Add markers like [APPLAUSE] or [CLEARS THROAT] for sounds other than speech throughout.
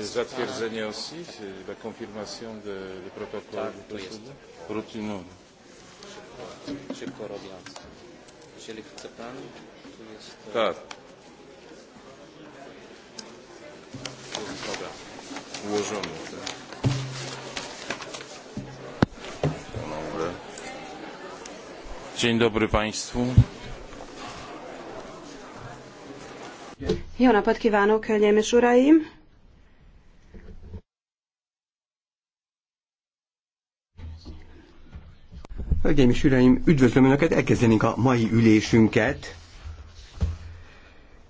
zatwierdzenie osi la confirmation de, de protocole Tak, to jest. Rutynowy. Szybko, szybko robiąc. Jeżeli chce pan, tu jest... E, tak. Tu Ułożony, tak. Dzień dobry Państwu. Jó napot kívánok, hölgyeim és uraim! Hölgyeim és Uraim, üdvözlöm Önöket, elkezdenénk a mai ülésünket.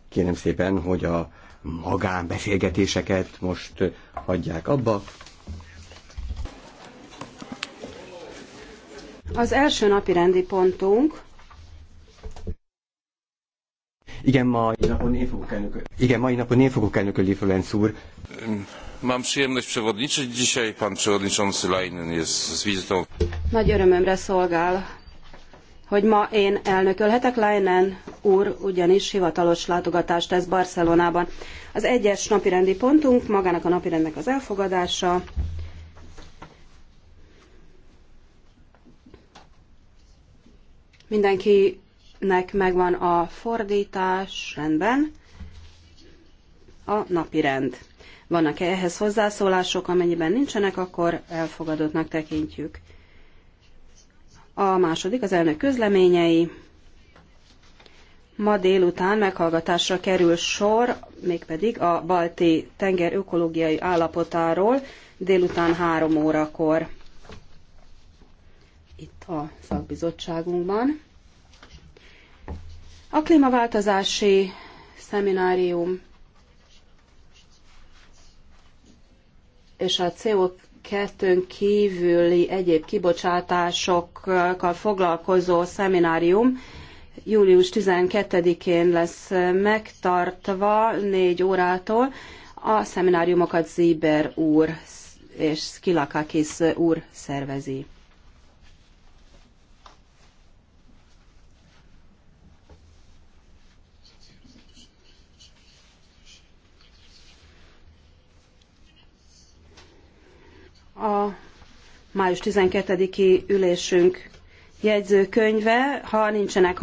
Kérem szépen, hogy a magánbeszélgetéseket most hagyják abba. Az első napi rendi pontunk igen, mai napon én fogok elnökölni. Igen, mai napon én fogok elnökölni, úr. Mam przyjemność przewodniczyć dzisiaj. Pan przewodniczący Leinen jest z wizytą. Nagy örömömre szolgál, hogy ma én elnökölhetek. Leinen úr ugyanis hivatalos látogatást tesz Barcelonában. Az egyes napirendi pontunk magának a napirendnek az elfogadása. Mindenkinek megvan a fordítás, rendben. A napirend. Vannak-e ehhez hozzászólások, amennyiben nincsenek, akkor elfogadottnak tekintjük. A második az elnök közleményei. Ma délután meghallgatásra kerül sor, mégpedig a balti tenger ökológiai állapotáról délután három órakor itt a szakbizottságunkban. A klímaváltozási szeminárium és a CO2 kívüli egyéb kibocsátásokkal foglalkozó szeminárium július 12-én lesz megtartva 4 órától. A szemináriumokat Zíber úr és Skilakakis úr szervezi. a május 12-i ülésünk jegyzőkönyve, ha nincsenek,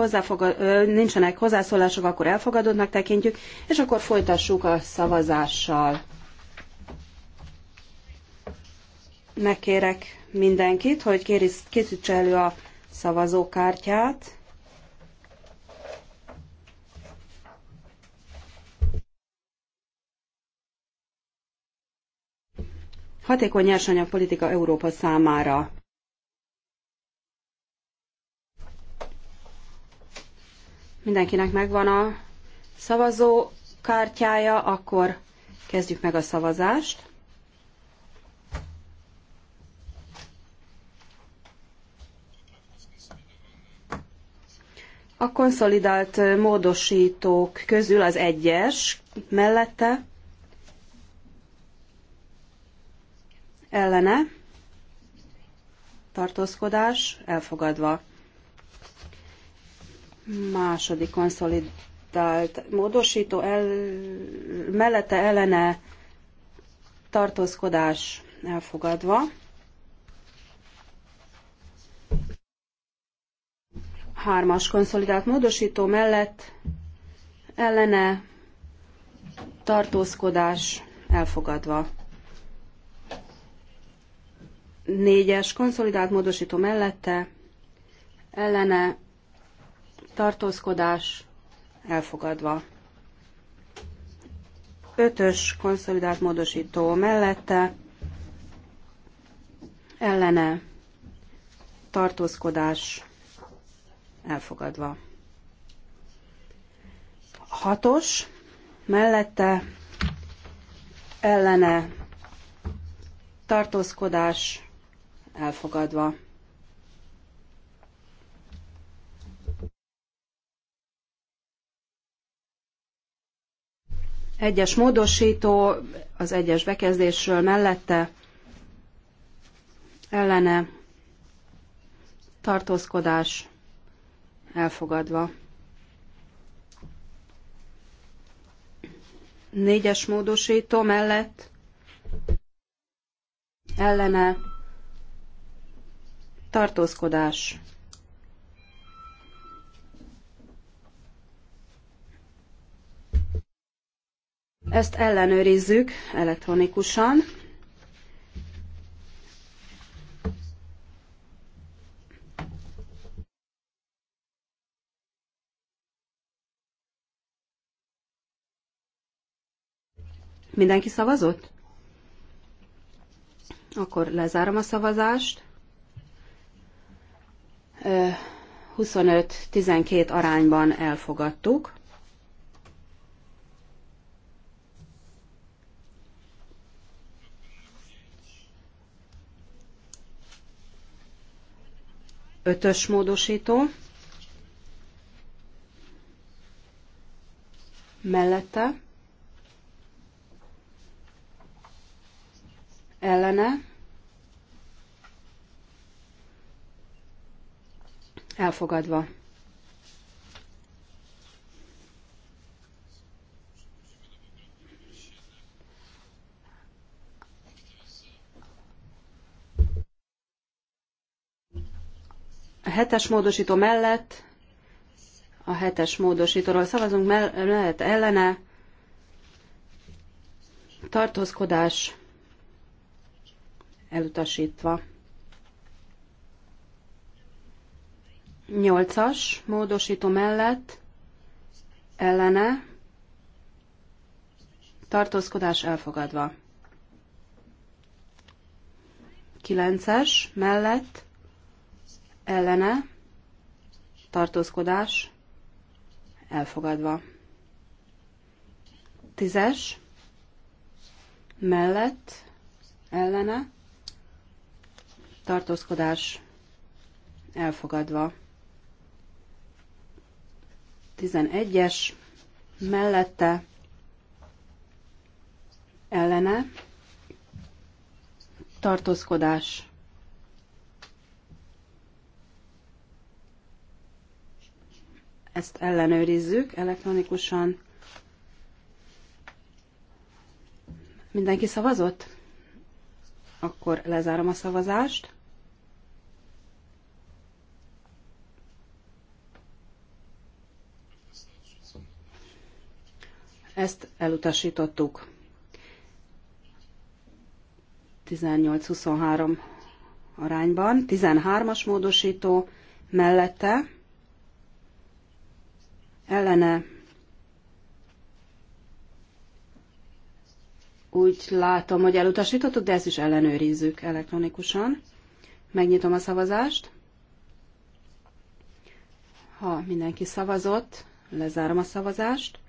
nincsenek hozzászólások, akkor elfogadottnak tekintjük, és akkor folytassuk a szavazással. Megkérek mindenkit, hogy készítse elő a szavazókártyát. hatékony nyersanyagpolitika Európa számára. Mindenkinek megvan a szavazó kártyája, akkor kezdjük meg a szavazást. A konszolidált módosítók közül az egyes mellette ellene, tartózkodás elfogadva. Második konszolidált módosító el, mellette ellene tartózkodás elfogadva. Hármas konszolidált módosító mellett ellene tartózkodás elfogadva. Négyes konszolidált módosító mellette ellene tartózkodás elfogadva. Ötös konszolidált módosító mellette ellene tartózkodás elfogadva. Hatos mellette ellene tartózkodás elfogadva. Egyes módosító az egyes bekezdésről mellette ellene tartózkodás elfogadva. Négyes módosító mellett ellene tartózkodás. Ezt ellenőrizzük elektronikusan. Mindenki szavazott? Akkor lezárom a szavazást. 25-12 arányban elfogadtuk. Ötös módosító. Mellette. Ellene. Elfogadva. A hetes módosító mellett, a hetes módosítóról szavazunk mellett ellene, tartózkodás elutasítva. Nyolcas módosító mellett ellene tartózkodás elfogadva. Kilences mellett ellene tartózkodás elfogadva. Tízes mellett ellene tartózkodás elfogadva. 11-es mellette ellene tartózkodás ezt ellenőrizzük elektronikusan. Mindenki szavazott? Akkor lezárom a szavazást. Ezt elutasítottuk. 18-23 arányban. 13-as módosító mellette ellene úgy látom, hogy elutasítottuk, de ezt is ellenőrizzük elektronikusan. Megnyitom a szavazást. Ha mindenki szavazott, lezárom a szavazást.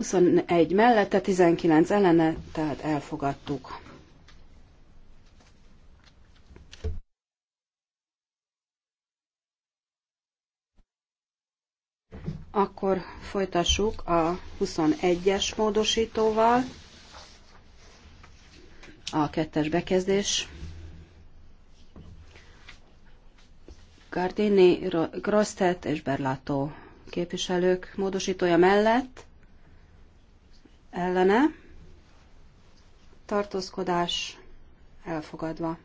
21 mellette, 19 ellene, tehát elfogadtuk. Akkor folytassuk a 21-es módosítóval, a kettes bekezdés. Gardini, Grosztet és Berlato képviselők módosítója mellett ellene, tartózkodás elfogadva.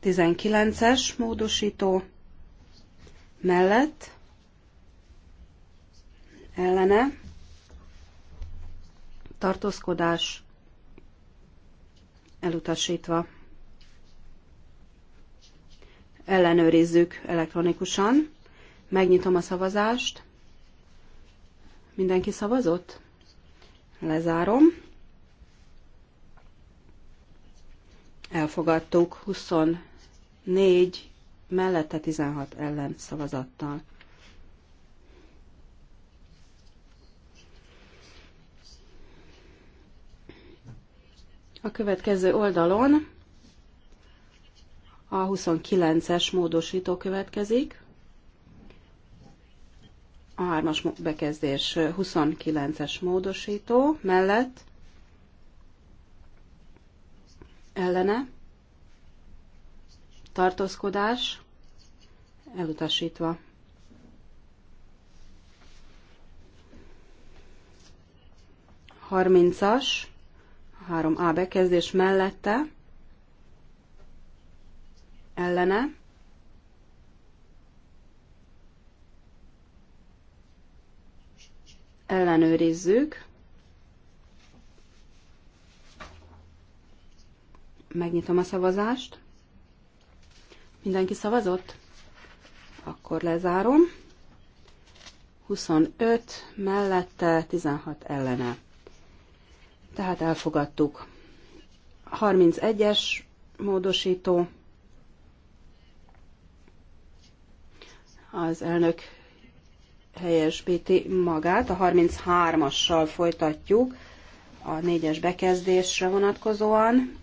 Tizenkilences módosító mellett ellene tartózkodás elutasítva ellenőrizzük elektronikusan. Megnyitom a szavazást. Mindenki szavazott? Lezárom. Elfogadtuk 24 mellette 16 ellen szavazattal. A következő oldalon a 29-es módosító következik. A 3-as bekezdés 29-es módosító mellett ellene tartózkodás elutasítva. Harmincas, 3A bekezdés mellette ellene. Ellenőrizzük. Megnyitom a szavazást. Mindenki szavazott? Akkor lezárom. 25 mellette, 16 ellene. Tehát elfogadtuk. 31-es módosító az elnök helyesbíti magát. A 33-assal folytatjuk a négyes bekezdésre vonatkozóan.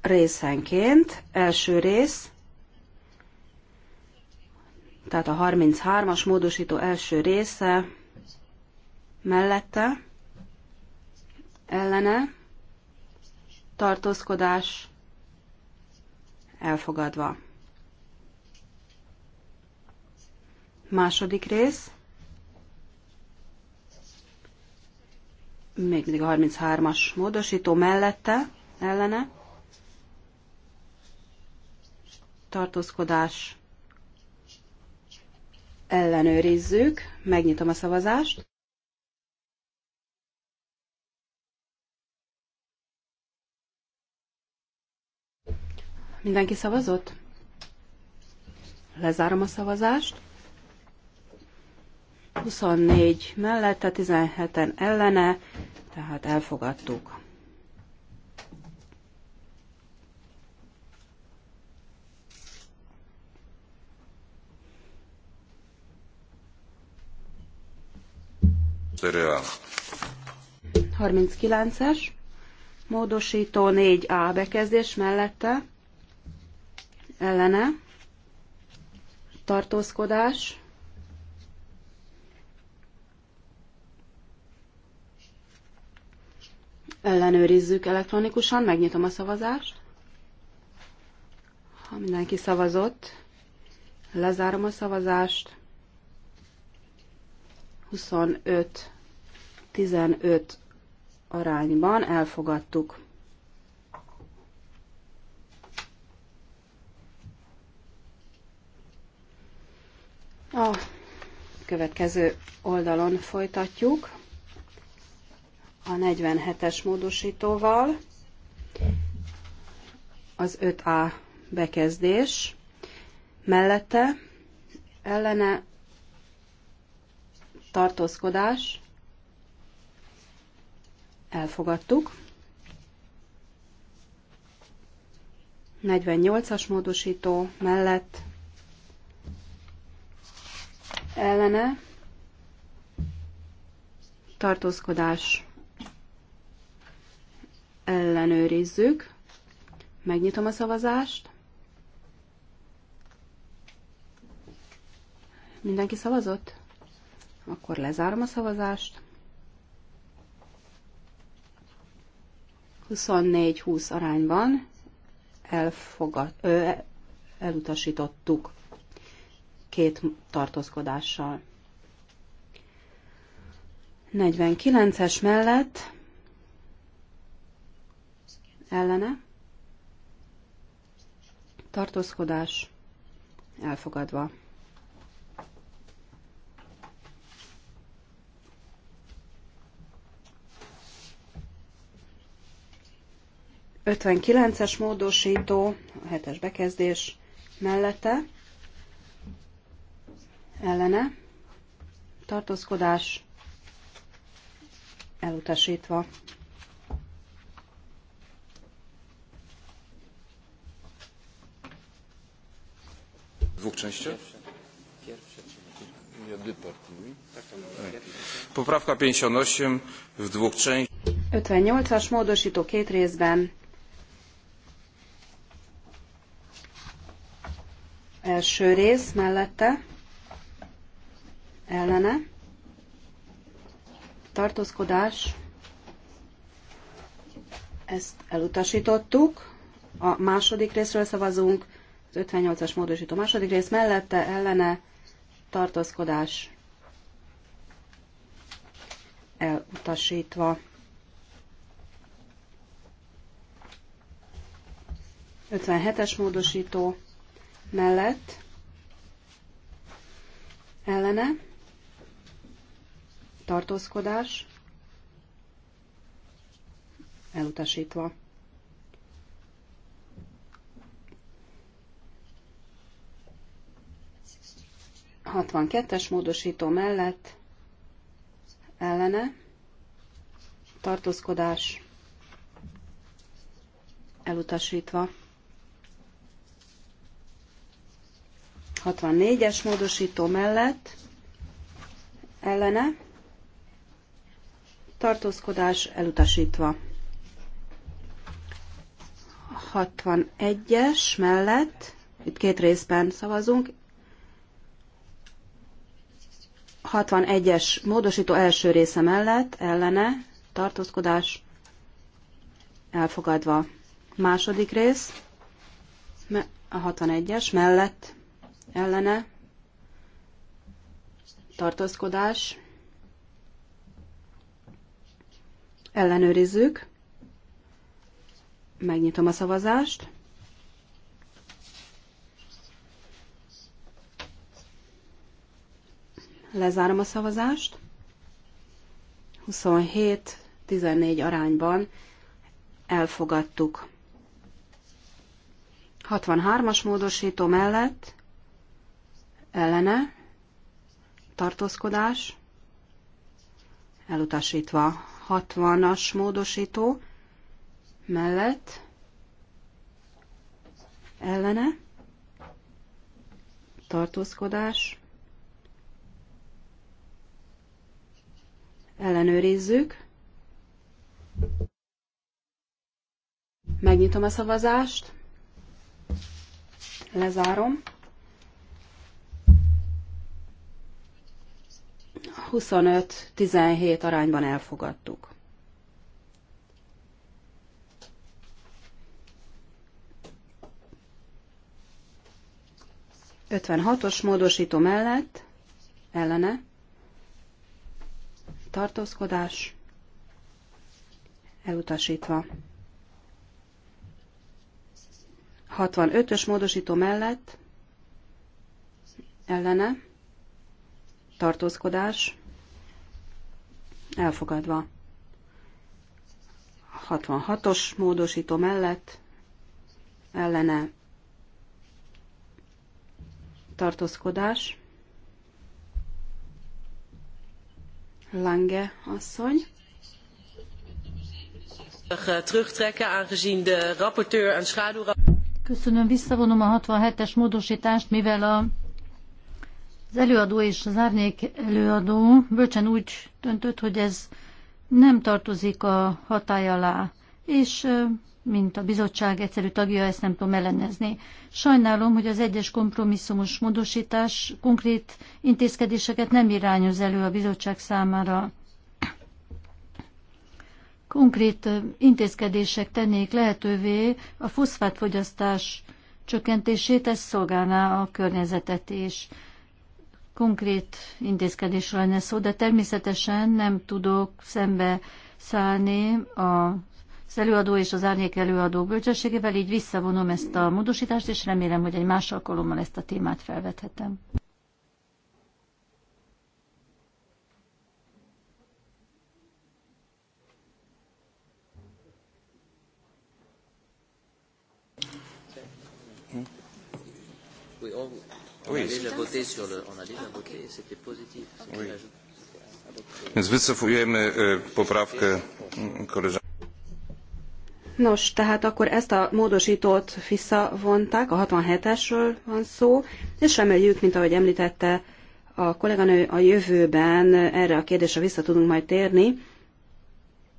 Részenként, első rész, tehát a 33-as módosító első része mellette, ellene, tartózkodás elfogadva. Második rész. Még mindig a 33-as módosító mellette, ellene. Tartózkodás ellenőrizzük. Megnyitom a szavazást. Mindenki szavazott? Lezárom a szavazást. 24 mellette, 17-en ellene, tehát elfogadtuk. Szerűen. 39-es, módosító 4A bekezdés mellette, ellene, tartózkodás, ellenőrizzük elektronikusan, megnyitom a szavazást. Ha mindenki szavazott, lezárom a szavazást. 25-15 arányban elfogadtuk. A következő oldalon folytatjuk a 47-es módosítóval. Az 5A bekezdés mellette ellene tartózkodás elfogadtuk. 48-as módosító mellett ellene tartózkodás ellenőrizzük. Megnyitom a szavazást. Mindenki szavazott? Akkor lezárom a szavazást. 24-20 arányban elfogad, ö, elutasítottuk két tartózkodással. 49-es mellett ellene tartózkodás elfogadva. Ötvenkilences módosító, a hetes bekezdés mellette ellene, tartózkodás elutasítva. Poprawka 58 w dwóch 58-as módosító két részben. Első rész mellette ellene, tartózkodás, ezt elutasítottuk, a második részről szavazunk, az 58-as módosító második rész mellette, ellene, tartózkodás, elutasítva. 57-es módosító mellett ellene tartózkodás, elutasítva. Hatvankettes módosító mellett ellene tartózkodás elutasítva. 64-es módosító mellett ellene tartózkodás elutasítva. 61-es mellett, itt két részben szavazunk, 61-es módosító első része mellett, ellene, tartózkodás elfogadva. Második rész, a 61-es mellett, ellene, tartózkodás ellenőrizzük. Megnyitom a szavazást. Lezárom a szavazást. 27-14 arányban elfogadtuk. 63-as módosító mellett ellene tartózkodás elutasítva. 60-as módosító mellett ellene tartózkodás ellenőrizzük. Megnyitom a szavazást, lezárom. 25-17 arányban elfogadtuk. Ötvenhatos módosító mellett ellene tartózkodás elutasítva. 65-ös módosító mellett ellene tartózkodás elfogadva. 66-os módosító mellett ellene tartózkodás. Lange asszony. de rapporteur Köszönöm, visszavonom a 67-es módosítást, mivel a az előadó és az árnyék előadó bölcsen úgy döntött, hogy ez nem tartozik a hatály alá, és mint a bizottság egyszerű tagja, ezt nem tudom ellenezni. Sajnálom, hogy az egyes kompromisszumos módosítás konkrét intézkedéseket nem irányoz elő a bizottság számára. Konkrét intézkedések tennék lehetővé a foszfátfogyasztás csökkentését, ez szolgálná a környezetet is konkrét intézkedésről lenne szó, de természetesen nem tudok szembe szállni a az előadó és az árnyék előadó bölcsességével, így visszavonom ezt a módosítást, és remélem, hogy egy más alkalommal ezt a témát felvethetem. Oui. On a déjà voté sur le, on a déjà voté, c'était positif. Oui. Więc wycofujemy poprawkę mm, koleżanki. Nos, tehát akkor ezt a módosítót visszavonták, a 67-esről van szó, és reméljük, mint ahogy említette a kolléganő, a jövőben erre a kérdésre vissza tudunk majd térni.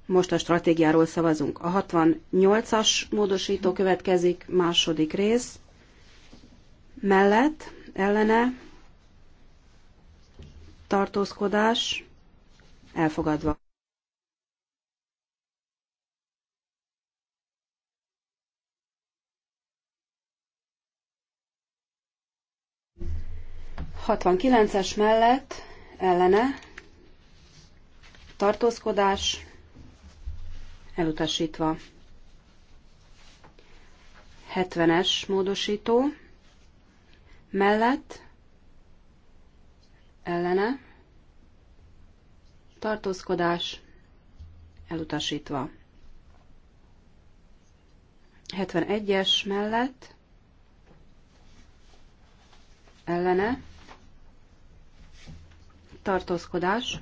Most a stratégiáról szavazunk. A 68-as módosító következik, második rész mellett ellene tartózkodás elfogadva. Hatvan kilences mellett ellene tartózkodás elutasítva. 70-es módosító mellett, ellene, tartózkodás elutasítva. 71-es mellett, ellene, tartózkodás,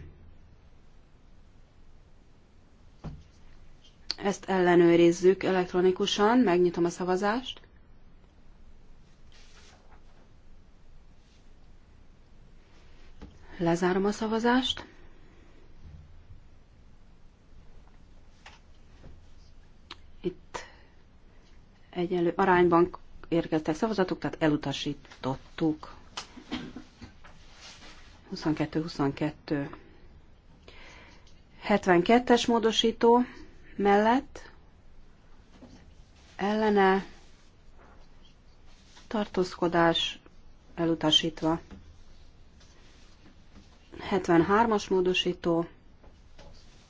ezt ellenőrizzük elektronikusan, megnyitom a szavazást. Lezárom a szavazást. Itt egyenlő arányban érkeztek szavazatok, tehát elutasítottuk. 22-22. 72-es módosító mellett ellene tartózkodás elutasítva. 73-as módosító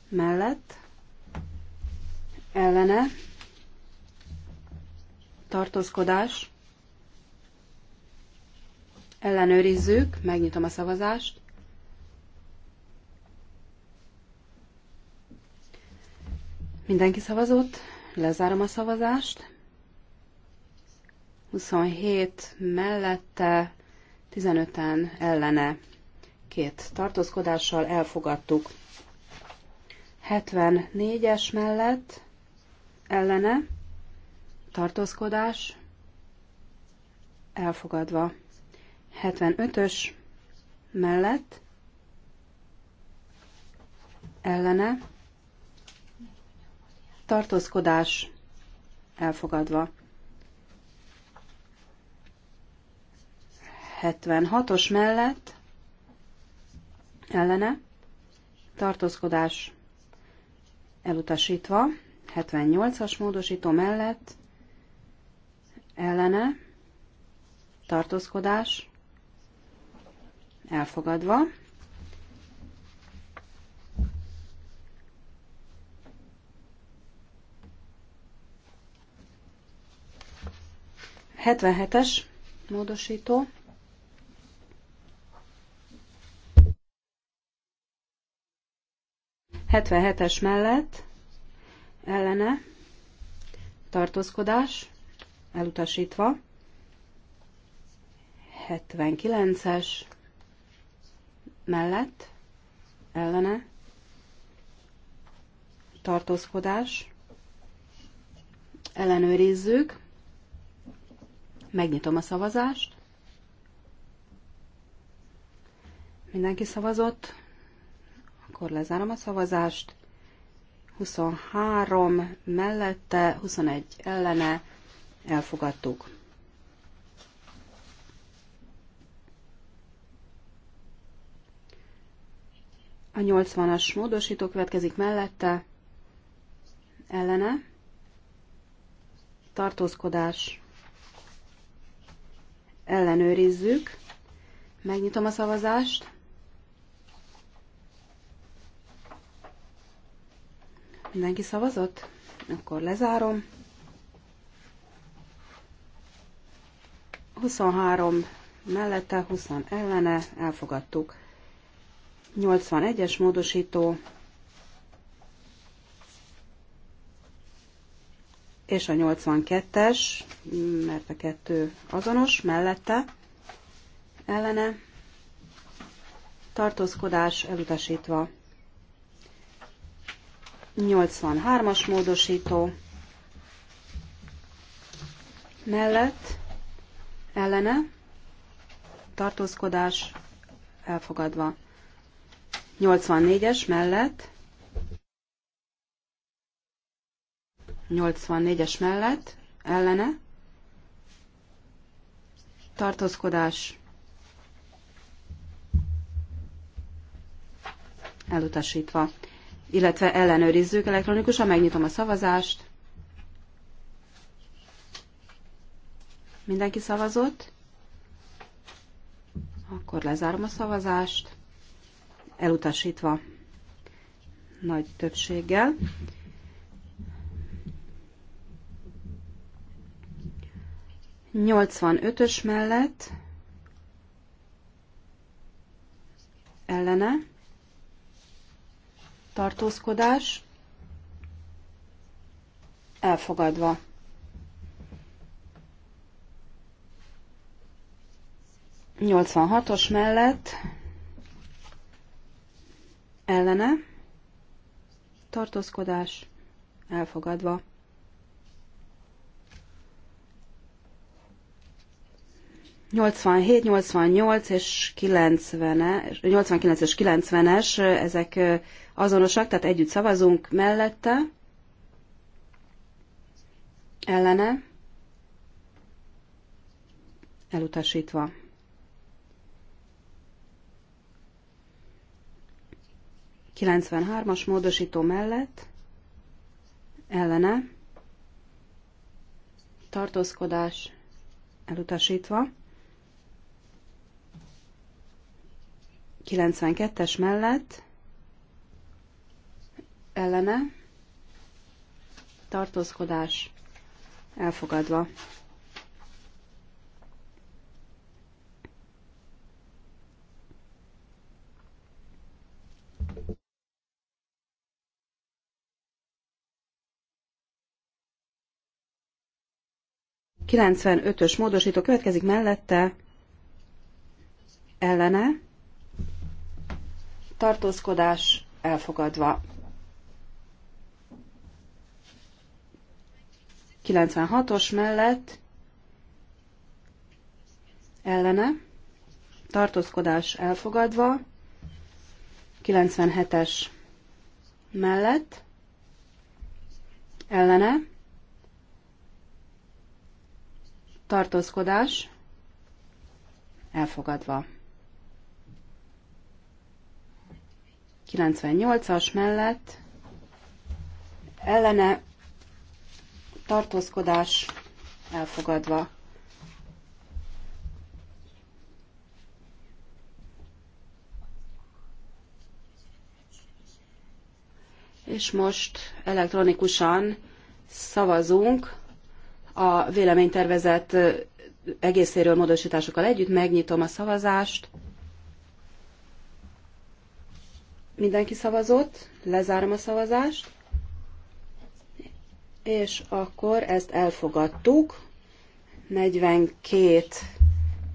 mellett ellene tartózkodás ellenőrizzük, megnyitom a szavazást. Mindenki szavazott, lezárom a szavazást. 27 mellette, 15-en ellene két tartózkodással elfogadtuk. 74-es mellett ellene tartózkodás elfogadva. 75-ös mellett ellene tartózkodás elfogadva. 76-os mellett ellene, tartózkodás elutasítva, 78-as módosító mellett, ellene, tartózkodás elfogadva, Hetvenhetes módosító 77-es mellett ellene tartózkodás elutasítva. 79-es mellett ellene tartózkodás ellenőrizzük. Megnyitom a szavazást. Mindenki szavazott akkor lezárom a szavazást. 23 mellette, 21 ellene elfogadtuk. A 80-as módosító következik mellette, ellene, tartózkodás, ellenőrizzük, megnyitom a szavazást, Mindenki szavazott? Akkor lezárom. 23 mellette, 20 ellene, elfogadtuk. 81-es módosító és a 82-es, mert a kettő azonos, mellette, ellene, tartózkodás elutasítva. 83-as módosító mellett ellene tartózkodás elfogadva. 84-es mellett 84-es mellett ellene tartózkodás elutasítva illetve ellenőrizzük elektronikusan, megnyitom a szavazást. Mindenki szavazott? Akkor lezárom a szavazást. Elutasítva nagy többséggel. ötös mellett ellene tartózkodás, elfogadva. Nyolcvanhatos mellett ellene tartózkodás elfogadva. 87, 88 és 90, 89 és 90-es, ezek azonosak, tehát együtt szavazunk mellette, ellene, elutasítva. Kilencvenhármas módosító mellett, ellene, tartózkodás elutasítva. 92-es mellett ellene tartózkodás elfogadva. Kilencvenötös módosító következik mellette ellene tartózkodás elfogadva. 96-os mellett ellene, tartózkodás elfogadva, 97-es mellett ellene, tartózkodás elfogadva. 98-as mellett ellene tartózkodás elfogadva. És most elektronikusan szavazunk a véleménytervezet egészéről módosításokkal együtt. Megnyitom a szavazást. Mindenki szavazott, lezárom a szavazást, és akkor ezt elfogadtuk. 42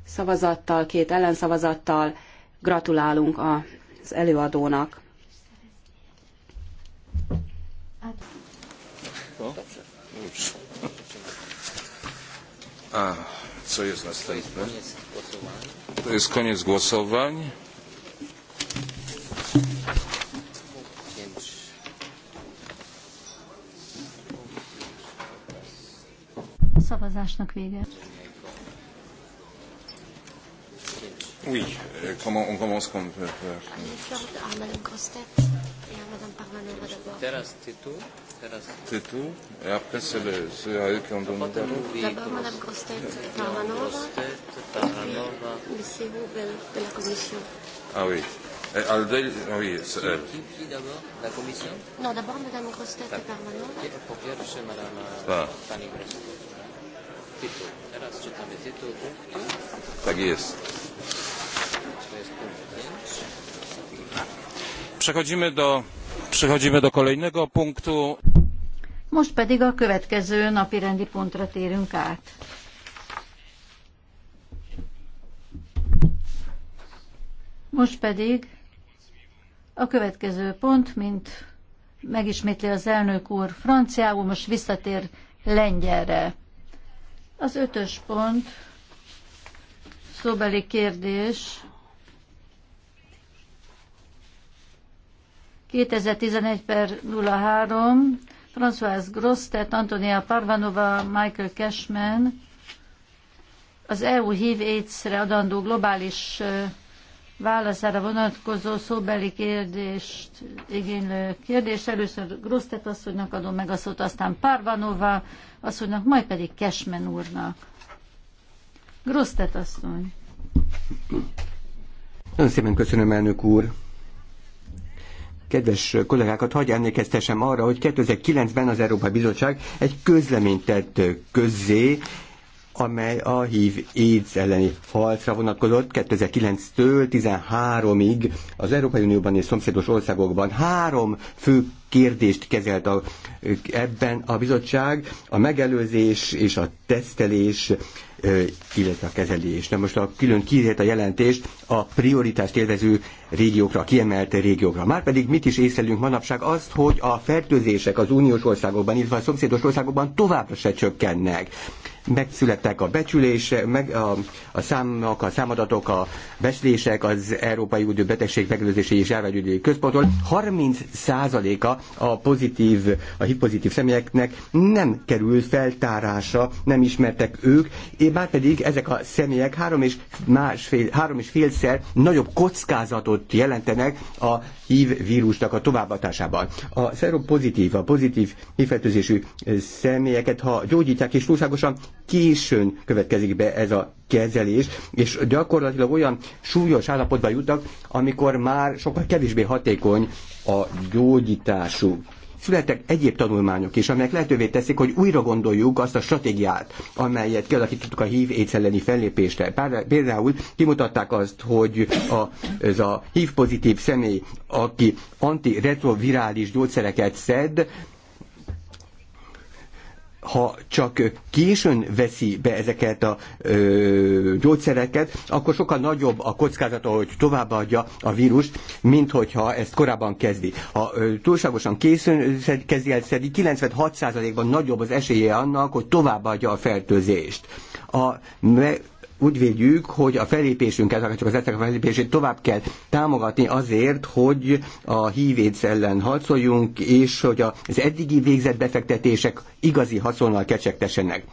szavazattal, két ellenszavazattal gratulálunk az előadónak. Ah, co jest następne? To jest koniec głosowań. A szavazásnak vége. Oui, euh, comment on commence comme peut faire Teraz Tito, teraz Tito, et après c'est le, c'est à eux qui ont d'abord. Madame Grostet, Tarvanova. Grostet, Tarvanova. Monsieur Houbel de la Commission. Ah oui. Eh, Aldel, ah oui. Qui, euh, qui, qui d'abord La commission Non, d'abord Madame Grostet est permanente. Pour bien reçu Madame euh, ah. Fanny Grostet. Tito. Era czytamy tytuł punktu. Tak jest. To jest Przechodzimy do, przechodzimy do kolejnego punktu. Most pedig a következő napi rendi pontra térünk át. Most pedig a következő pont, mint megismétli az elnök úr franciául, most visszatér lengyelre. Az ötös pont, szóbeli kérdés, 2011 per 03, François Grosztet, Antonia Parvanova, Michael Cashman, az EU hív AIDS-re adandó globális válaszára vonatkozó szóbeli kérdést igénylő kérdés. Először Grosztet asszonynak adom meg a szót, aztán Párvanova asszonynak, majd pedig Kesmen úrnak. Grosztet asszony. Nagyon szépen köszönöm, elnök úr kedves kollégákat hagyj emlékeztessem arra, hogy 2009-ben az Európai Bizottság egy közleményt tett közzé, amely a hív AIDS elleni harcra vonatkozott 2009-től 13-ig az Európai Unióban és szomszédos országokban. Három fő kérdést kezelt a, ebben a bizottság, a megelőzés és a tesztelés illetve a kezelés. Na most a külön kiírt a jelentést a prioritást élvező régiókra, a kiemelt régiókra. Márpedig mit is észlelünk manapság azt, hogy a fertőzések az uniós országokban, illetve a szomszédos országokban továbbra se csökkennek megszülettek a becsülések, meg a, a számok, a számadatok, a beszélések az Európai Unió Betegség Megelőzési és Járványügyi Központról. 30%-a a pozitív, a HIV pozitív személyeknek nem kerül feltárása, nem ismertek ők, bár pedig ezek a személyek három és, másfél, három és félszer nagyobb kockázatot jelentenek a HIV vírusnak a továbbadásában. A szeropozitív, a pozitív HIV fertőzésű személyeket, ha gyógyítják és túlságosan későn következik be ez a kezelés, és gyakorlatilag olyan súlyos állapotba jutnak, amikor már sokkal kevésbé hatékony a gyógyítású. születtek egyéb tanulmányok is, amelyek lehetővé teszik, hogy újra gondoljuk azt a stratégiát, amelyet kialakítottuk a hív éjsz elleni fellépésre. Például kimutatták azt, hogy a, ez a hív pozitív személy, aki antiretrovirális gyógyszereket szed, ha csak későn veszi be ezeket a ö, gyógyszereket, akkor sokkal nagyobb a kockázata, hogy továbbadja a vírust, mint hogyha ezt korábban kezdi. Ha ö, túlságosan későn kezdi el szedni, 96%-ban nagyobb az esélye annak, hogy továbbadja a fertőzést. A me- úgy védjük, hogy a felépésünket, akár csak az etek felépését tovább kell támogatni azért, hogy a hívét ellen harcoljunk, és hogy az eddigi végzett befektetések igazi haszonnal kecsegtessenek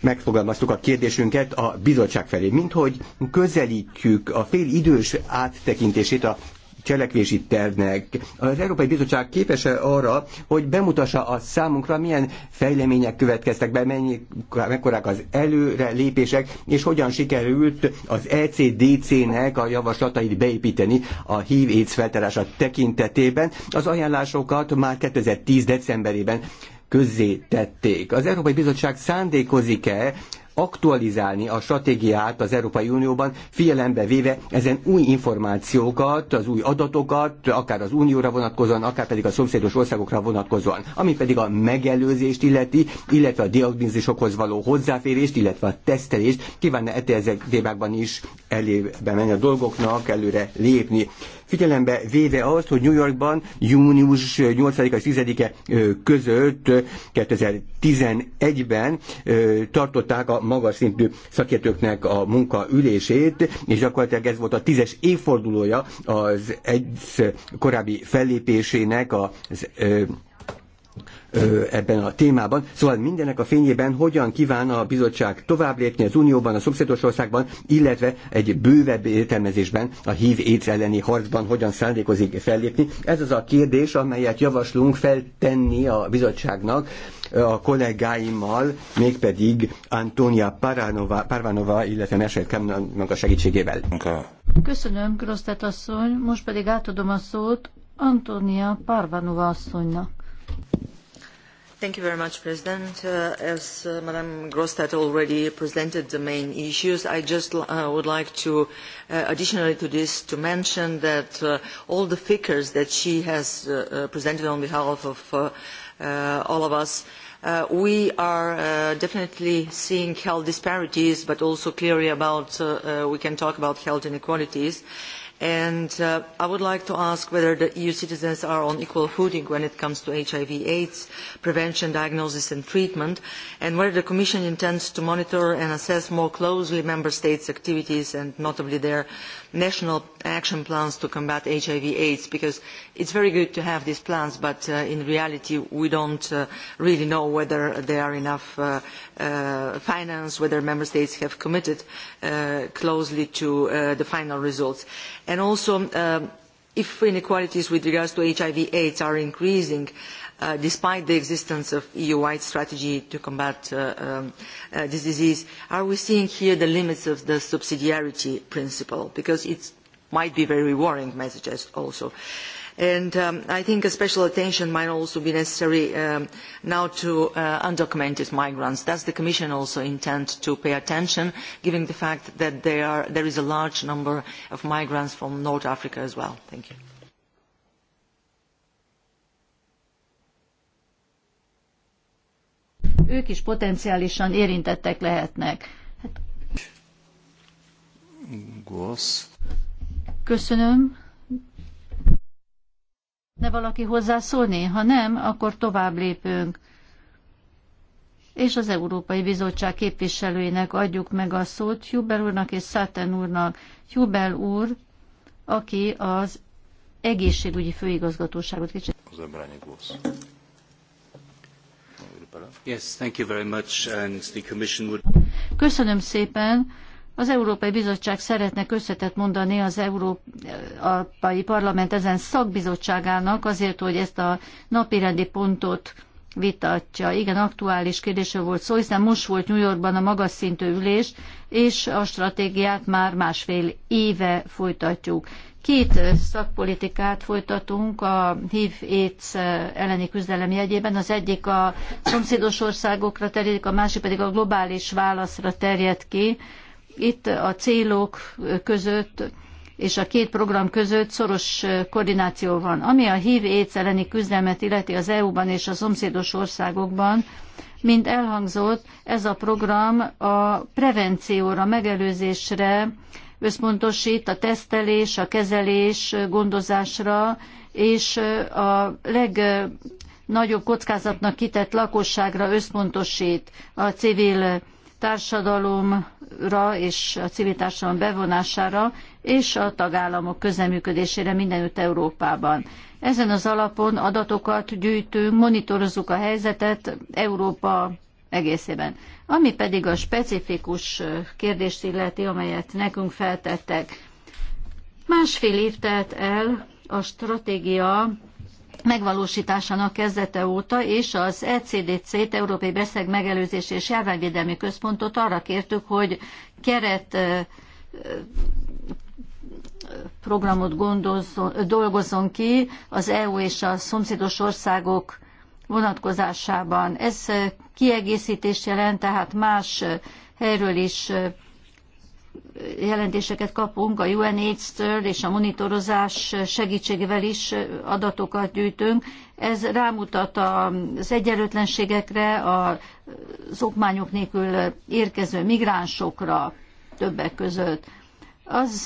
megfogalmaztuk a kérdésünket a bizottság felé, mint hogy közelítjük a fél idős áttekintését a cselekvési tervnek. Az Európai Bizottság képes-e arra, hogy bemutassa a számunkra, milyen fejlemények következtek be, mennyi, mekkorák az előre lépések, és hogyan sikerült az ECDC-nek a javaslatait beépíteni a hív AIDS feltárása tekintetében. Az ajánlásokat már 2010. decemberében közzé tették. Az Európai Bizottság szándékozik-e aktualizálni a stratégiát az Európai Unióban, figyelembe véve ezen új információkat, az új adatokat, akár az Unióra vonatkozóan, akár pedig a szomszédos országokra vonatkozóan, ami pedig a megelőzést illeti, illetve a diagnózisokhoz való hozzáférést, illetve a tesztelést kívánna ezek témákban is elébe menni a dolgoknak, előre lépni figyelembe véve azt, hogy New Yorkban június 8-a és 10-e között 2011-ben tartották a magas szintű szakértőknek a munkaülését, és gyakorlatilag ez volt a tízes évfordulója az egy korábbi fellépésének az ebben a témában. Szóval mindenek a fényében hogyan kíván a bizottság tovább lépni az Unióban, a szomszédos országban, illetve egy bővebb értelmezésben a hív éc elleni harcban hogyan szándékozik fellépni. Ez az a kérdés, amelyet javaslunk feltenni a bizottságnak a kollégáimmal, mégpedig Antonia Parvanova, illetve Mesert Kamnak a segítségével. Köszönöm, Grosztet asszony. Most pedig átadom a szót Antonia Parvanova asszonynak. Thank you very much, President. Uh, as uh, Madam Grostat already presented the main issues, I just uh, would like to, uh, additionally to this, to mention that uh, all the figures that she has uh, uh presented on behalf of uh, uh, all of us Uh, we are uh, definitely seeing health disparities, but also clearly about, uh, uh we can talk about health inequalities. And uh, I would like to ask whether the EU citizens are on equal footing when it comes to HIV AIDS prevention, diagnosis and treatment, and whether the Commission intends to monitor and assess more closely Member States' activities and notably their national action plans to combat hiv aids because it is very good to have these plans but uh, in reality we do not uh, really know whether there are enough uh, uh finance whether member states have committed uh, closely to uh, the final results. and also um, if inequalities with regard to hiv aids are increasing uh, despite the existence of EU-wide strategy to combat uh, um, uh, this disease, are we seeing here the limits of the subsidiarity principle? Because it might be very worrying messages also. And um, I think a special attention might also be necessary um, now to uh, undocumented migrants. Does the Commission also intend to pay attention, given the fact that there, are, there is a large number of migrants from North Africa as well? Thank you. ők is potenciálisan érintettek lehetnek. Hát... Gosz. Köszönöm. Ne valaki hozzászólni? Ha nem, akkor tovább lépünk. És az Európai Bizottság képviselőinek adjuk meg a szót, Huber úrnak és Száten úrnak. Huber úr, aki az egészségügyi főigazgatóságot kicsit. Az Köszönöm szépen. Az Európai Bizottság szeretne köszönetet mondani az Európai Parlament ezen szakbizottságának azért, hogy ezt a napirendi pontot vitatja. Igen, aktuális kérdésről volt szó, hiszen most volt New Yorkban a magas szintű ülés, és a stratégiát már másfél éve folytatjuk. Két szakpolitikát folytatunk a hiv AIDS elleni küzdelem jegyében. Az egyik a szomszédos országokra terjedik, a másik pedig a globális válaszra terjed ki. Itt a célok között és a két program között szoros koordináció van. Ami a HIV AIDS elleni küzdelmet illeti az EU-ban és a szomszédos országokban, mint elhangzott, ez a program a prevencióra, megelőzésre összpontosít a tesztelés, a kezelés, gondozásra, és a legnagyobb kockázatnak kitett lakosságra összpontosít a civil társadalomra és a civil társadalom bevonására, és a tagállamok közeműködésére mindenütt Európában. Ezen az alapon adatokat gyűjtünk, monitorozzuk a helyzetet Európa egészében. Ami pedig a specifikus kérdést illeti, amelyet nekünk feltettek. Másfél év telt el a stratégia megvalósításának kezdete óta, és az ECDC-t, Európai Beszeg Megelőzés és Járványvédelmi Központot arra kértük, hogy keret programot gondozzon, dolgozzon ki az EU és a szomszédos országok vonatkozásában. Ez kiegészítés jelent, tehát más helyről is jelentéseket kapunk a UNAIDS-től és a monitorozás segítségével is adatokat gyűjtünk. Ez rámutat az egyenlőtlenségekre, az okmányok nélkül érkező migránsokra többek között. Az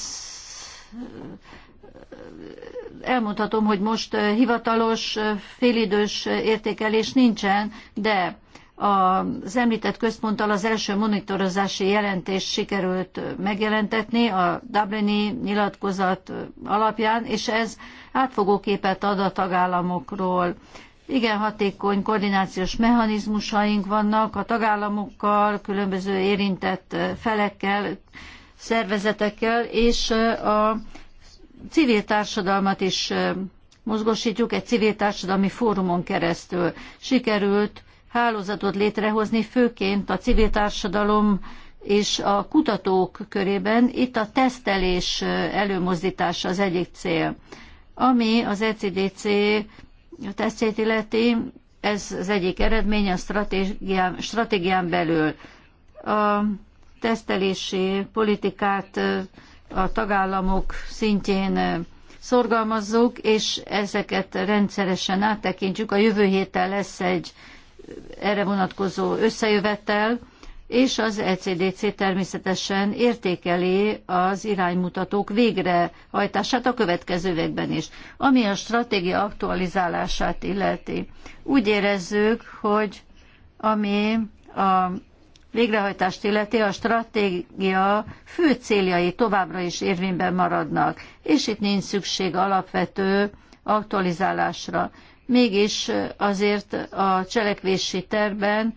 elmondhatom, hogy most eh, hivatalos eh, félidős eh, értékelés nincsen, de az említett központtal az első monitorozási jelentést sikerült megjelentetni a Dublini nyilatkozat alapján, és ez átfogó képet ad a tagállamokról. Igen hatékony koordinációs mechanizmusaink vannak a tagállamokkal, különböző érintett felekkel, szervezetekkel, és a civil társadalmat is mozgosítjuk egy civil társadalmi fórumon keresztül. Sikerült hálózatot létrehozni, főként a civil társadalom és a kutatók körében. Itt a tesztelés előmozdítása az egyik cél. Ami az ECDC tesztjét illeti, ez az egyik eredmény a stratégián, stratégián belül. A tesztelési politikát a tagállamok szintjén szorgalmazzuk, és ezeket rendszeresen áttekintjük. A jövő héten lesz egy erre vonatkozó összejövetel, és az ECDC természetesen értékeli az iránymutatók végrehajtását a következő években is. Ami a stratégia aktualizálását illeti, úgy érezzük, hogy ami a végrehajtást illeti a stratégia fő céljai továbbra is érvényben maradnak, és itt nincs szükség alapvető aktualizálásra. Mégis azért a cselekvési terben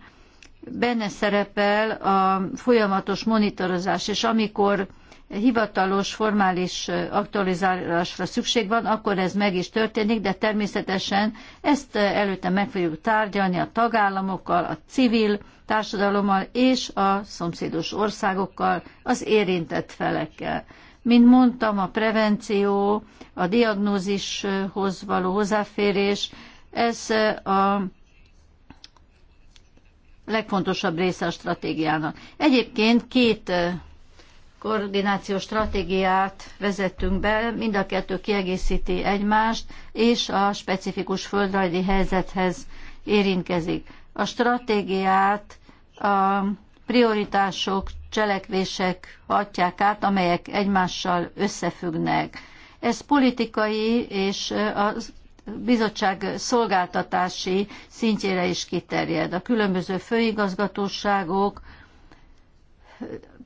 benne szerepel a folyamatos monitorozás, és amikor hivatalos, formális aktualizálásra szükség van, akkor ez meg is történik, de természetesen ezt előtte meg fogjuk tárgyalni a tagállamokkal, a civil társadalommal és a szomszédos országokkal, az érintett felekkel. Mint mondtam, a prevenció, a diagnózishoz való hozzáférés, ez a legfontosabb része a stratégiának. Egyébként két koordinációs stratégiát vezettünk be, mind a kettő kiegészíti egymást, és a specifikus földrajzi helyzethez érintkezik. A stratégiát a prioritások, cselekvések hatják át, amelyek egymással összefüggnek. Ez politikai és a bizottság szolgáltatási szintjére is kiterjed. A különböző főigazgatóságok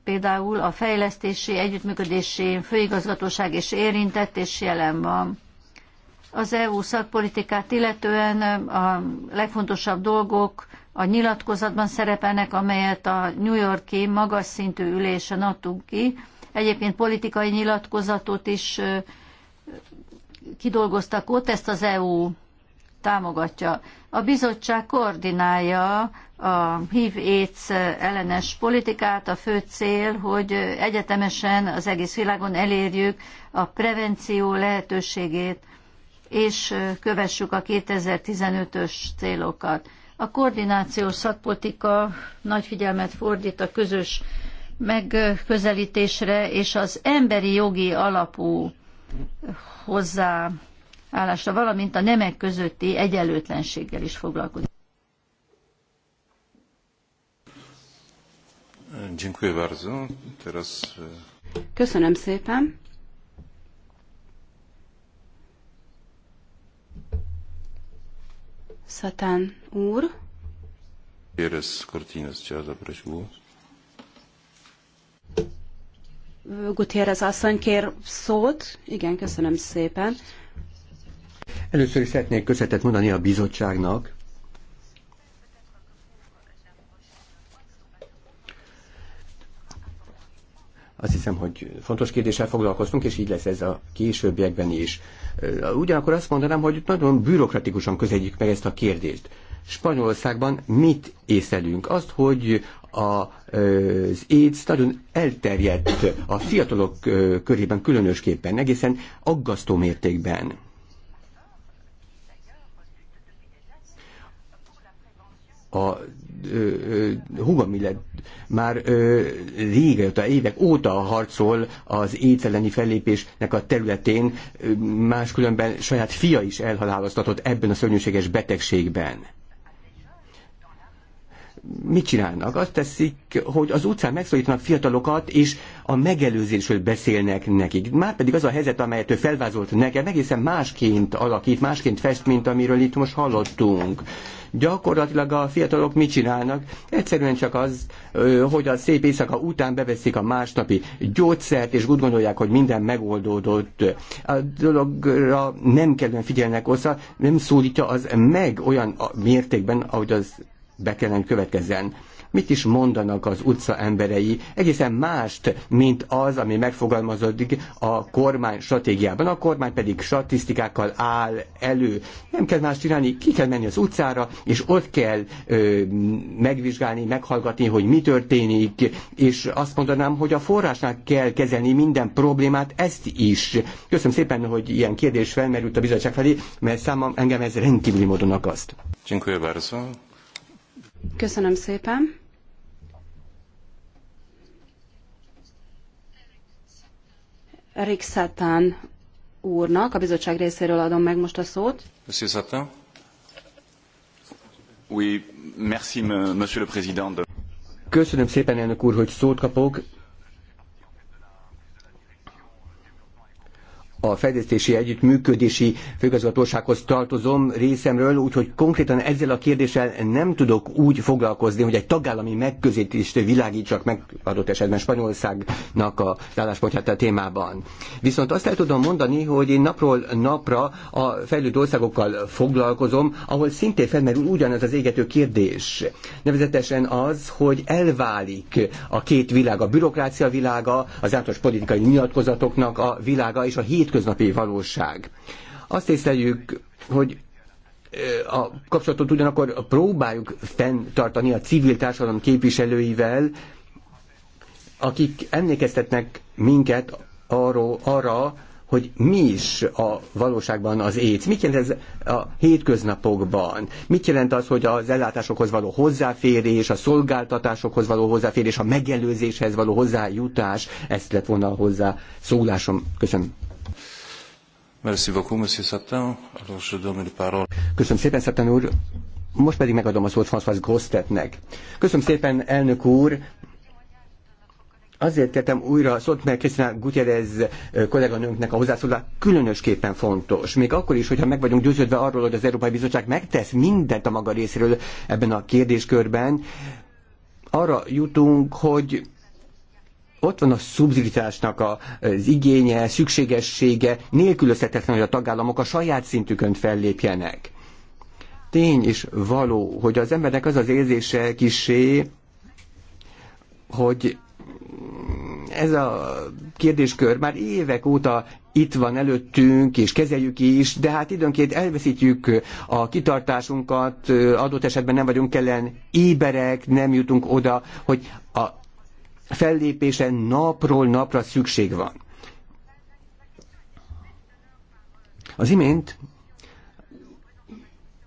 Például a fejlesztési, együttműködési főigazgatóság is érintett és jelen van. Az EU szakpolitikát illetően a legfontosabb dolgok a nyilatkozatban szerepelnek, amelyet a New Yorki magas szintű ülésen adtunk ki. Egyébként politikai nyilatkozatot is kidolgoztak ott, ezt az EU támogatja. A bizottság koordinálja a HIV-AIDS ellenes politikát. A fő cél, hogy egyetemesen az egész világon elérjük a prevenció lehetőségét, és kövessük a 2015-ös célokat. A koordinációs szakpolitika nagy figyelmet fordít a közös megközelítésre és az emberi jogi alapú hozzá állásra, valamint a nemek közötti egyenlőtlenséggel is foglalkozik. E, köszönöm szépen. Szatán úr. Pérez Cortines chciała zabrać volt. Gutierrez asszony kér szót. Igen, köszönöm szépen. Először is szeretnék köszönetet mondani a bizottságnak, azt hiszem, hogy fontos kérdéssel foglalkoztunk, és így lesz ez a későbbiekben is. Ugyanakkor azt mondanám, hogy nagyon bürokratikusan közeljük meg ezt a kérdést. Spanyolországban mit észlelünk? Azt, hogy a, az AIDS nagyon elterjedt a fiatalok körében különösképpen, egészen aggasztó mértékben. a húgom, Millet már a évek óta harcol az éjsz elleni fellépésnek a területén, máskülönben saját fia is elhaláloztatott ebben a szörnyűséges betegségben mit csinálnak? Azt teszik, hogy az utcán megszólítanak fiatalokat, és a megelőzésről beszélnek nekik. Márpedig az a helyzet, amelyet ő felvázolt nekem, egészen másként alakít, másként fest, mint amiről itt most hallottunk. Gyakorlatilag a fiatalok mit csinálnak? Egyszerűen csak az, hogy a szép éjszaka után beveszik a másnapi gyógyszert, és úgy gondolják, hogy minden megoldódott. A dologra nem kellően figyelnek oszal, nem szólítja az meg olyan mértékben, ahogy az be kellene következzen. Mit is mondanak az utca emberei? Egészen mást, mint az, ami megfogalmazódik a kormány stratégiában. A kormány pedig statisztikákkal áll elő. Nem kell más csinálni, ki kell menni az utcára, és ott kell ö, megvizsgálni, meghallgatni, hogy mi történik, és azt mondanám, hogy a forrásnál kell kezelni minden problémát, ezt is. Köszönöm szépen, hogy ilyen kérdés felmerült a bizottság felé, mert számom engem ez rendkívüli módon akaszt. Köszönöm. Köszönöm szépen. Erik Szátán úrnak, a bizottság részéről adom meg most a szót. Monsieur Szátán. Oui, merci, monsieur le président. Köszönöm szépen, elnök úr, hogy szót kapok. a fejlesztési együttműködési főgazgatósághoz tartozom részemről, úgyhogy konkrétan ezzel a kérdéssel nem tudok úgy foglalkozni, hogy egy tagállami megközelítést világítsak meg adott esetben Spanyolországnak a álláspontját a témában. Viszont azt el tudom mondani, hogy én napról napra a fejlődő országokkal foglalkozom, ahol szintén felmerül ugyanaz az égető kérdés. Nevezetesen az, hogy elválik a két világ, a bürokrácia világa, az általános politikai nyilatkozatoknak a világa és a hét hétköznapi valóság. Azt észleljük, hogy a kapcsolatot ugyanakkor próbáljuk fenntartani a civil társadalom képviselőivel, akik emlékeztetnek minket arról, arra, hogy mi is a valóságban az éjsz. Mit jelent ez a hétköznapokban? Mit jelent az, hogy az ellátásokhoz való hozzáférés, a szolgáltatásokhoz való hozzáférés, a megelőzéshez való hozzájutás? Ezt lett volna hozzá szólásom. Köszönöm. Merci beaucoup, monsieur Alors, je donne parole. Köszönöm szépen, Satan úr. Most pedig megadom a szót François Grosztetnek. Köszönöm szépen, elnök úr. Azért tettem újra szót, mert Krisztina Gutierrez kolléganőnknek a hozzászólás különösképpen fontos. Még akkor is, hogyha meg vagyunk győződve arról, hogy az Európai Bizottság megtesz mindent a maga részéről ebben a kérdéskörben, arra jutunk, hogy ott van a szubziditásnak az igénye, szükségessége, nélkülözhetetlen, hogy a tagállamok a saját szintükön fellépjenek. Tény és való, hogy az embernek az az érzése kisé, hogy ez a kérdéskör már évek óta itt van előttünk, és kezeljük is, de hát időnként elveszítjük a kitartásunkat, adott esetben nem vagyunk ellen éberek, nem jutunk oda, hogy a fellépése napról napra szükség van. Az imént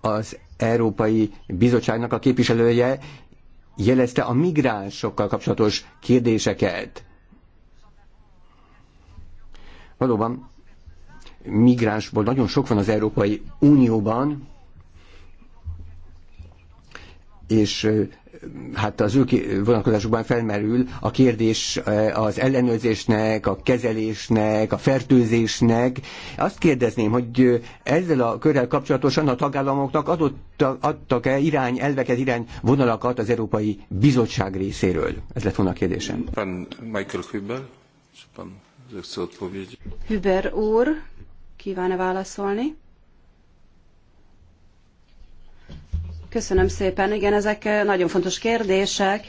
az Európai Bizottságnak a képviselője jelezte a migránsokkal kapcsolatos kérdéseket. Valóban migránsból nagyon sok van az Európai Unióban, és hát az ő vonatkozásukban felmerül a kérdés e, az ellenőrzésnek, a kezelésnek, a fertőzésnek. Azt kérdezném, hogy ezzel a körrel kapcsolatosan a tagállamoknak adott, adtak-e irány, elveket, irány vonalakat az Európai Bizottság részéről? Ez lett volna a kérdésem. Pan Michael Huber, pan Huber úr, kíván-e válaszolni? Köszönöm szépen. Igen, ezek eh, nagyon fontos kérdések,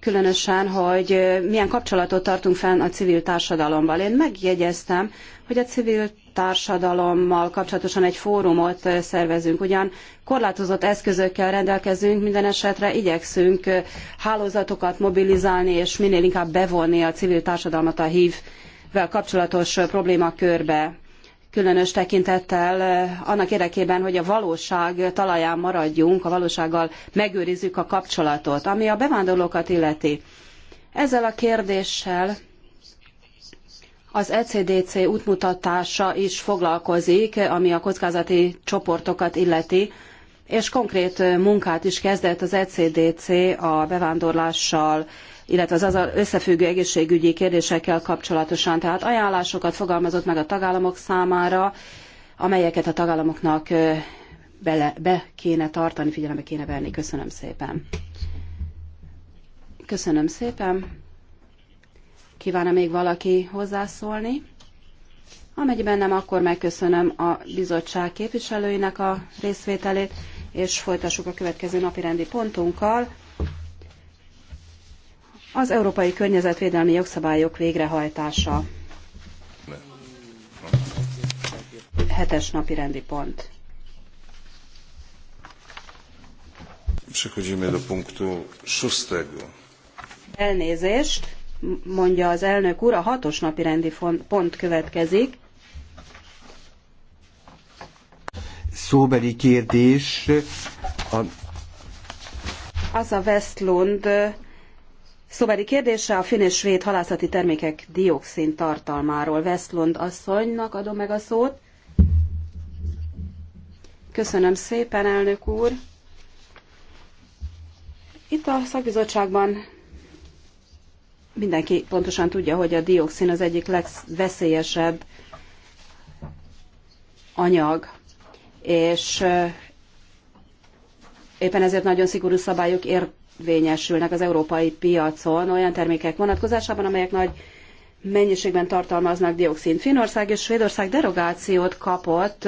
különösen, hogy eh, milyen kapcsolatot tartunk fenn a civil társadalommal. Én megjegyeztem, hogy a civil társadalommal kapcsolatosan egy fórumot eh, szervezünk. Ugyan korlátozott eszközökkel rendelkezünk, minden esetre igyekszünk hálózatokat mobilizálni, és minél inkább bevonni a civil társadalmat a hiv kapcsolatos problémakörbe különös tekintettel eh, annak érdekében, hogy a valóság talaján maradjunk, a valósággal megőrizzük a kapcsolatot, ami a bevándorlókat illeti. Ezzel a kérdéssel az ECDC útmutatása is foglalkozik, ami a kockázati csoportokat illeti, és konkrét munkát is kezdett az ECDC a bevándorlással illetve az azzal összefüggő egészségügyi kérdésekkel kapcsolatosan. Tehát ajánlásokat fogalmazott meg a tagállamok számára, amelyeket a tagállamoknak bele, be kéne tartani, figyelembe kéne venni. Köszönöm szépen. Köszönöm szépen. Kívánna még valaki hozzászólni? Amennyiben nem, akkor megköszönöm a bizottság képviselőinek a részvételét, és folytassuk a következő napi rendi pontunkkal. Az európai környezetvédelmi jogszabályok végrehajtása. Hetes napi rendi pont. Przechodzimy do punktu szóstego. Elnézést, mondja az elnök úr, a hatos napi rendi pont következik. Szóbeli kérdés. A... Az a Westlund Szóbeli kérdése a finn és svéd halászati termékek dioxin tartalmáról. Westlund asszonynak adom meg a szót. Köszönöm szépen, elnök úr. Itt a szakbizottságban mindenki pontosan tudja, hogy a dioxin az egyik legveszélyesebb anyag, és éppen ezért nagyon szigorú szabályok ért érvényesülnek az európai piacon olyan termékek vonatkozásában, amelyek nagy mennyiségben tartalmaznak dioxint. Finország és Svédország derogációt kapott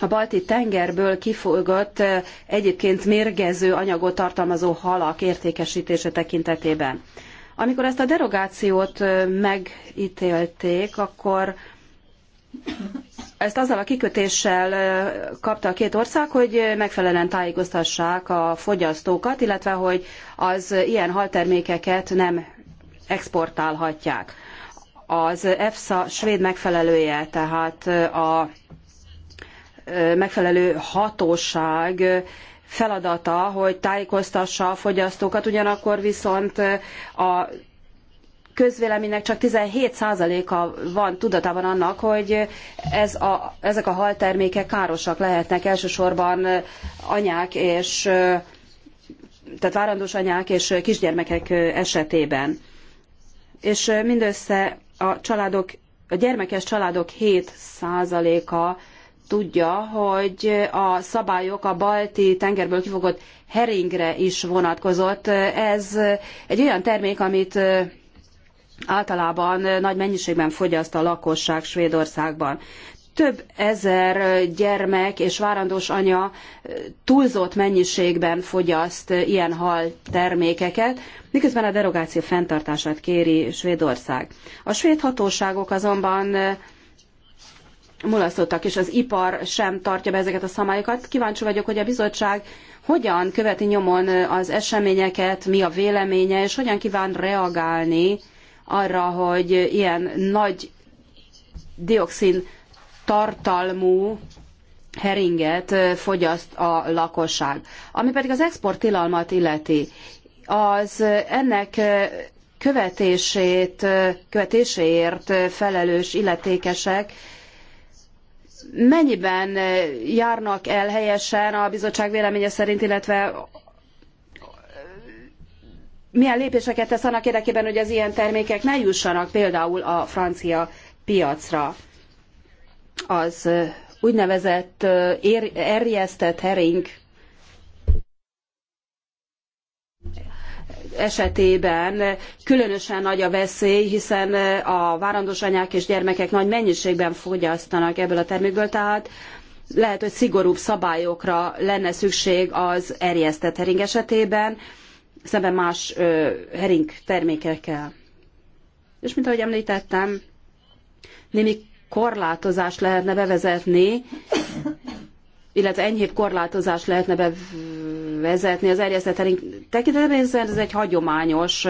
a balti tengerből kifolgott egyébként mérgező anyagot tartalmazó halak értékesítése tekintetében. Amikor ezt a derogációt megítélték, akkor ezt azzal a kikötéssel kapta a két ország, hogy megfelelően tájékoztassák a fogyasztókat, illetve hogy az ilyen haltermékeket nem exportálhatják. Az EFSA svéd megfelelője, tehát a megfelelő hatóság feladata, hogy tájékoztassa a fogyasztókat, ugyanakkor viszont a közvéleménynek csak 17%-a van tudatában annak, hogy ez a, ezek a haltermékek károsak lehetnek elsősorban anyák és tehát várandós anyák és kisgyermekek esetében. És mindössze a családok, a gyermekes családok 7%-a tudja, hogy a szabályok a balti tengerből kifogott heringre is vonatkozott. Ez egy olyan termék, amit általában nagy mennyiségben fogyaszt a lakosság Svédországban. Több ezer gyermek és várandós anya túlzott mennyiségben fogyaszt ilyen hal termékeket, miközben a derogáció fenntartását kéri Svédország. A svéd hatóságok azonban mulasztottak, és az ipar sem tartja be ezeket a szabályokat. Kíváncsi vagyok, hogy a bizottság hogyan követi nyomon az eseményeket, mi a véleménye, és hogyan kíván reagálni arra, hogy ilyen nagy dioxin tartalmú heringet fogyaszt a lakosság. Ami pedig az exporttilalmat illeti, az ennek követését, követéséért felelős illetékesek mennyiben járnak el helyesen a bizottság véleménye szerint, illetve milyen lépéseket tesz annak érdekében, hogy az ilyen termékek ne jussanak például a francia piacra. Az úgynevezett erjesztett hering esetében különösen nagy a veszély, hiszen a várandós anyák és gyermekek nagy mennyiségben fogyasztanak ebből a termékből, tehát lehet, hogy szigorúbb szabályokra lenne szükség az erjesztett hering esetében szemben más hering termékekkel. És mint ahogy említettem, némi korlátozást lehetne bevezetni, illetve enyhébb korlátozást lehetne bevezetni az erjesztett hering tekintetében, hiszen ez egy hagyományos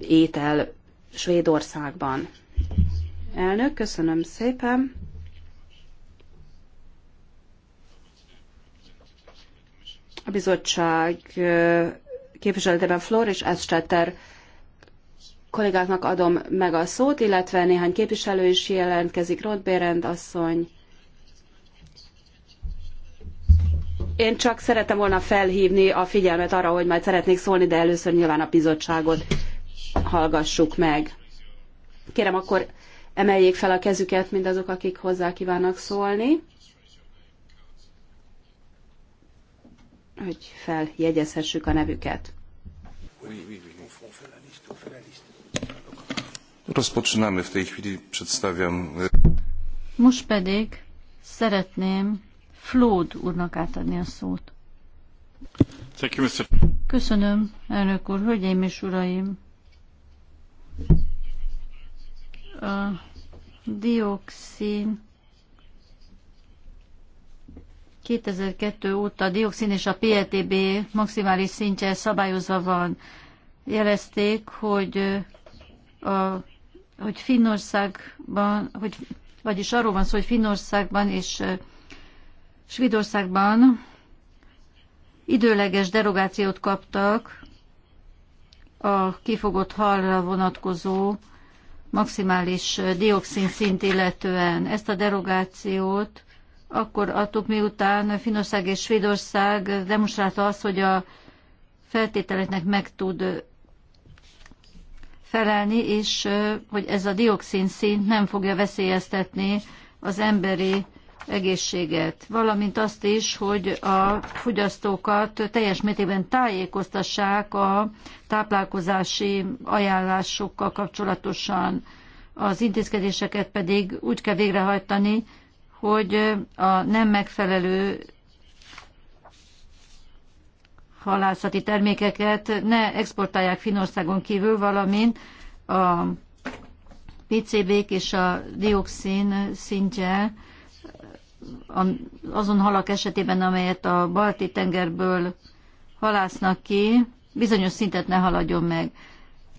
étel Svédországban. Elnök, köszönöm szépen. A bizottság képviseletében Flor és Eszcsetter kollégáknak adom meg a szót, illetve néhány képviselő is jelentkezik, Bérend asszony. Én csak szerettem volna felhívni a figyelmet arra, hogy majd szeretnék szólni, de először nyilván a bizottságot hallgassuk meg. Kérem, akkor emeljék fel a kezüket mindazok, akik hozzá kívánnak szólni. hogy feljegyezhessük a nevüket. Rozpoczynamy w tej chwili, przedstawiam... Most pedig szeretném Flód úrnak átadni a szót. Köszönöm, elnök úr, hölgyeim és uraim! A dioxin 2002 óta a dioxin és a PETB maximális szintje szabályozva van. Jelezték, hogy, a, hogy Finnországban, hogy, vagyis arról van szó, hogy Finnországban és Svédországban időleges derogációt kaptak a kifogott halra vonatkozó maximális dioxin szint illetően. Ezt a derogációt akkor adtuk, miután Finország és Svédország demonstrálta azt, hogy a feltételeknek meg tud felelni, és hogy ez a dioxin szint nem fogja veszélyeztetni az emberi egészséget, valamint azt is, hogy a fogyasztókat teljes mértékben tájékoztassák a táplálkozási ajánlásokkal kapcsolatosan, az intézkedéseket pedig úgy kell végrehajtani, hogy a nem megfelelő halászati termékeket ne exportálják Finországon kívül, valamint a PCB-k és a dioxin szintje azon halak esetében, amelyet a balti tengerből halásznak ki, bizonyos szintet ne haladjon meg.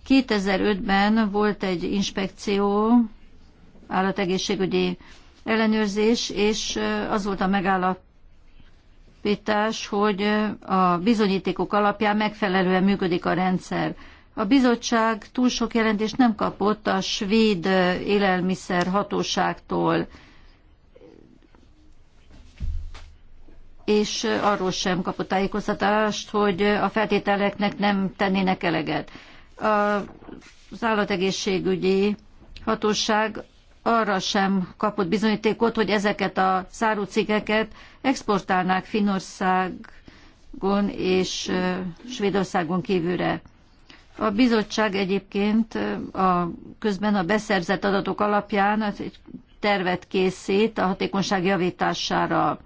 2005-ben volt egy inspekció, állategészségügyi ellenőrzés, és az volt a megállapítás, hogy a bizonyítékok alapján megfelelően működik a rendszer. A bizottság túl sok jelentést nem kapott a svéd élelmiszer hatóságtól, és arról sem kapott tájékoztatást, hogy a feltételeknek nem tennének eleget. Az állategészségügyi hatóság arra sem kapott bizonyítékot, hogy ezeket a szárucikeket exportálnák Finországon és Svédországon kívülre. A bizottság egyébként a, közben a beszerzett adatok alapján egy tervet készít a hatékonyság javítására.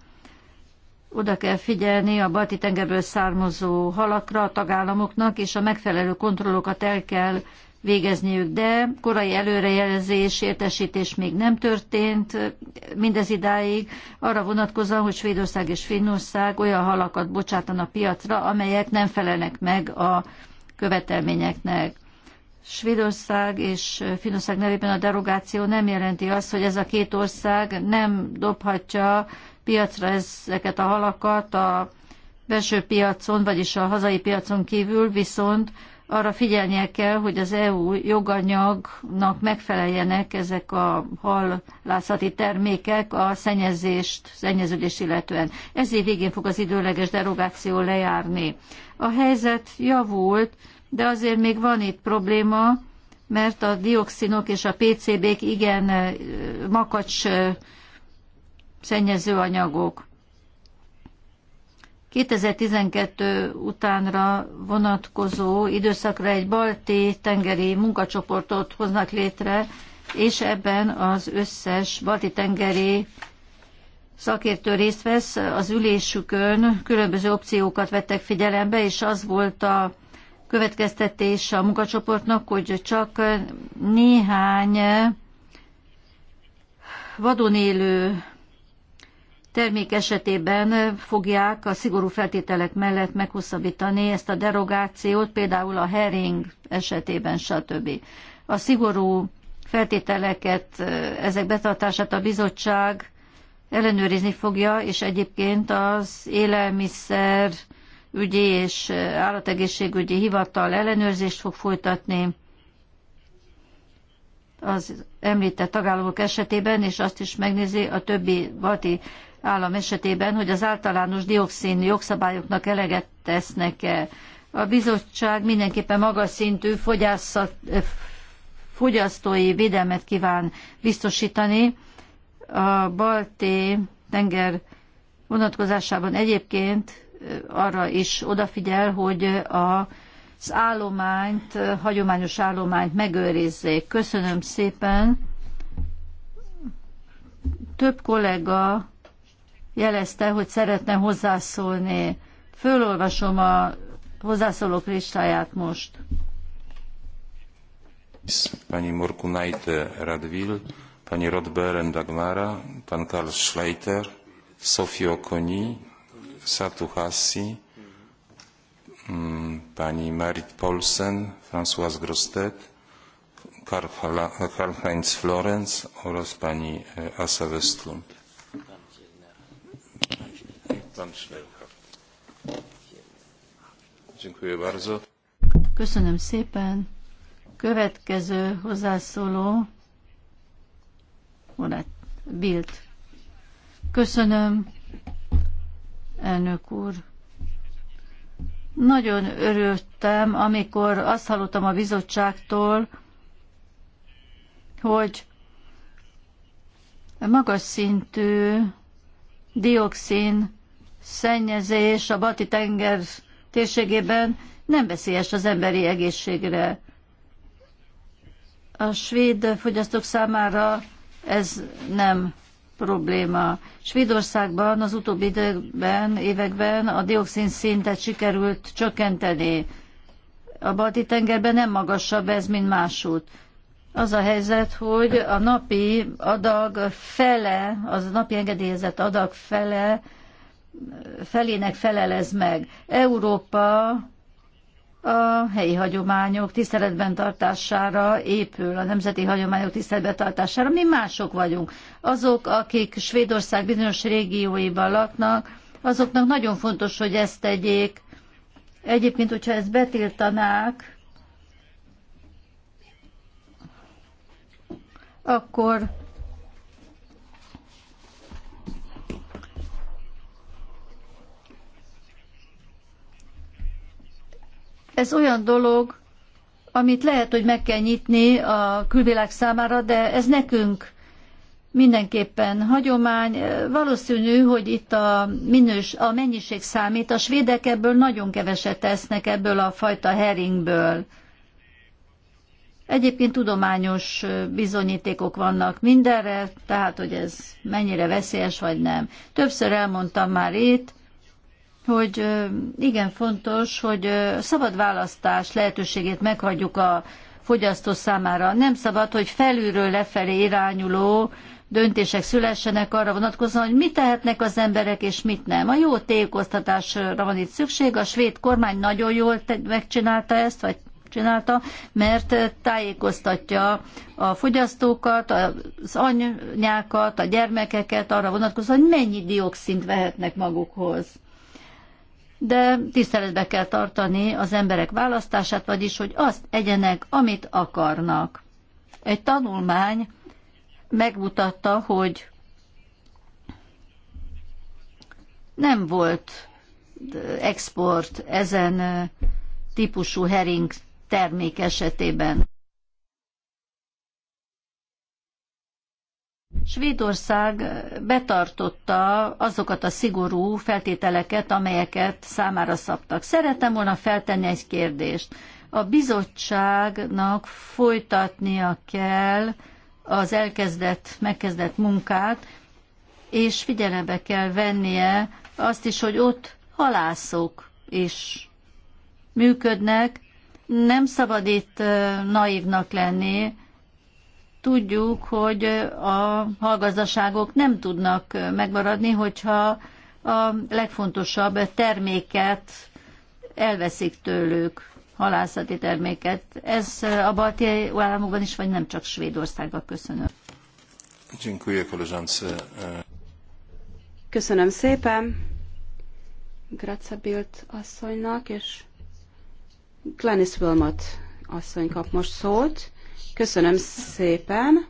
Oda kell figyelni a balti tengerből származó halakra a tagállamoknak, és a megfelelő kontrollokat el kell végezniük, de korai előrejelzés, értesítés még nem történt mindez idáig arra vonatkozóan, hogy Svédország és Finnország olyan halakat a piacra, amelyek nem felelnek meg a követelményeknek. Svédország és Finnország nevében a derogáció nem jelenti azt, hogy ez a két ország nem dobhatja piacra ezeket a halakat a belső piacon, vagyis a hazai piacon kívül, viszont arra figyelnie kell, hogy az EU joganyagnak megfeleljenek ezek a hallászati termékek a szennyezést, szennyeződést illetően. Ez év végén fog az időleges derogáció lejárni. A helyzet javult, de azért még van itt probléma, mert a dioxinok és a PCB-k igen makacs szennyező anyagok. 2012 utánra vonatkozó időszakra egy balti tengeri munkacsoportot hoznak létre, és ebben az összes balti tengeri szakértő részt vesz. Az ülésükön különböző opciókat vettek figyelembe, és az volt a következtetés a munkacsoportnak, hogy csak néhány vadon élő termék esetében fogják a szigorú feltételek mellett meghosszabbítani ezt a derogációt, például a herring esetében, stb. A szigorú feltételeket, ezek betartását a bizottság ellenőrizni fogja, és egyébként az élelmiszer ügyi és állategészségügyi hivatal ellenőrzést fog folytatni az említett tagállamok esetében, és azt is megnézi a többi balti állam esetében, hogy az általános dioxin jogszabályoknak eleget tesznek-e. A bizottság mindenképpen magas szintű fogyasztói védelmet kíván biztosítani. A balti tenger vonatkozásában egyébként arra is odafigyel, hogy a az állományt, hagyományos állományt megőrizzék. Köszönöm szépen. Több kollega jelezte, hogy szeretne hozzászólni. Fölolvasom a hozzászólók listáját most. Pani Morkunajte Radvil, pani Rodberen Dagmara, pan Karl Schleiter, Sofia Okoni, Satu Hassi, mm, pani Marit Paulsen, François Grostet, Karl-Heinz Florenz oraz pani e, Asa Westlund. Pan Köszönöm szépen. Következő hozzászóló, Morát Bild. Köszönöm, elnök úr. Nagyon örültem, amikor azt hallottam a bizottságtól, hogy magas szintű dioxin szennyezés a Bati tenger térségében nem veszélyes az emberi egészségre. A svéd fogyasztók számára ez nem probléma. Svédországban az utóbbi időben, években a dioxin szintet sikerült csökkenteni. A balti tengerben nem magasabb ez, mint másút. Az a helyzet, hogy a napi adag fele, az napi engedélyezett adag fele felének felelez meg. Európa a helyi hagyományok tiszteletben tartására épül, a nemzeti hagyományok tiszteletben tartására. Mi mások vagyunk. Azok, akik Svédország bizonyos régióiban laknak, azoknak nagyon fontos, hogy ezt tegyék. Egyébként, hogyha ezt betiltanák, akkor Ez olyan dolog, amit lehet, hogy meg kell nyitni a külvilág számára, de ez nekünk mindenképpen hagyomány. Valószínű, hogy itt a, minős, a mennyiség számít. A svédek ebből nagyon keveset tesznek ebből a fajta heringből. Egyébként tudományos bizonyítékok vannak mindenre, tehát hogy ez mennyire veszélyes vagy nem. Többször elmondtam már itt, hogy igen fontos, hogy szabad választás lehetőségét meghagyjuk a fogyasztó számára. Nem szabad, hogy felülről lefelé irányuló döntések szülessenek arra vonatkozóan, hogy mit tehetnek az emberek és mit nem. A jó tékoztatásra van itt szükség. A svéd kormány nagyon jól megcsinálta ezt, vagy csinálta, mert tájékoztatja a fogyasztókat, az anyákat, a gyermekeket arra vonatkozóan, hogy mennyi dioxint vehetnek magukhoz de tiszteletbe kell tartani az emberek választását, vagyis, hogy azt egyenek, amit akarnak. Egy tanulmány megmutatta, hogy nem volt export ezen típusú hering termék esetében. Svédország betartotta azokat a szigorú feltételeket, amelyeket számára szabtak. Szeretem volna feltenni egy kérdést. A bizottságnak folytatnia kell az elkezdett, megkezdett munkát, és figyelembe kell vennie azt is, hogy ott halászok is működnek. Nem szabad itt naívnak lenni, Tudjuk, hogy a hallgazdaságok nem tudnak megmaradni, hogyha a legfontosabb terméket elveszik tőlük, halászati terméket. Ez a balti államokban is, vagy nem csak Svédországban? Köszönöm. Köszönöm szépen Gracebilt asszonynak, és Glenis Wilmot asszony kap most szót. Köszönöm szépen.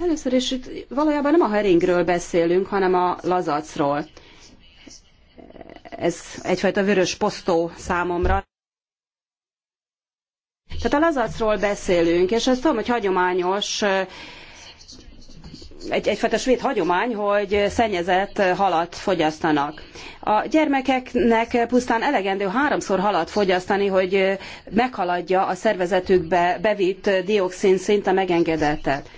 Először is itt valójában nem a heringről beszélünk, hanem a lazacról. Ez egyfajta vörös posztó számomra. Tehát a lazacról beszélünk, és ez tudom, hogy hagyományos egy, egyfajta svéd hagyomány, hogy szennyezett halat fogyasztanak. A gyermekeknek pusztán elegendő háromszor halat fogyasztani, hogy meghaladja a szervezetükbe bevitt dioxin szint a megengedettet.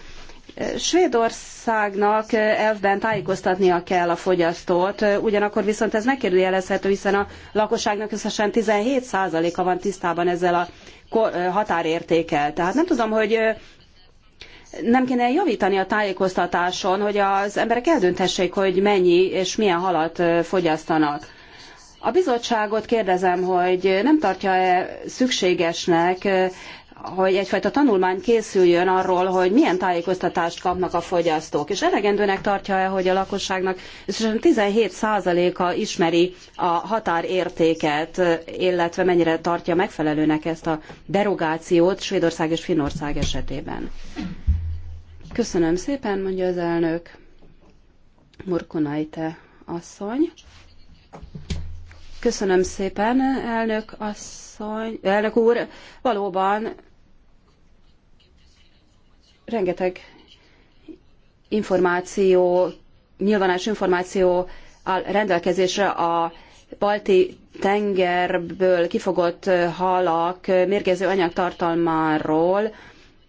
Svédországnak elvben tájékoztatnia kell a fogyasztót, ugyanakkor viszont ez megkérdőjelezhető, hiszen a lakosságnak összesen 17%-a van tisztában ezzel a határértékkel. Tehát nem tudom, hogy nem kéne javítani a tájékoztatáson, hogy az emberek eldönthessék, hogy mennyi és milyen halat fogyasztanak. A bizottságot kérdezem, hogy nem tartja-e szükségesnek, hogy egyfajta tanulmány készüljön arról, hogy milyen tájékoztatást kapnak a fogyasztók, és elegendőnek tartja-e, hogy a lakosságnak összesen 17%-a ismeri a határértéket, illetve mennyire tartja megfelelőnek ezt a derogációt Svédország és Finnország esetében. Köszönöm szépen, mondja az elnök. Murkunaite asszony. Köszönöm szépen, elnök asszony, elnök úr. Valóban rengeteg információ, nyilvános információ áll rendelkezésre a balti tengerből kifogott halak mérgező anyagtartalmáról,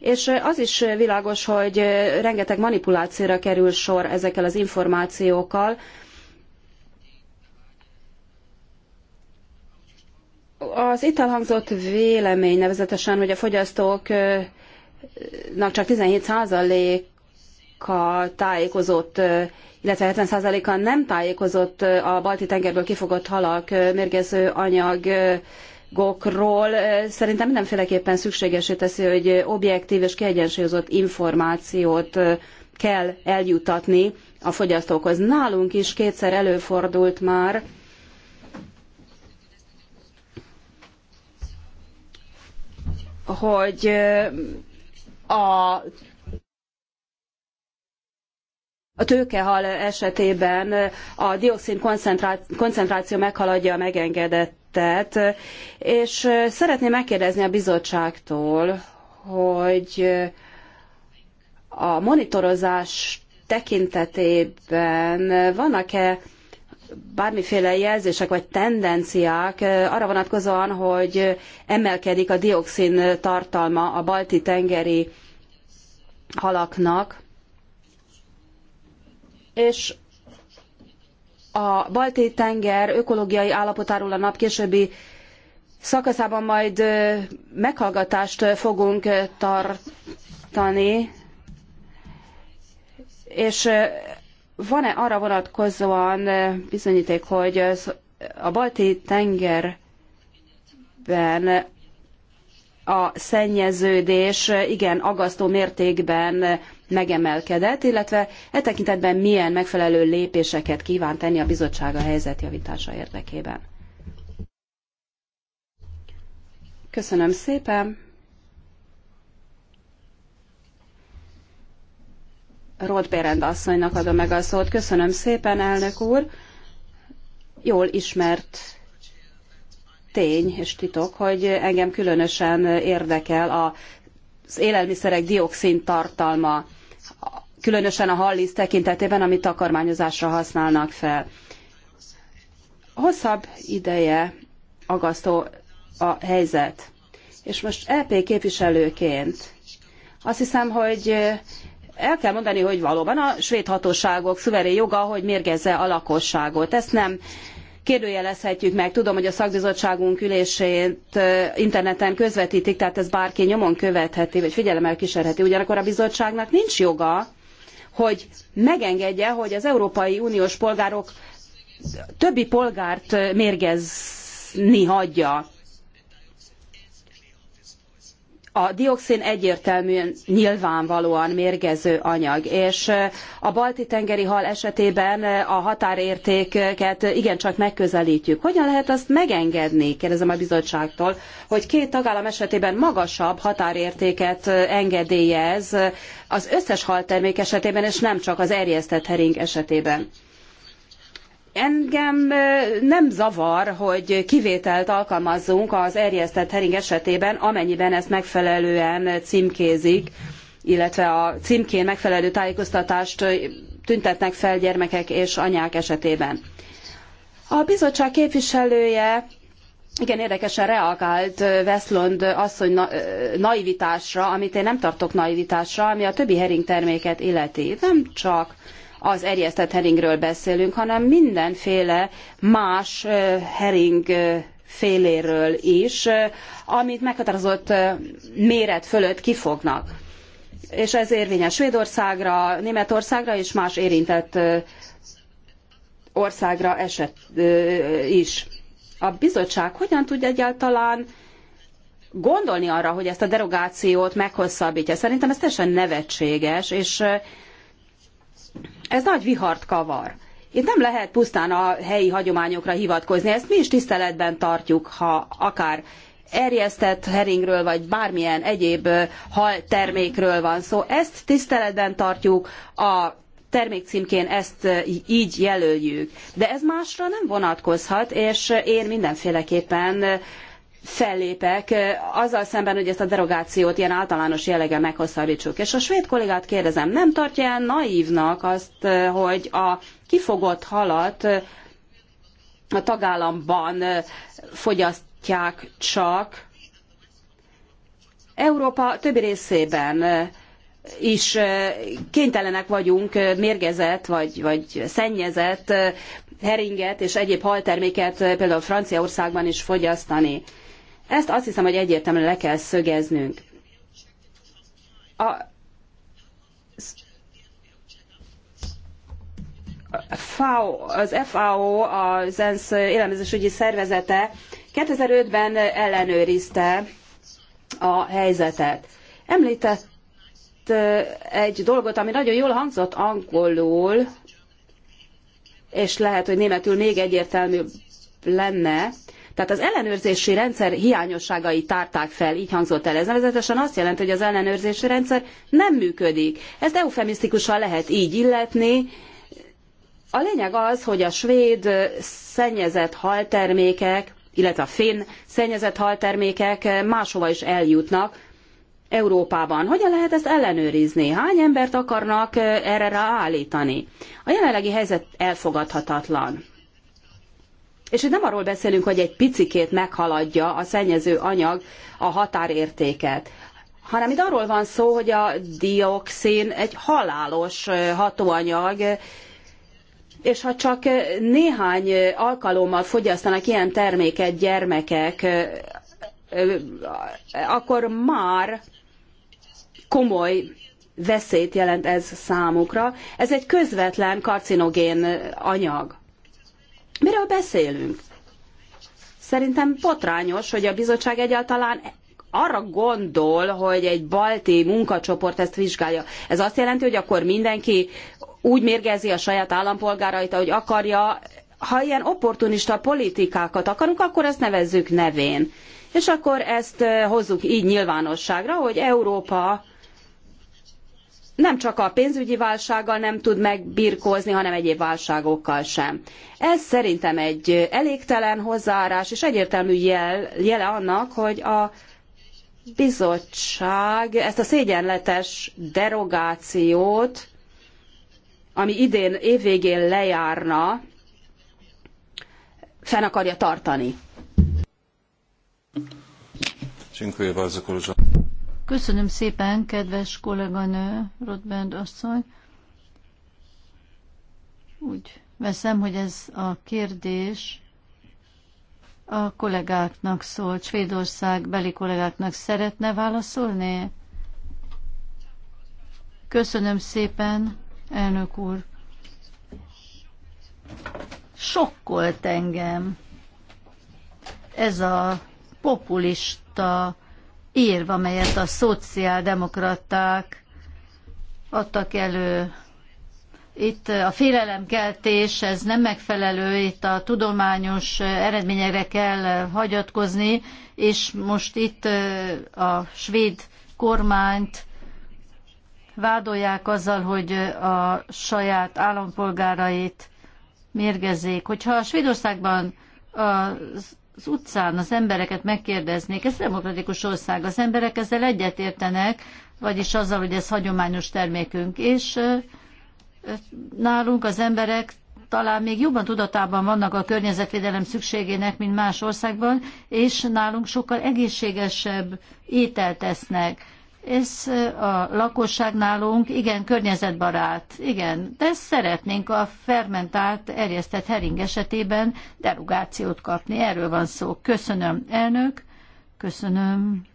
és az is világos, hogy rengeteg manipulációra kerül sor ezekkel az információkkal. Az itt elhangzott vélemény nevezetesen, hogy a fogyasztóknak csak 17%-a tájékozott, illetve 70%-a nem tájékozott a balti tengerből kifogott halak mérgező anyag jogokról szerintem mindenféleképpen szükségesé teszi, hogy objektív és kiegyensúlyozott információt kell eljutatni a fogyasztókhoz. Nálunk is kétszer előfordult már, hogy a a tőkehal esetében a dioxin koncentráció meghaladja a megengedett tettet, és szeretném megkérdezni a bizottságtól, hogy a monitorozás tekintetében vannak-e bármiféle jelzések vagy tendenciák arra vonatkozóan, hogy emelkedik a dioxin tartalma a balti tengeri halaknak, és a balti tenger ökológiai állapotáról a nap későbbi szakaszában majd meghallgatást fogunk tartani, és van-e arra vonatkozóan bizonyíték, hogy a balti tengerben a szennyeződés igen aggasztó mértékben megemelkedett, illetve e tekintetben milyen megfelelő lépéseket kíván tenni a bizottság a helyzet érdekében. Köszönöm szépen! Roth Bérend asszonynak adom meg a szót. Köszönöm szépen, elnök úr! Jól ismert tény és titok, hogy engem különösen érdekel az élelmiszerek dioxin tartalma különösen a halliszt tekintetében, amit takarmányozásra használnak fel. Hosszabb ideje agasztó a helyzet. És most EP képviselőként azt hiszem, hogy el kell mondani, hogy valóban a svéd hatóságok szuverén joga, hogy mérgezze a lakosságot. Ezt nem kérdőjelezhetjük meg. Tudom, hogy a szakbizottságunk ülését interneten közvetítik, tehát ez bárki nyomon követheti, vagy figyelemmel kísérheti. Ugyanakkor a bizottságnak nincs joga hogy megengedje, hogy az Európai Uniós polgárok többi polgárt mérgezni hagyja a dioxin egyértelműen nyilvánvalóan mérgező anyag, és a balti tengeri hal esetében a határértéket igencsak megközelítjük. Hogyan lehet azt megengedni, kérdezem a bizottságtól, hogy két tagállam esetében magasabb határértéket engedélyez az összes haltermék esetében, és nem csak az erjesztett hering esetében. Engem nem zavar, hogy kivételt alkalmazzunk az erjesztett hering esetében, amennyiben ezt megfelelően címkézik, illetve a címkén megfelelő tájékoztatást tüntetnek fel gyermekek és anyák esetében. A bizottság képviselője igen érdekesen reagált Westlund asszony na- naivitásra, amit én nem tartok naivitásra, ami a többi hering terméket illeti. Nem csak az erjesztett heringről beszélünk, hanem mindenféle más hering féléről is, amit meghatározott méret fölött kifognak. És ez érvényes Svédországra, Németországra és más érintett országra eset is. A bizottság hogyan tud egyáltalán gondolni arra, hogy ezt a derogációt meghosszabbítja? Szerintem ez teljesen nevetséges, és ez nagy vihart kavar. Itt nem lehet pusztán a helyi hagyományokra hivatkozni, ezt mi is tiszteletben tartjuk, ha akár erjesztett heringről, vagy bármilyen egyéb hal termékről van szó. Szóval ezt tiszteletben tartjuk, a termékcímkén ezt így jelöljük. De ez másra nem vonatkozhat, és én mindenféleképpen fellépek azzal szemben, hogy ezt a derogációt ilyen általános jelleggel meghosszabbítsuk. És a svéd kollégát kérdezem, nem tartja el naívnak azt, hogy a kifogott halat a tagállamban fogyasztják csak, Európa többi részében is kénytelenek vagyunk mérgezett vagy, vagy szennyezett heringet és egyéb halterméket például Franciaországban is fogyasztani. Ezt azt hiszem, hogy egyértelműen le kell szögeznünk. A FAO, az FAO, az ENSZ élelmezésügyi szervezete 2005-ben ellenőrizte a helyzetet. Említett egy dolgot, ami nagyon jól hangzott angolul, és lehet, hogy németül még egyértelmű lenne. Tehát az ellenőrzési rendszer hiányosságai tárták fel, így hangzott el. Ez nevezetesen azt jelenti, hogy az ellenőrzési rendszer nem működik. Ezt eufemisztikusan lehet így illetni, a lényeg az, hogy a svéd szennyezett haltermékek, illetve a finn szennyezett haltermékek máshova is eljutnak Európában. Hogyan lehet ezt ellenőrizni? Hány embert akarnak erre ráállítani? A jelenlegi helyzet elfogadhatatlan. És itt nem arról beszélünk, hogy egy picikét meghaladja a szennyező anyag a határértéket, hanem itt arról van szó, hogy a dioxin egy halálos hatóanyag, és ha csak néhány alkalommal fogyasztanak ilyen terméket gyermekek, akkor már komoly veszélyt jelent ez számukra. Ez egy közvetlen karcinogén anyag. Miről beszélünk? Szerintem potrányos, hogy a bizottság egyáltalán arra gondol, hogy egy balti munkacsoport ezt vizsgálja. Ez azt jelenti, hogy akkor mindenki úgy mérgezi a saját állampolgárait, ahogy akarja. Ha ilyen opportunista politikákat akarunk, akkor ezt nevezzük nevén. És akkor ezt eh, hozzuk így nyilvánosságra, hogy Európa nem csak a pénzügyi válsággal nem tud megbirkózni, hanem egyéb válságokkal sem. Ez szerintem egy elégtelen hozzáárás és egyértelmű jel, jele annak, hogy a bizottság ezt a szégyenletes derogációt, ami idén évvégén lejárna, fenn akarja tartani. Dziękuję bardzo, koleżanko. Köszönöm szépen, kedves kolléganő, Rodbend asszony. Úgy veszem, hogy ez a kérdés a kollégáknak szól. Svédország beli kollégáknak szeretne válaszolni? Köszönöm szépen, elnök úr. Sokkolt engem ez a populista írv, amelyet a szociáldemokraták adtak elő. Itt a félelemkeltés, ez nem megfelelő, itt a tudományos eredményekre kell hagyatkozni, és most itt a svéd kormányt vádolják azzal, hogy a saját állampolgárait mérgezzék. Hogyha Svédországban az az utcán az embereket megkérdeznék, ez demokratikus ország, az emberek ezzel egyetértenek, vagyis azzal, hogy ez hagyományos termékünk, és nálunk az emberek talán még jobban tudatában vannak a környezetvédelem szükségének, mint más országban, és nálunk sokkal egészségesebb ételt esznek ez a lakosság nálunk igen környezetbarát, igen, de szeretnénk a fermentált erjesztett hering esetében derogációt kapni, erről van szó. Köszönöm, elnök, köszönöm.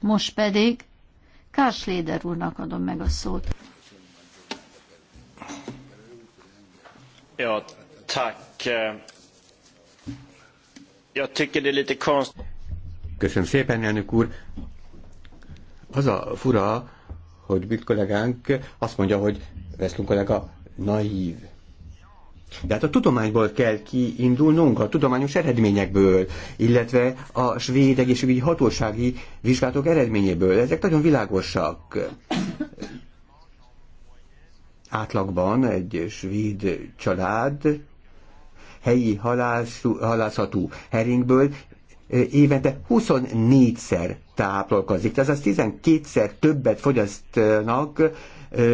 Most pedig Kársléder úrnak adom meg a szót. Ja, tack. Jag tycker det är lite konstigt. Köszönöm szépen, elnök úr. Az a fura, hogy Bit kollégánk azt mondja, hogy Veszlunk kollega naív. De hát a tudományból kell kiindulnunk, a tudományos eredményekből, illetve a svéd egészségügyi hatósági vizsgálatok eredményéből. Ezek nagyon világosak. Átlagban egy svéd család helyi halász, halászatú heringből évente 24-szer táplálkozik. az 12-szer többet fogyasztanak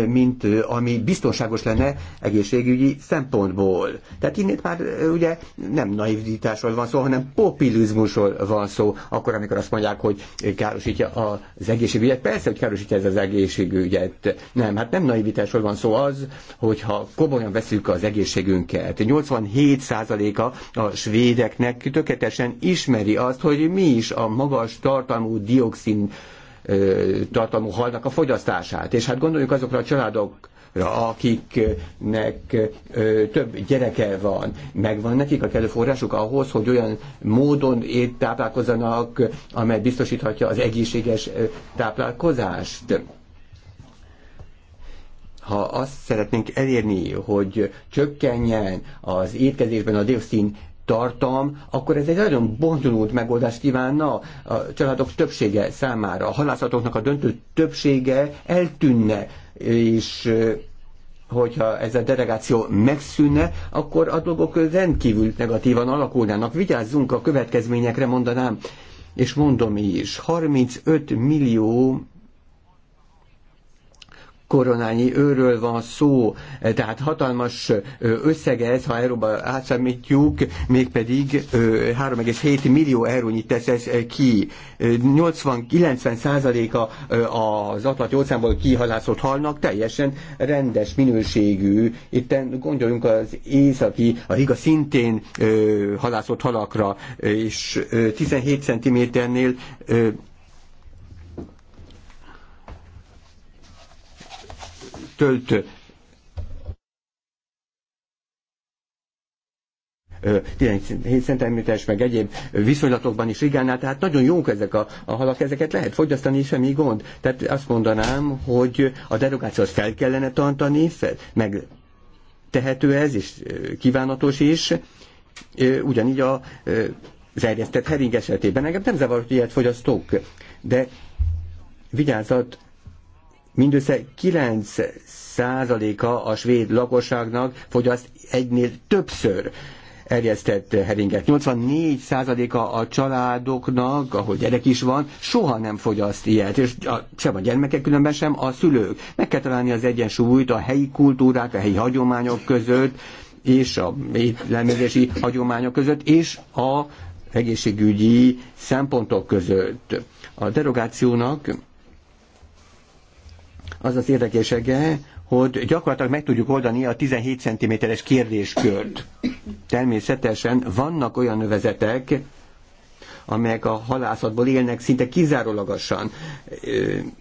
mint ami biztonságos lenne egészségügyi szempontból. Tehát innét már ugye nem naivitásról van szó, hanem populizmusról van szó, akkor, amikor azt mondják, hogy károsítja az egészségügyet. Persze, hogy károsítja ez az egészségügyet. Nem, hát nem naivitásról van szó az, hogyha komolyan veszük az egészségünket. 87%-a a svédeknek tökéletesen ismeri azt, hogy mi is a magas tartalmú dioxin tartalmú halnak a fogyasztását. És hát gondoljuk azokra a családok, akiknek több gyereke van, megvan nekik a kellő forrásuk ahhoz, hogy olyan módon táplálkozzanak, amely biztosíthatja az egészséges táplálkozást ha azt szeretnénk elérni, hogy csökkenjen az étkezésben a dioxin tartam, akkor ez egy nagyon bonyolult megoldást kívánna a családok többsége számára. A halászatoknak a döntő többsége eltűnne, és hogyha ez a delegáció megszűnne, akkor a dolgok rendkívül negatívan alakulnának. Vigyázzunk a következményekre, mondanám, és mondom is, 35 millió koronányi őről van szó, tehát hatalmas összege ez, ha euróba átszámítjuk, mégpedig 3,7 millió eurónyit tesz ez ki. 80-90 százaléka az atlanti óceánból kihalászott halnak teljesen rendes minőségű. Itt gondoljunk az északi, a higa szintén halászott halakra, és 17 centiméternél tölt centiméteres, meg egyéb viszonylatokban is rigánál, tehát hát nagyon jók ezek a, a halak, ezeket lehet fogyasztani, semmi gond. Tehát azt mondanám, hogy a derogációt fel kellene tartani, fel, meg tehető ez, és kívánatos is, ugyanígy a az erjesztett hering esetében. Engem nem zavar, hogy ilyet fogyasztok, de vigyázat mindössze 9 százaléka a svéd lakosságnak fogyaszt egynél többször erjesztett heringet. 84 százaléka a családoknak, ahol gyerek is van, soha nem fogyaszt ilyet, és a, sem a gyermekek különben sem a szülők. Meg kell találni az egyensúlyt a helyi kultúrák, a helyi hagyományok között, és a élelmezési hagyományok között, és a egészségügyi szempontok között. A derogációnak az az érdekesege, hogy gyakorlatilag meg tudjuk oldani a 17 cm-es kérdéskört. Természetesen vannak olyan növezetek, amelyek a halászatból élnek szinte kizárólagosan.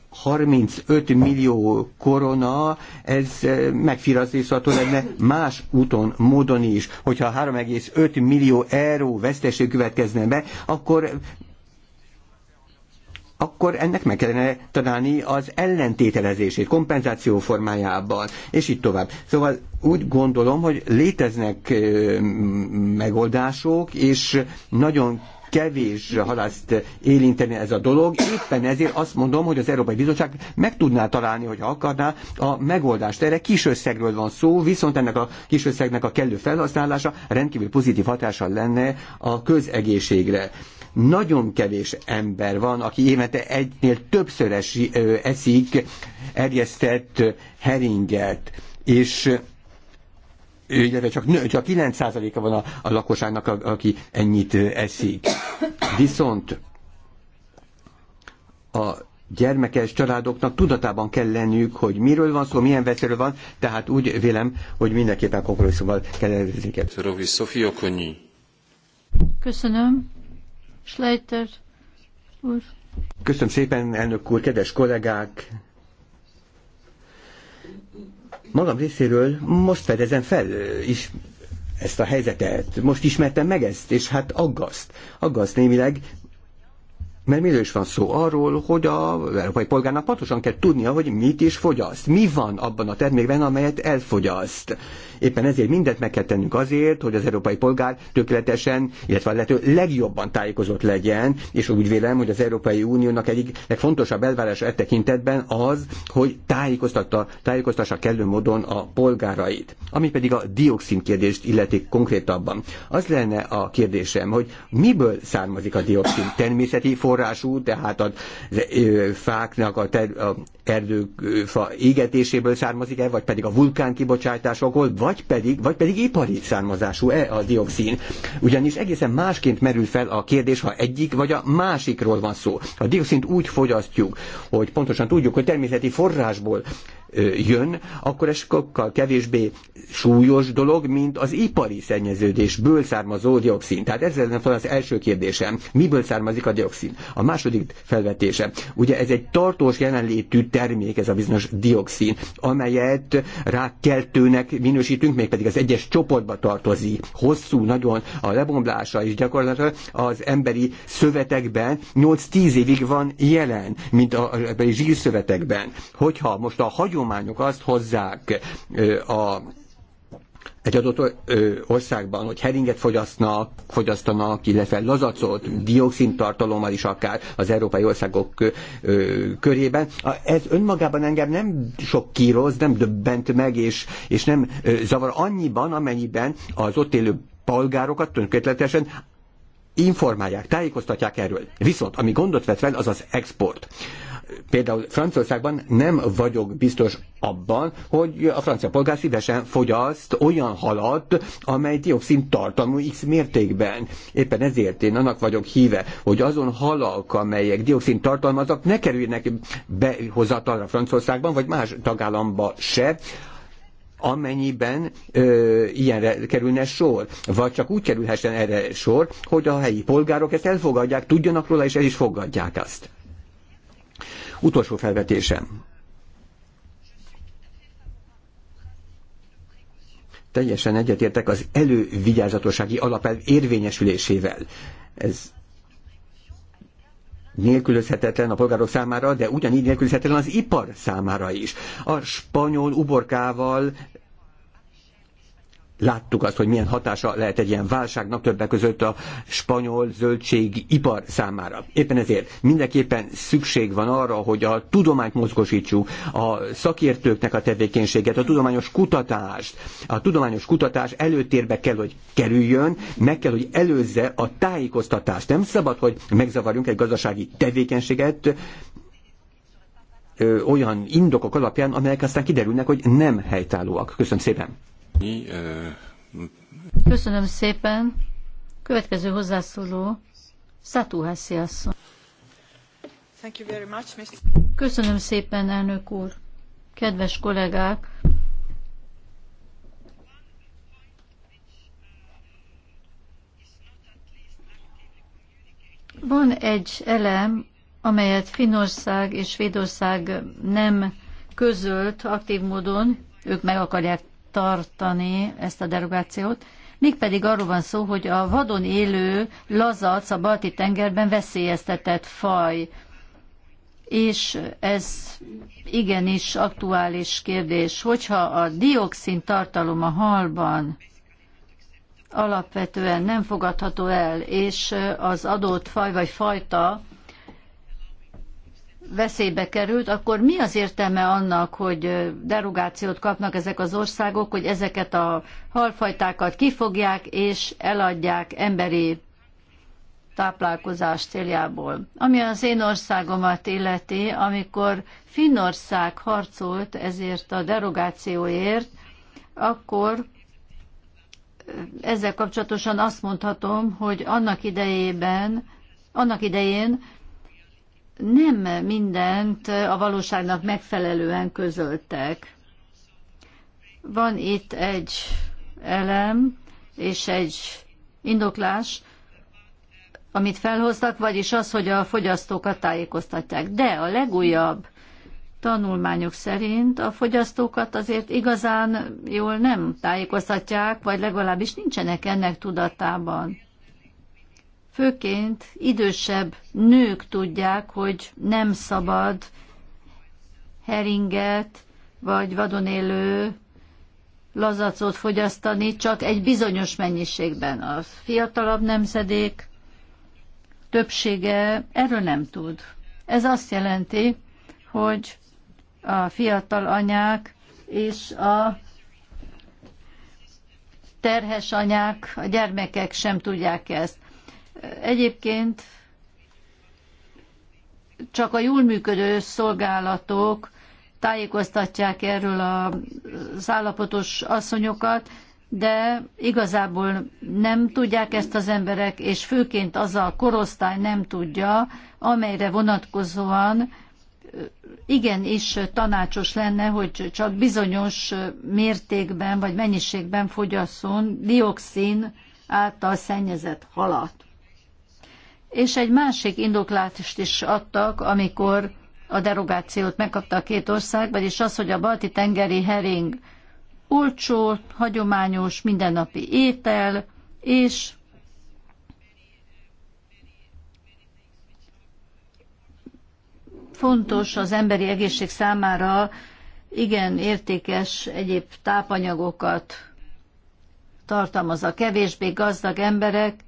35 millió korona, ez megfirazítható lenne más úton, módon is. Hogyha 3,5 millió euró veszteség következne be, akkor akkor ennek meg kellene találni az ellentételezését kompenzáció formájában, és így tovább. Szóval úgy gondolom, hogy léteznek megoldások, és nagyon kevés halászt érinteni ez a dolog. Éppen ezért azt mondom, hogy az Európai Bizottság meg tudná találni, hogy akarná a megoldást. Erre kis összegről van szó, viszont ennek a kis összegnek a kellő felhasználása rendkívül pozitív hatással lenne a közegészségre. Nagyon kevés ember van, aki évente egynél többször esi, eszik erjesztett heringet, és illetve csak, csak 9%-a van a, a lakosságnak, a, aki ennyit eszik. Viszont a gyermekes családoknak tudatában kell lenniük, hogy miről van szó, milyen veszélyről van, tehát úgy vélem, hogy mindenképpen kompromisszumban kell előzni. Köszönöm. Schleiter úr. Köszönöm szépen, elnök úr, kedves kollégák! Magam részéről most fedezem fel is ezt a helyzetet. Most ismertem meg ezt, és hát aggaszt. Aggaszt némileg, mert miről is van szó? Arról, hogy a európai polgárnak pontosan kell tudnia, hogy mit is fogyaszt. Mi van abban a termékben, amelyet elfogyaszt. Éppen ezért mindent meg kell tennünk azért, hogy az európai polgár tökéletesen, illetve a lehető legjobban tájékozott legyen, és úgy vélem, hogy az Európai Uniónak egyik legfontosabb elvárása e tekintetben az, hogy tájékoztatta, tájékoztassa kellő módon a polgárait. Ami pedig a dioxin kérdést illeti konkrétabban. Az lenne a kérdésem, hogy miből származik a dioxin? Természeti forrású, tehát a fáknak a, ter, a erdők fa égetéséből származik-e, vagy pedig a vulkán kibocsátásokból, vagy pedig, vagy pedig ipari származású-e a dioxin. Ugyanis egészen másként merül fel a kérdés, ha egyik vagy a másikról van szó. A dioxint úgy fogyasztjuk, hogy pontosan tudjuk, hogy természeti forrásból jön, akkor ez sokkal kevésbé súlyos dolog, mint az ipari szennyeződésből származó dioxin. Tehát ez lenne az első kérdésem. Miből származik a dioxin? A második felvetése. Ugye ez egy tartós jelenlétű termék, ez a bizonyos dioxin, amelyet rákkeltőnek minősít mentesítünk, mégpedig az egyes csoportba tartozik. Hosszú, nagyon a lebomblása is gyakorlatilag az emberi szövetekben 8-10 évig van jelen, mint a zsírszövetekben. Hogyha most a hagyományok azt hozzák a egy adott országban, hogy heringet fogyasztanak, fogyasztanak illetve lazacot, dioxintartalommal is akár az európai országok körében, ez önmagában engem nem sok kíroz, nem döbbent meg, és, és nem zavar annyiban, amennyiben az ott élő polgárokat tönkötletesen informálják, tájékoztatják erről. Viszont ami gondot vet fel, az az export például Franciaországban nem vagyok biztos abban, hogy a francia polgár szívesen fogyaszt olyan halat, amely dioxin tartalmú X mértékben. Éppen ezért én annak vagyok híve, hogy azon halak, amelyek dioxin tartalmaznak, ne kerüljenek behozatalra Franciaországban, vagy más tagállamba se, amennyiben ö, ilyenre kerülne sor, vagy csak úgy kerülhessen erre sor, hogy a helyi polgárok ezt elfogadják, tudjanak róla, és el is fogadják azt. Utolsó felvetésem. Teljesen egyetértek az elővigyázatossági alapelv érvényesülésével. Ez nélkülözhetetlen a polgárok számára, de ugyanígy nélkülözhetetlen az ipar számára is. A spanyol uborkával láttuk azt, hogy milyen hatása lehet egy ilyen válságnak többek között a spanyol zöldségipar számára. Éppen ezért mindenképpen szükség van arra, hogy a tudományt mozgosítsuk, a szakértőknek a tevékenységet, a tudományos kutatást, a tudományos kutatás előtérbe kell, hogy kerüljön, meg kell, hogy előzze a tájékoztatást. Nem szabad, hogy megzavarjunk egy gazdasági tevékenységet, olyan indokok alapján, amelyek aztán kiderülnek, hogy nem helytállóak. Köszönöm szépen! Köszönöm szépen. Következő hozzászóló, Szatuhászi asszony. Köszönöm szépen, elnök úr. Kedves kollégák, Van egy elem, amelyet Finország és Svédország nem közölt aktív módon, ők meg akarják tartani ezt a derogációt, mégpedig arról van szó, hogy a vadon élő lazac a balti tengerben veszélyeztetett faj, és ez igenis aktuális kérdés. Hogyha a dioxin tartalom a halban alapvetően nem fogadható el, és az adott faj vagy fajta veszélybe került, akkor mi az értelme annak, hogy derogációt kapnak ezek az országok, hogy ezeket a halfajtákat kifogják és eladják emberi táplálkozás céljából. Ami az én országomat illeti, amikor Finnország harcolt ezért a derogációért, akkor ezzel kapcsolatosan azt mondhatom, hogy annak idejében, annak idején nem mindent a valóságnak megfelelően közöltek. Van itt egy elem és egy indoklás, amit felhoztak, vagyis az, hogy a fogyasztókat tájékoztatják. De a legújabb tanulmányok szerint a fogyasztókat azért igazán jól nem tájékoztatják, vagy legalábbis nincsenek ennek tudatában főként idősebb nők tudják, hogy nem szabad heringet vagy vadon élő lazacot fogyasztani, csak egy bizonyos mennyiségben. A fiatalabb nemzedék többsége erről nem tud. Ez azt jelenti, hogy a fiatal anyák és a terhes anyák, a gyermekek sem tudják ezt. Egyébként csak a jól működő szolgálatok tájékoztatják erről az állapotos asszonyokat, de igazából nem tudják ezt az emberek, és főként az a korosztály nem tudja, amelyre vonatkozóan igenis tanácsos lenne, hogy csak bizonyos mértékben vagy mennyiségben fogyasszon dioxin által szennyezett halat és egy másik indoklást is adtak, amikor a derogációt megkapta a két ország, vagyis az, hogy a balti tengeri hering olcsó, hagyományos, mindennapi étel, és fontos az emberi egészség számára igen értékes egyéb tápanyagokat tartalmaz a kevésbé gazdag emberek,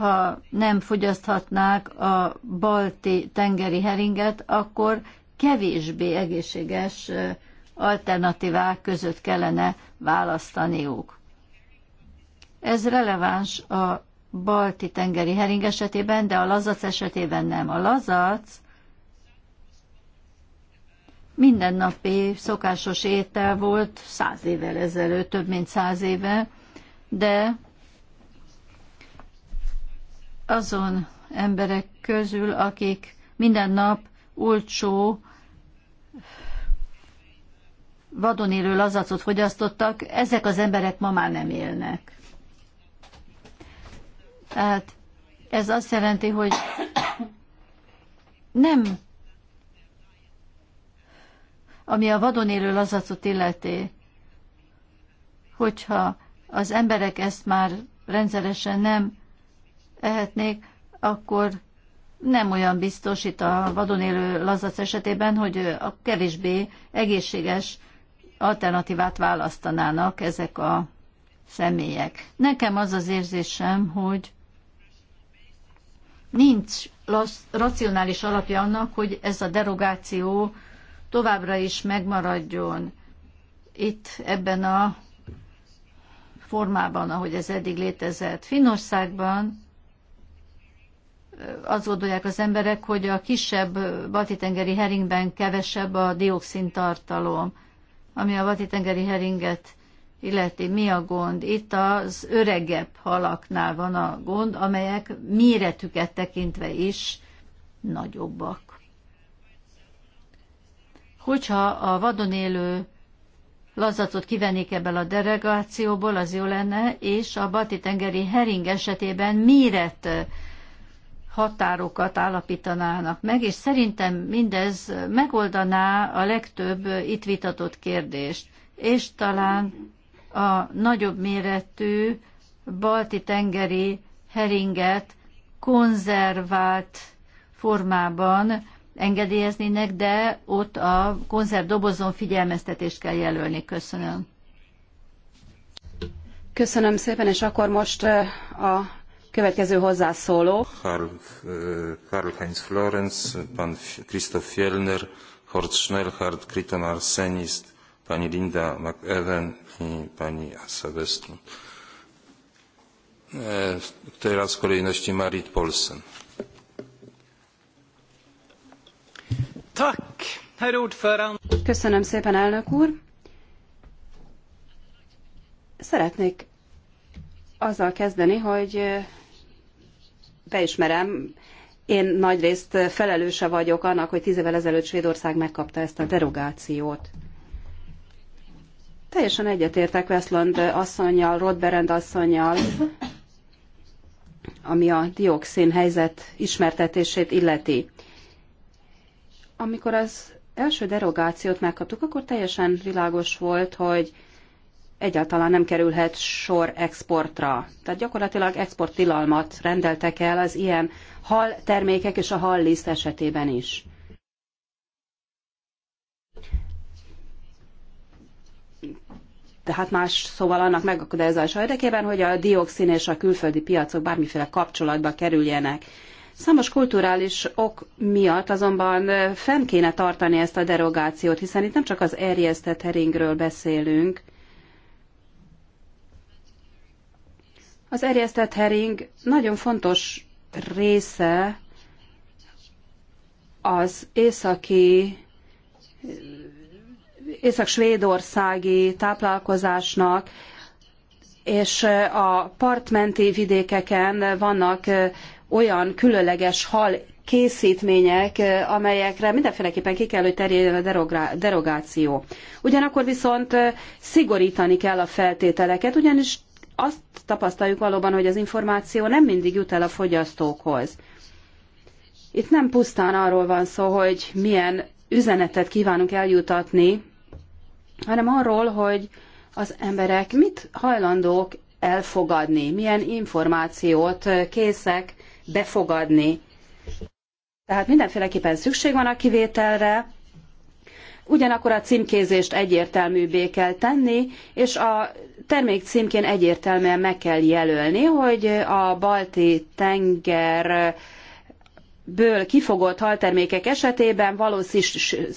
ha nem fogyaszthatnák a balti tengeri heringet, akkor kevésbé egészséges alternatívák között kellene választaniuk. Ez releváns a balti tengeri hering esetében, de a lazac esetében nem. A lazac mindennapi szokásos étel volt száz évvel ezelőtt, több mint száz éve, de azon emberek közül, akik minden nap olcsó élő lazacot fogyasztottak, ezek az emberek ma már nem élnek. Tehát ez azt jelenti, hogy nem ami a vadon élő lazacot illeti, hogyha az emberek ezt már rendszeresen nem ehetnék, akkor nem olyan biztos itt a vadon élő lazac esetében, hogy a kevésbé egészséges alternatívát választanának ezek a személyek. Nekem az az érzésem, hogy nincs racionális alapja annak, hogy ez a derogáció továbbra is megmaradjon itt ebben a formában, ahogy ez eddig létezett. Finnországban azt gondolják az emberek, hogy a kisebb balti-tengeri heringben kevesebb a dioxin tartalom, ami a balti-tengeri heringet illeti. Mi a gond? Itt az öregebb halaknál van a gond, amelyek méretüket tekintve is nagyobbak. Hogyha a vadon élő lazacot kivennék ebből a delegációból, az jó lenne, és a balti-tengeri hering esetében méret határokat állapítanának meg, és szerintem mindez megoldaná a legtöbb itt vitatott kérdést, és talán a nagyobb méretű balti tengeri heringet konzervált formában engedélyeznének, de ott a konzervdobozon figyelmeztetést kell jelölni. Köszönöm. Köszönöm szépen, és akkor most a Következő hozzászóló. Karl, eh, Karl Heinz Florenz, pan Christoph Fjellner, Hort Schnellhardt, Kriton Arsenist, pani Linda McEwen i pani Asa Westlund. Eh, teraz kolejności Marit Polsen. Tak! herr ordförande. Köszönöm szépen, elnök úr. Szeretnék azzal kezdeni, hogy eh, beismerem, én nagyrészt felelőse vagyok annak, hogy tíz évvel ezelőtt Svédország megkapta ezt a derogációt. Teljesen egyetértek Westland asszonyjal, Rodberend asszonyjal, ami a dioxin helyzet ismertetését illeti. Amikor az első derogációt megkaptuk, akkor teljesen világos volt, hogy egyáltalán nem kerülhet sor exportra. Tehát gyakorlatilag exporttilalmat rendeltek el az ilyen hal termékek és a hal liszt esetében is. Tehát más szóval annak megakadályozása érdekében, hogy a dioxin és a külföldi piacok bármiféle kapcsolatba kerüljenek. Számos kulturális ok miatt azonban fenn kéne tartani ezt a derogációt, hiszen itt nem csak az erjesztett heringről beszélünk, Az erjesztett hering nagyon fontos része az északi észak-svédországi táplálkozásnak, és a partmenti vidékeken vannak olyan különleges hal készítmények, amelyekre mindenféleképpen ki kell, hogy terjedjen a derogáció. Ugyanakkor viszont szigorítani kell a feltételeket, ugyanis azt tapasztaljuk valóban, hogy az információ nem mindig jut el a fogyasztókhoz. Itt nem pusztán arról van szó, hogy milyen üzenetet kívánunk eljutatni, hanem arról, hogy az emberek mit hajlandók elfogadni, milyen információt készek befogadni. Tehát mindenféleképpen szükség van a kivételre, ugyanakkor a címkézést egyértelműbbé kell tenni, és a termék címkén egyértelműen meg kell jelölni, hogy a balti tenger ből kifogott haltermékek esetében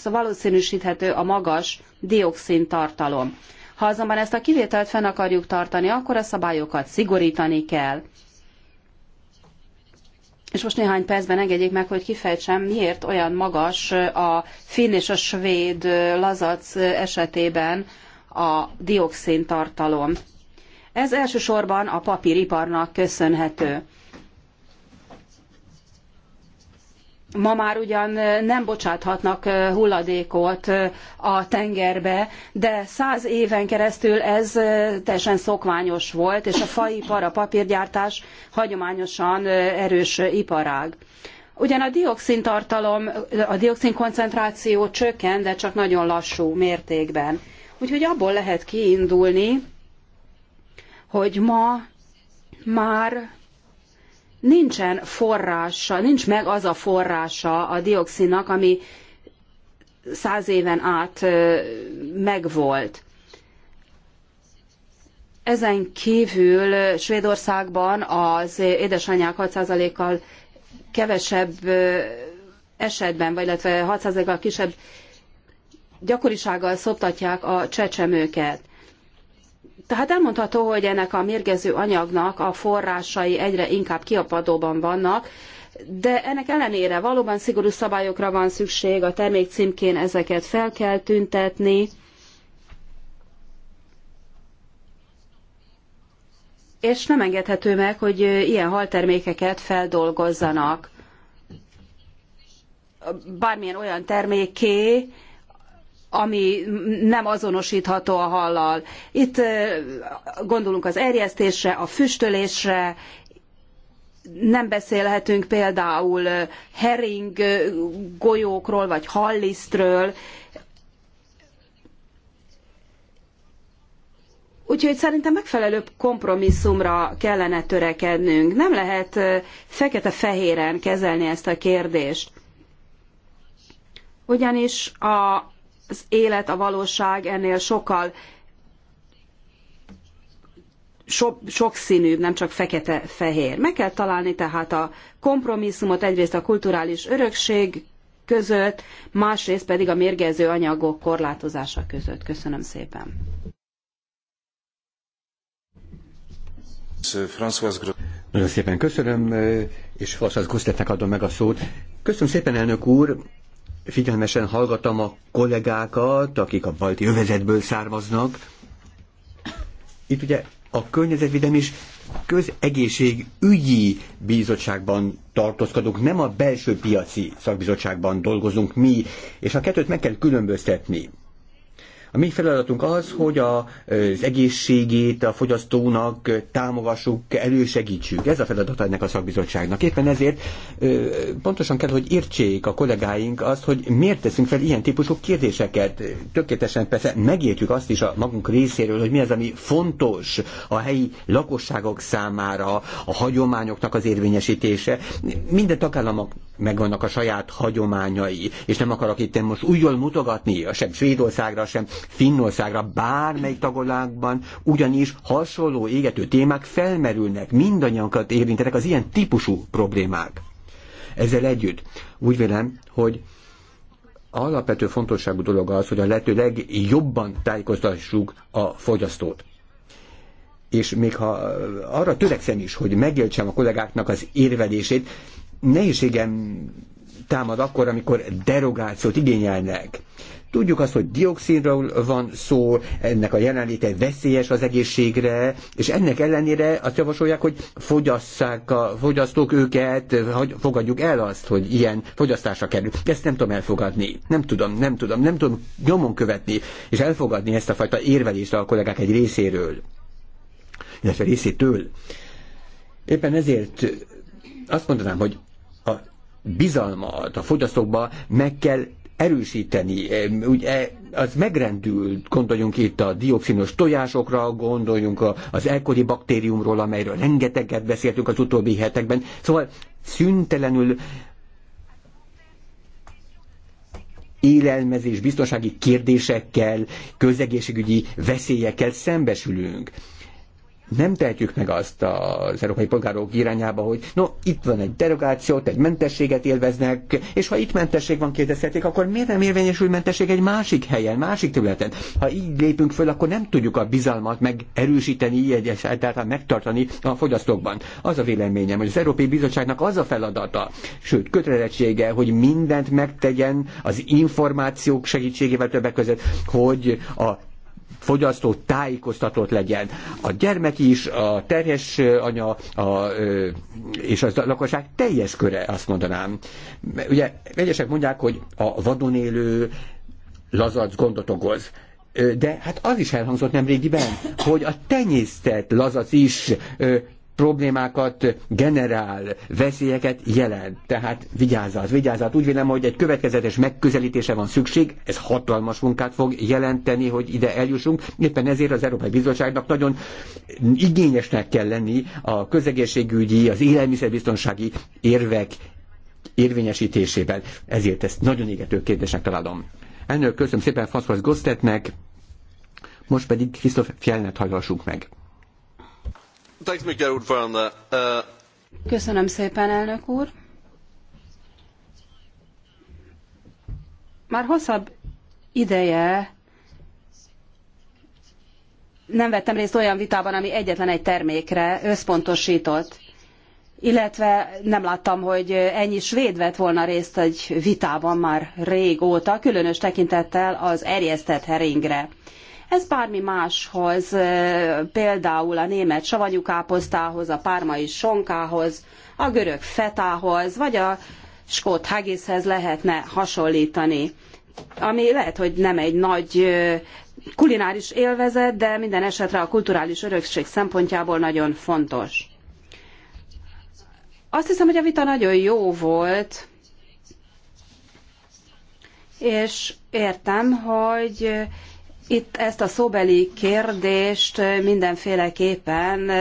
valószínűsíthető a magas dioxin tartalom. Ha azonban ezt a kivételt fenn akarjuk tartani, akkor a szabályokat szigorítani kell. És most néhány percben engedjék meg, hogy kifejtsem, miért olyan magas a finn és a svéd lazac esetében a dioxin tartalom. Ez elsősorban a papíriparnak köszönhető. ma már ugyan nem bocsáthatnak hulladékot a tengerbe, de száz éven keresztül ez teljesen szokványos volt, és a faipar, a papírgyártás hagyományosan erős iparág. Ugyan a dioxin tartalom, a dioxin koncentráció csökken, de csak nagyon lassú mértékben. Úgyhogy abból lehet kiindulni, hogy ma már nincsen forrása, nincs meg az a forrása a dioxinnak, ami száz éven át megvolt. Ezen kívül Svédországban az édesanyák 6%-kal kevesebb esetben, vagy illetve 6%-kal kisebb gyakorisággal szoptatják a csecsemőket. Tehát elmondható, hogy ennek a mérgező anyagnak a forrásai egyre inkább kiapadóban vannak, de ennek ellenére valóban szigorú szabályokra van szükség, a termék címkén ezeket fel kell tüntetni, és nem engedhető meg, hogy ilyen haltermékeket feldolgozzanak bármilyen olyan terméké, ami nem azonosítható a hallal. Itt gondolunk az erjesztésre, a füstölésre, nem beszélhetünk például hering golyókról, vagy hallisztről, Úgyhogy szerintem megfelelőbb kompromisszumra kellene törekednünk. Nem lehet fekete-fehéren kezelni ezt a kérdést. Ugyanis a az élet, a valóság ennél sokkal so, sokszínűbb, nem csak fekete-fehér. Meg kell találni tehát a kompromisszumot egyrészt a kulturális örökség között, másrészt pedig a mérgező anyagok korlátozása között. Köszönöm szépen. Nagyon szépen köszönöm, és François Gusztetnek adom meg a szót. Köszönöm szépen, elnök úr! figyelmesen hallgatom a kollégákat, akik a balti övezetből származnak. Itt ugye a környezetvédelmi és közegészségügyi bizottságban tartózkodunk, nem a belső piaci szakbizottságban dolgozunk mi, és a kettőt meg kell különböztetni. A mi feladatunk az, hogy a, az egészségét a fogyasztónak támogassuk, elősegítsük. Ez a feladat ennek a szakbizottságnak. Éppen ezért pontosan kell, hogy értsék a kollégáink azt, hogy miért teszünk fel ilyen típusú kérdéseket. Tökéletesen persze megértjük azt is a magunk részéről, hogy mi az, ami fontos a helyi lakosságok számára, a hagyományoknak az érvényesítése. Minden tagállamok megvannak a saját hagyományai, és nem akarok itt most újjól mutogatni, sem Svédországra, sem Finnországra, bármelyik tagolákban ugyanis hasonló égető témák felmerülnek, mindannyiankat érintenek az ilyen típusú problémák. Ezzel együtt úgy vélem, hogy alapvető fontosságú dolog az, hogy a lehető legjobban tájékoztassuk a fogyasztót és még ha arra törekszem is, hogy megértsem a kollégáknak az érvelését, nehézségem támad akkor, amikor derogációt igényelnek. Tudjuk azt, hogy dioxinról van szó, ennek a jelenléte veszélyes az egészségre, és ennek ellenére azt javasolják, hogy fogyasszák a fogyasztók őket, hogy fogadjuk el azt, hogy ilyen fogyasztásra kerül. Ezt nem tudom elfogadni. Nem tudom, nem tudom, nem tudom nyomon követni, és elfogadni ezt a fajta érvelést a kollégák egy részéről, illetve részétől. Éppen ezért azt mondanám, hogy a bizalmat a fogyasztókba meg kell erősíteni. Ugye az megrendült, gondoljunk itt a dioxinos tojásokra, gondoljunk az elkori baktériumról, amelyről rengeteget beszéltünk az utóbbi hetekben. Szóval szüntelenül élelmezés, biztonsági kérdésekkel, közegészségügyi veszélyekkel szembesülünk nem tehetjük meg azt az európai polgárok irányába, hogy no, itt van egy derogációt, egy mentességet élveznek, és ha itt mentesség van, kérdezhetik, akkor miért nem érvényesül mentesség egy másik helyen, másik területen? Ha így lépünk föl, akkor nem tudjuk a bizalmat megerősíteni, egyáltalán megtartani a fogyasztókban. Az a véleményem, hogy az Európai Bizottságnak az a feladata, sőt, kötelezettsége, hogy mindent megtegyen az információk segítségével többek között, hogy a fogyasztó tájékoztatott legyen. A gyermek is, a terhes anya a, és a lakosság teljes köre, azt mondanám. Ugye egyesek mondják, hogy a vadon élő lazac gondot okoz. De hát az is elhangzott nemrégiben, hogy a tenyésztett lazac is problémákat generál, veszélyeket jelent. Tehát vigyázzat! Vigyázzat! Úgy vélem, hogy egy következetes megközelítése van szükség, ez hatalmas munkát fog jelenteni, hogy ide eljussunk. Éppen ezért az Európai Bizottságnak nagyon igényesnek kell lenni a közegészségügyi, az élelmiszerbiztonsági érvek érvényesítésében. Ezért ezt nagyon égető kérdésnek találom. Ennél köszönöm szépen Faszfasz Gosztetnek, most pedig Krisztof Fjellnet hallgassuk meg. Uh, Köszönöm szépen, elnök úr. Már hosszabb ideje nem vettem részt olyan vitában, ami egyetlen egy termékre összpontosított, illetve nem láttam, hogy ennyi svéd vett volna részt egy vitában már régóta, különös tekintettel az erjesztett heringre. Ez bármi máshoz, például a német savanyú káposztához, a pármai sonkához, a görög fetához, vagy a skót haggészhez lehetne hasonlítani. Ami lehet, hogy nem egy nagy kulináris élvezet, de minden esetre a kulturális örökség szempontjából nagyon fontos. Azt hiszem, hogy a vita nagyon jó volt, és értem, hogy itt ezt a szóbeli kérdést mindenféleképpen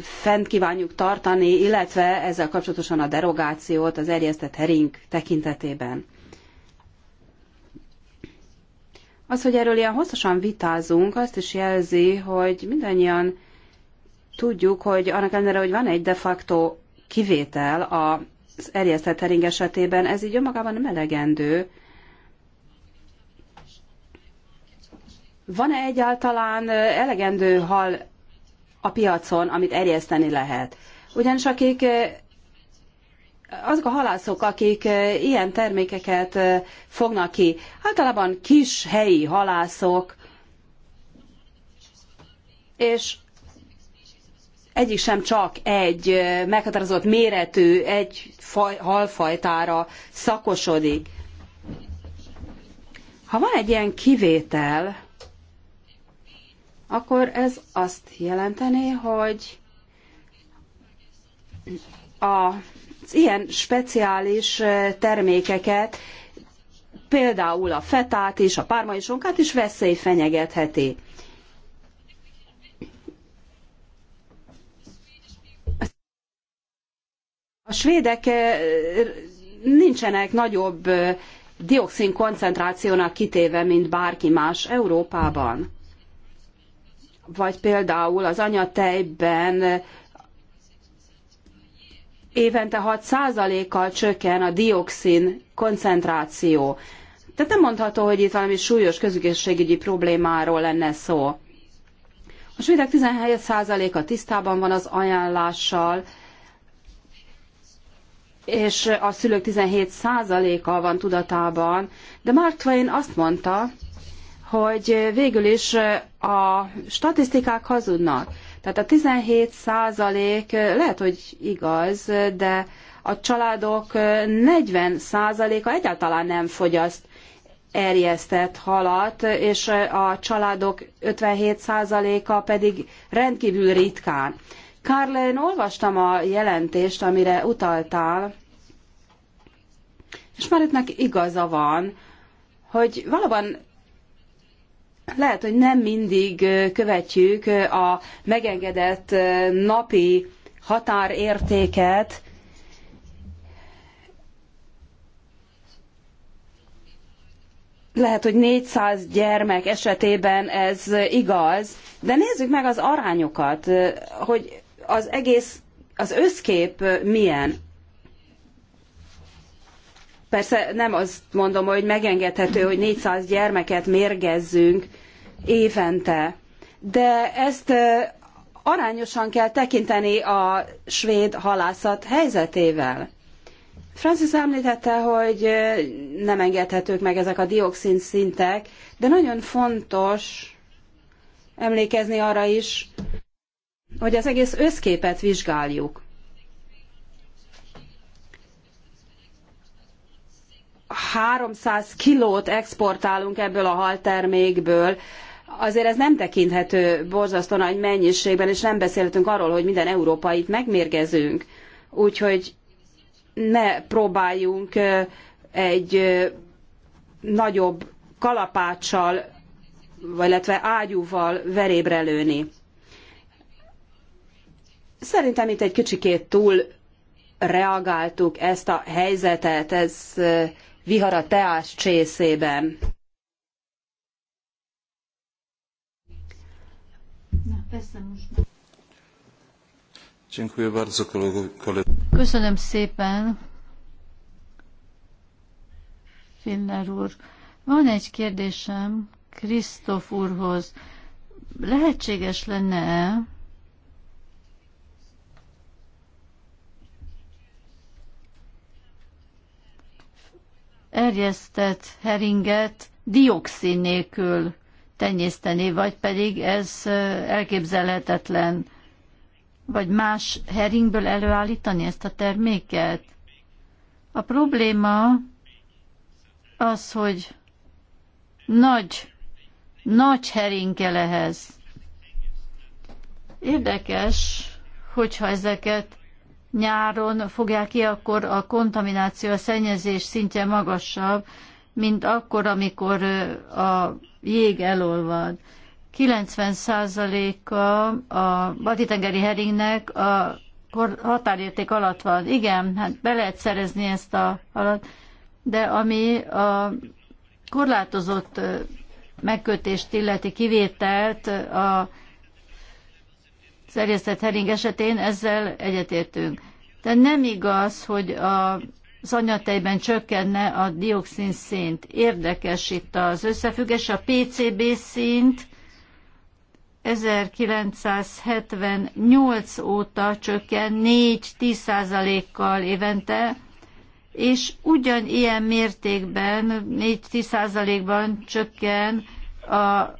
fent kívánjuk tartani, illetve ezzel kapcsolatosan a derogációt az erjesztett hering tekintetében. Az, hogy erről ilyen hosszasan vitázunk, azt is jelzi, hogy mindannyian tudjuk, hogy annak ellenére, hogy van egy de facto kivétel az erjesztett hering esetében, ez így önmagában nem elegendő, Van-e egyáltalán elegendő hal a piacon, amit erjeszteni lehet? Ugyanis akik azok a halászok, akik ilyen termékeket fognak ki, általában kis helyi halászok, és egyik sem csak egy meghatározott méretű, egy faj, halfajtára szakosodik. Ha van egy ilyen kivétel, akkor ez azt jelenteni, hogy az ilyen speciális termékeket, például a fetát és a pármai sonkát is veszély fenyegetheti. A svédek nincsenek nagyobb dioxin koncentrációnak kitéve, mint bárki más Európában vagy például az anyatejben évente 6%-kal csökken a dioxin koncentráció. Tehát nem mondható, hogy itt valami súlyos közegészségügyi problémáról lenne szó. A svédek 17%-a tisztában van az ajánlással, és a szülők 17%-a van tudatában, de Mark Twain azt mondta, hogy végül is a statisztikák hazudnak. Tehát a 17 százalék lehet, hogy igaz, de a családok 40 százaléka egyáltalán nem fogyaszt erjesztett halat, és a családok 57 százaléka pedig rendkívül ritkán. Karl, én olvastam a jelentést, amire utaltál, és már itt igaza van, hogy valóban lehet, hogy nem mindig követjük a megengedett napi határértéket, lehet, hogy 400 gyermek esetében ez igaz, de nézzük meg az arányokat, hogy az egész, az összkép milyen. Persze nem azt mondom, hogy megengedhető, hogy 400 gyermeket mérgezzünk évente, de ezt arányosan kell tekinteni a svéd halászat helyzetével. Francis említette, hogy nem engedhetők meg ezek a dioxin szintek, de nagyon fontos emlékezni arra is, hogy az egész összképet vizsgáljuk. 300 kilót exportálunk ebből a haltermékből, azért ez nem tekinthető borzasztó nagy mennyiségben, és nem beszélhetünk arról, hogy minden európait megmérgezünk. Úgyhogy ne próbáljunk egy nagyobb kalapáccsal, illetve ágyúval verébre lőni. Szerintem itt egy kicsikét túl reagáltuk ezt a helyzetet, ez vihar a teás csészében. Köszönöm szépen, Finner úr. Van egy kérdésem Krisztof úrhoz. Lehetséges lenne-e, erjesztett heringet dioxin nélkül tenyészteni, vagy pedig ez elképzelhetetlen, vagy más heringből előállítani ezt a terméket. A probléma az, hogy nagy, nagy hering kell ehhez. Érdekes, hogyha ezeket nyáron fogják ki, akkor a kontamináció, a szennyezés szintje magasabb, mint akkor, amikor a jég elolvad. 90%-a a batitengeri heringnek a határérték alatt van. Igen, hát be lehet szerezni ezt a alatt, de ami a korlátozott megkötést illeti kivételt a szerjesztett hering esetén ezzel egyetértünk. De nem igaz, hogy a az anyatejben csökkenne a dioxin szint. Érdekes itt az összefüggés, a PCB szint 1978 óta csökken 4-10 kal évente, és ugyanilyen mértékben, 4-10 ban csökken a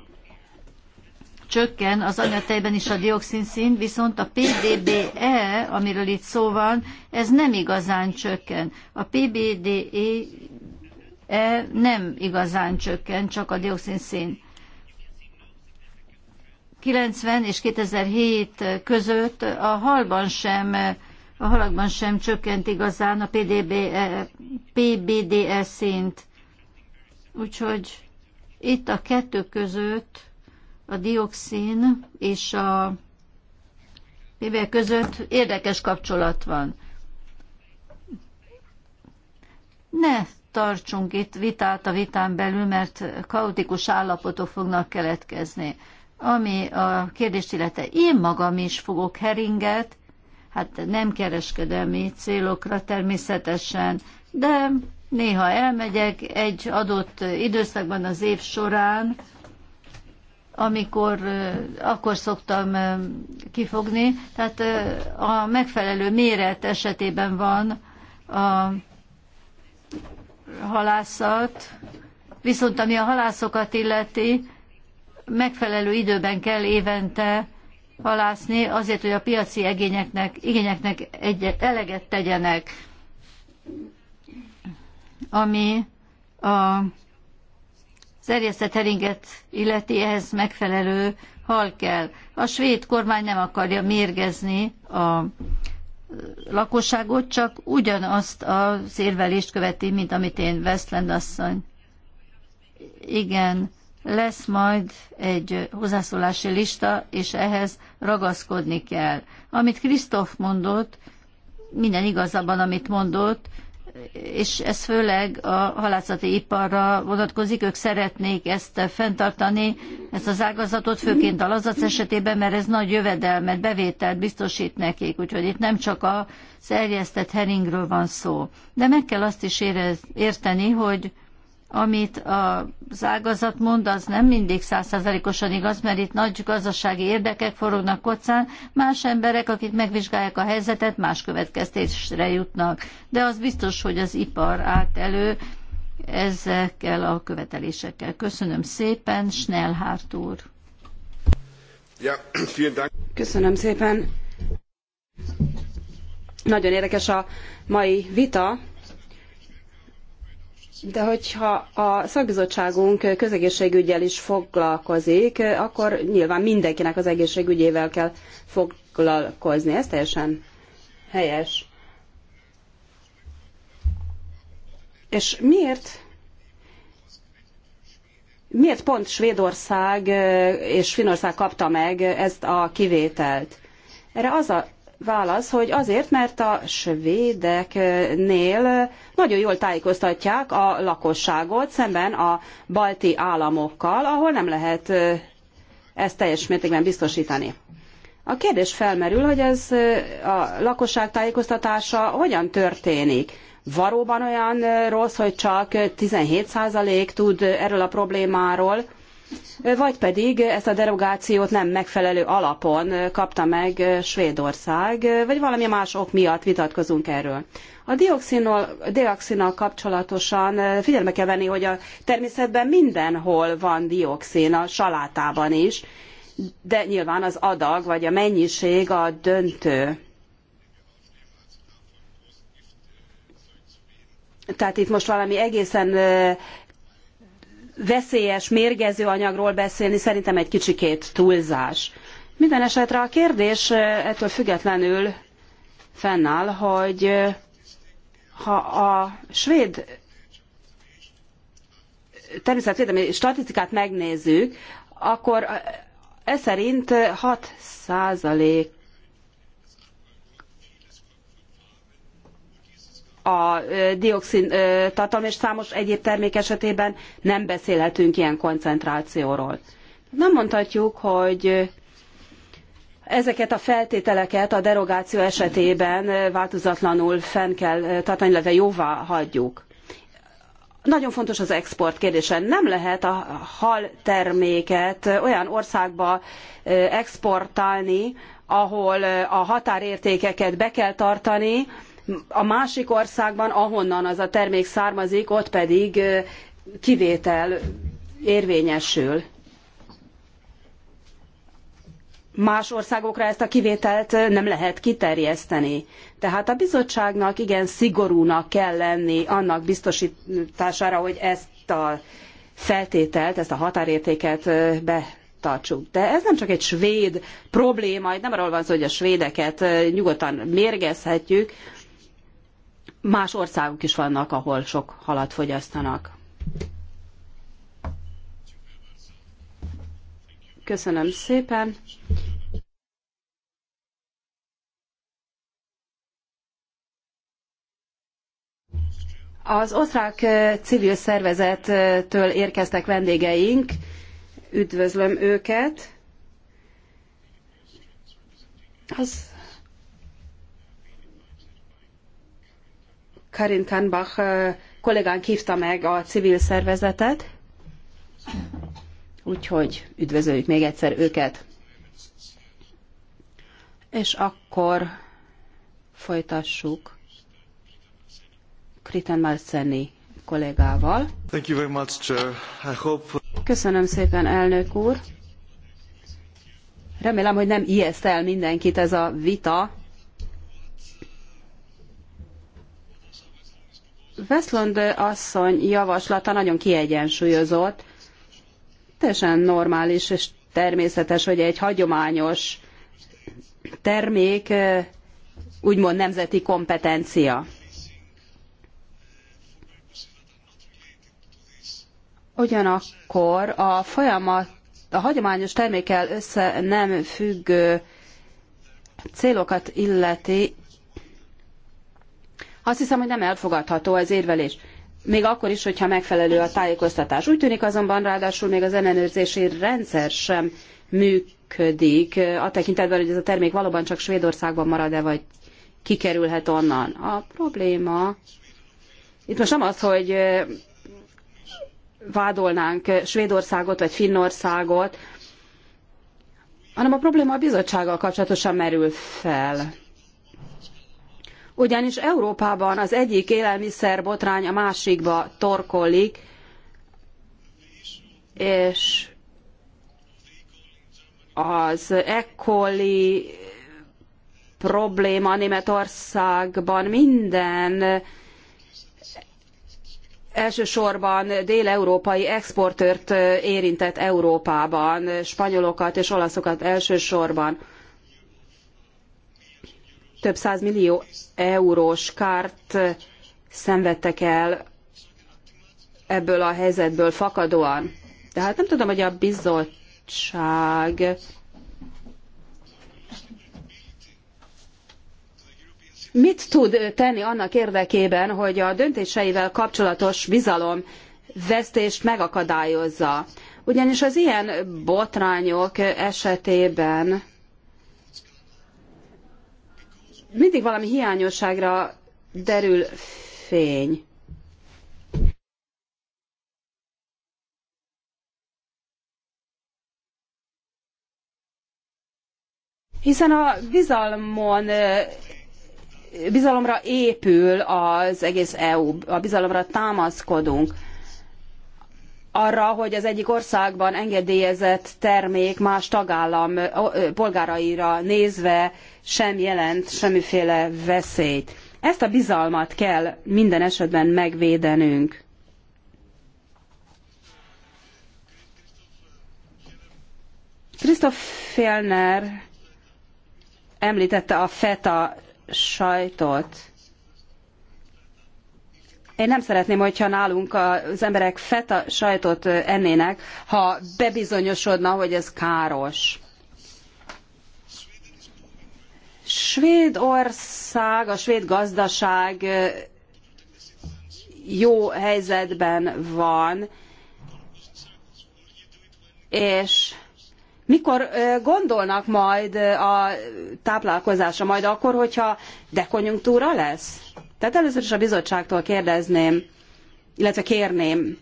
csökken az anyatejben is a dioxin szint, viszont a PDBE, amiről itt szó van, ez nem igazán csökken. A PBDE nem igazán csökken, csak a dioxin szint. 90 és 2007 között a halban sem, a halakban sem csökkent igazán a PDBE, PBDS e szint. Úgyhogy itt a kettő között a dioxin és a PBL között érdekes kapcsolat van. Ne tartsunk itt vitát a vitán belül, mert kaotikus állapotok fognak keletkezni. Ami a kérdés illete, én magam is fogok heringet, hát nem kereskedelmi célokra természetesen, de néha elmegyek egy adott időszakban az év során, amikor akkor szoktam kifogni. Tehát a megfelelő méret esetében van a halászat, viszont ami a halászokat illeti, megfelelő időben kell évente halászni, azért, hogy a piaci igényeknek, igényeknek egy, eleget tegyenek. Ami a terjesztett heringet illeti, ehhez megfelelő hal kell. A svéd kormány nem akarja mérgezni a lakosságot, csak ugyanazt az érvelést követi, mint amit én, Westland asszony. Igen, lesz majd egy hozzászólási lista, és ehhez ragaszkodni kell. Amit Krisztof mondott, minden igazabban, amit mondott, és ez főleg a halászati iparra vonatkozik, ők szeretnék ezt fenntartani, ezt az ágazatot, főként a lazac esetében, mert ez nagy jövedelmet, bevételt biztosít nekik, úgyhogy itt nem csak a szerjesztett heringről van szó. De meg kell azt is érez, érteni, hogy amit az ágazat mond, az nem mindig százszerzalékosan igaz, mert itt nagy gazdasági érdekek forognak kocán, más emberek, akik megvizsgálják a helyzetet, más következtésre jutnak. De az biztos, hogy az ipar állt elő ezekkel a követelésekkel. Köszönöm szépen, Snellhárt úr. Ja, Köszönöm szépen. Nagyon érdekes a mai vita. De hogyha a szakbizottságunk közegészségügyel is foglalkozik, akkor nyilván mindenkinek az egészségügyével kell foglalkozni. Ez teljesen helyes. És miért? Miért pont Svédország eh, és Finország kapta meg ezt a kivételt? Erre az a Válasz, hogy azért, mert a svédeknél nagyon jól tájékoztatják a lakosságot szemben a balti államokkal, ahol nem lehet ezt teljes mértékben biztosítani. A kérdés felmerül, hogy ez a lakosság tájékoztatása hogyan történik. Valóban olyan rossz, hogy csak 17% tud erről a problémáról, vagy pedig ezt a derogációt nem megfelelő alapon kapta meg Svédország, vagy valami más ok miatt vitatkozunk erről. A dioxinnal kapcsolatosan figyelme kell venni, hogy a természetben mindenhol van dioxin, a salátában is, de nyilván az adag vagy a mennyiség a döntő. Tehát itt most valami egészen veszélyes, mérgező anyagról beszélni szerintem egy kicsikét túlzás. Minden esetre a kérdés ettől függetlenül fennáll, hogy ha a svéd természetvédelmi statisztikát megnézzük, akkor ez szerint 6 százalék a dioxin tartalom, és számos egyéb termék esetében nem beszélhetünk ilyen koncentrációról. Nem mondhatjuk, hogy ezeket a feltételeket a derogáció esetében változatlanul fenn kell tartani, illetve jóvá hagyjuk. Nagyon fontos az export kérdése. Nem lehet a hal terméket olyan országba exportálni, ahol a határértékeket be kell tartani, a másik országban, ahonnan az a termék származik, ott pedig kivétel érvényesül. Más országokra ezt a kivételt nem lehet kiterjeszteni. Tehát a bizottságnak igen szigorúnak kell lenni annak biztosítására, hogy ezt a feltételt, ezt a határértéket betartsuk. De ez nem csak egy svéd probléma, itt nem arról van szó, hogy a svédeket nyugodtan mérgezhetjük, Más országok is vannak, ahol sok halat fogyasztanak. Köszönöm szépen. Az osztrák civil szervezettől érkeztek vendégeink, üdvözlöm őket. Az Karin Kanbach kollégánk hívta meg a civil szervezetet, úgyhogy üdvözöljük még egyszer őket. És akkor folytassuk Kriten Marceni kollégával. Thank you very much, Chair. I hope... Köszönöm szépen, elnök úr. Remélem, hogy nem ijeszt el mindenkit ez a vita. Veszlond asszony javaslata nagyon kiegyensúlyozott, teljesen normális és természetes, hogy egy hagyományos termék úgymond nemzeti kompetencia. Ugyanakkor a folyamat, a hagyományos termékkel össze nem függő célokat illeti, azt hiszem, hogy nem elfogadható az érvelés. Még akkor is, hogyha megfelelő a tájékoztatás. Úgy tűnik azonban ráadásul még az ellenőrzési rendszer sem működik, eh, a tekintetben, hogy ez a termék valóban csak Svédországban marad-e, vagy kikerülhet onnan. A probléma itt most nem az, hogy eh, vádolnánk Svédországot vagy Finnországot, hanem a probléma a bizottsággal kapcsolatosan merül fel ugyanis Európában az egyik élelmiszerbotrány a másikba torkollik, és az ekkoli probléma Németországban minden elsősorban európai exportőrt érintett Európában, spanyolokat és olaszokat elsősorban több millió eurós kárt szenvedtek el ebből a helyzetből fakadóan. Tehát nem tudom, hogy a bizottság mit tud tenni annak érdekében, hogy a döntéseivel kapcsolatos bizalom vesztést megakadályozza. Ugyanis az ilyen botrányok esetében mindig valami hiányosságra derül fény. Hiszen a bizalmon bizalomra épül az egész EU, a bizalomra támaszkodunk arra, hogy az egyik országban engedélyezett termék más tagállam polgáraira nézve sem jelent semmiféle veszélyt. Ezt a bizalmat kell minden esetben megvédenünk. Christoph Fellner említette a feta sajtot. Én nem szeretném, hogyha nálunk az emberek feta sajtot ennének, ha bebizonyosodna, hogy ez káros. Svédország, a svéd gazdaság jó helyzetben van, és mikor gondolnak majd a táplálkozásra? Majd akkor, hogyha dekonjunktúra lesz? Tehát először is a bizottságtól kérdezném, illetve kérném,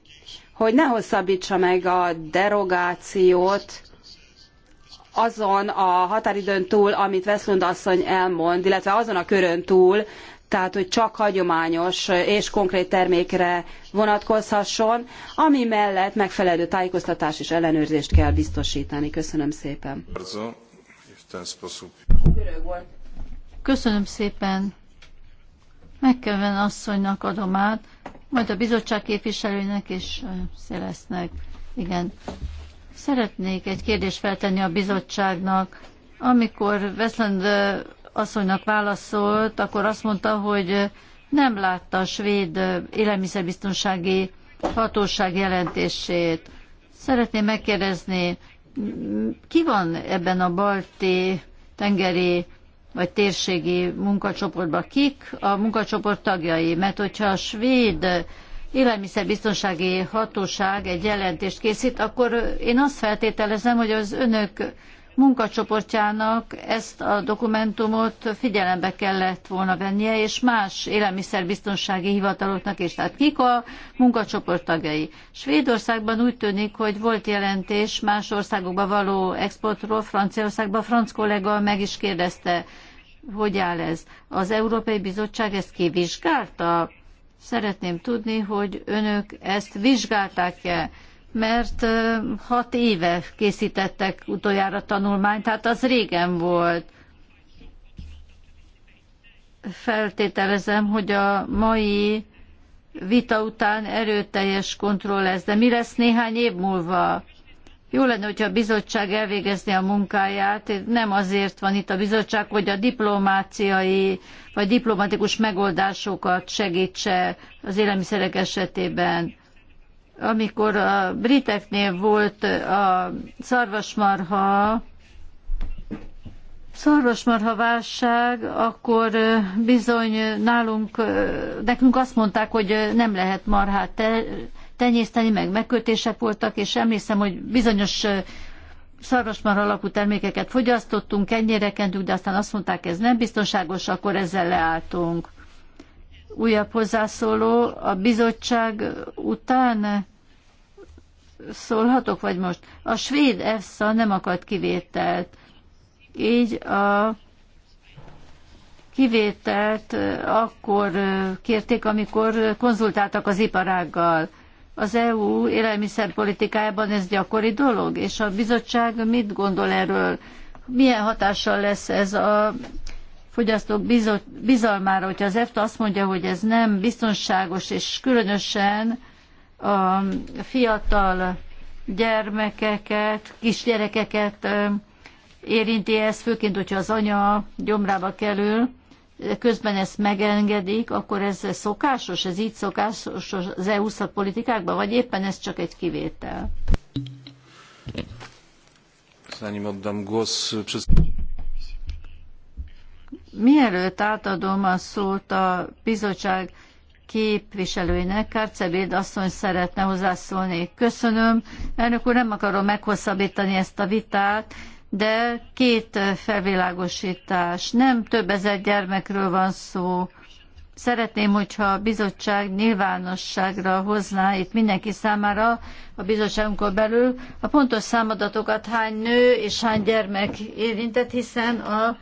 hogy ne hosszabbítsa meg a derogációt azon a határidőn túl, amit Veszlund asszony elmond, illetve azon a körön túl, tehát hogy csak hagyományos és konkrét termékre vonatkozhasson, ami mellett megfelelő tájékoztatás és ellenőrzést kell biztosítani. Köszönöm szépen. Köszönöm szépen. Megkeven asszonynak adom át, majd a bizottság képviselőinek és szélesznek. Igen. Szeretnék egy kérdést feltenni a bizottságnak. Amikor Westland asszonynak válaszolt, akkor azt mondta, hogy nem látta a svéd élelmiszerbiztonsági hatóság jelentését. Szeretném megkérdezni, ki van ebben a balti tengeri vagy térségi munkacsoportba kik a munkacsoport tagjai. Mert hogyha a svéd élelmiszerbiztonsági hatóság egy jelentést készít, akkor én azt feltételezem, hogy az önök munkacsoportjának ezt a dokumentumot figyelembe kellett volna vennie, és más élelmiszerbiztonsági hivataloknak is. Tehát kik a munkacsoport tagjai? Svédországban úgy tűnik, hogy volt jelentés más országokba való exportról, Franciaországban. franc kollega meg is kérdezte hogy áll ez? Az Európai Bizottság ezt kivizsgálta? Szeretném tudni, hogy önök ezt vizsgálták-e, mert hat éve készítettek utoljára tanulmányt, tehát az régen volt. Feltételezem, hogy a mai vita után erőteljes kontroll lesz, de mi lesz néhány év múlva? Jó lenne, hogyha a bizottság elvégezni a munkáját. Nem azért van itt a bizottság, hogy a diplomáciai vagy diplomatikus megoldásokat segítse az élelmiszerek esetében. Amikor a briteknél volt a szarvasmarha, szarvasmarha válság, akkor bizony nálunk, nekünk azt mondták, hogy nem lehet marhát tenyészteni, meg megkötések voltak, és emlékszem, hogy bizonyos szarvasmar alakú termékeket fogyasztottunk, ennyire kentük, de aztán azt mondták, ez nem biztonságos, akkor ezzel leálltunk. Újabb hozzászóló, a bizottság után szólhatok, vagy most? A svéd EFSA nem akart kivételt. Így a kivételt akkor kérték, amikor konzultáltak az iparággal. Az EU élelmiszerpolitikájában ez gyakori dolog, és a bizottság mit gondol erről? Milyen hatással lesz ez a fogyasztók bizalmára, hogyha az EFTA azt mondja, hogy ez nem biztonságos, és különösen a fiatal gyermekeket, kisgyerekeket érinti ez, főként, hogyha az anya gyomrába kerül, közben ezt megengedik, akkor ez szokásos, ez így szokásos az EU szakpolitikákban, vagy éppen ez csak egy kivétel? Zanim oddam głos Mielőtt átadom a szót a bizottság képviselőinek, Kárcebéd asszony szeretne hozzászólni. Köszönöm. Elnök úr, nem akarom meghosszabbítani ezt a vitát de két eh, felvilágosítás. Nem több ezer gyermekről van szó. Szeretném, hogyha a bizottság nyilvánosságra hozná itt mindenki számára a bizottságunkon belül a pontos számadatokat, hány nő és hány gyermek érintett, hiszen a,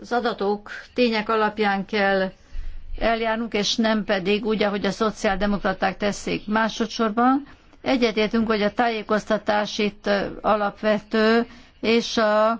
az adatok tények alapján kell eljárnunk, és nem pedig úgy, ahogy a szociáldemokraták teszik. Másodszorban Egyetértünk, hogy a tájékoztatás itt alapvető, és a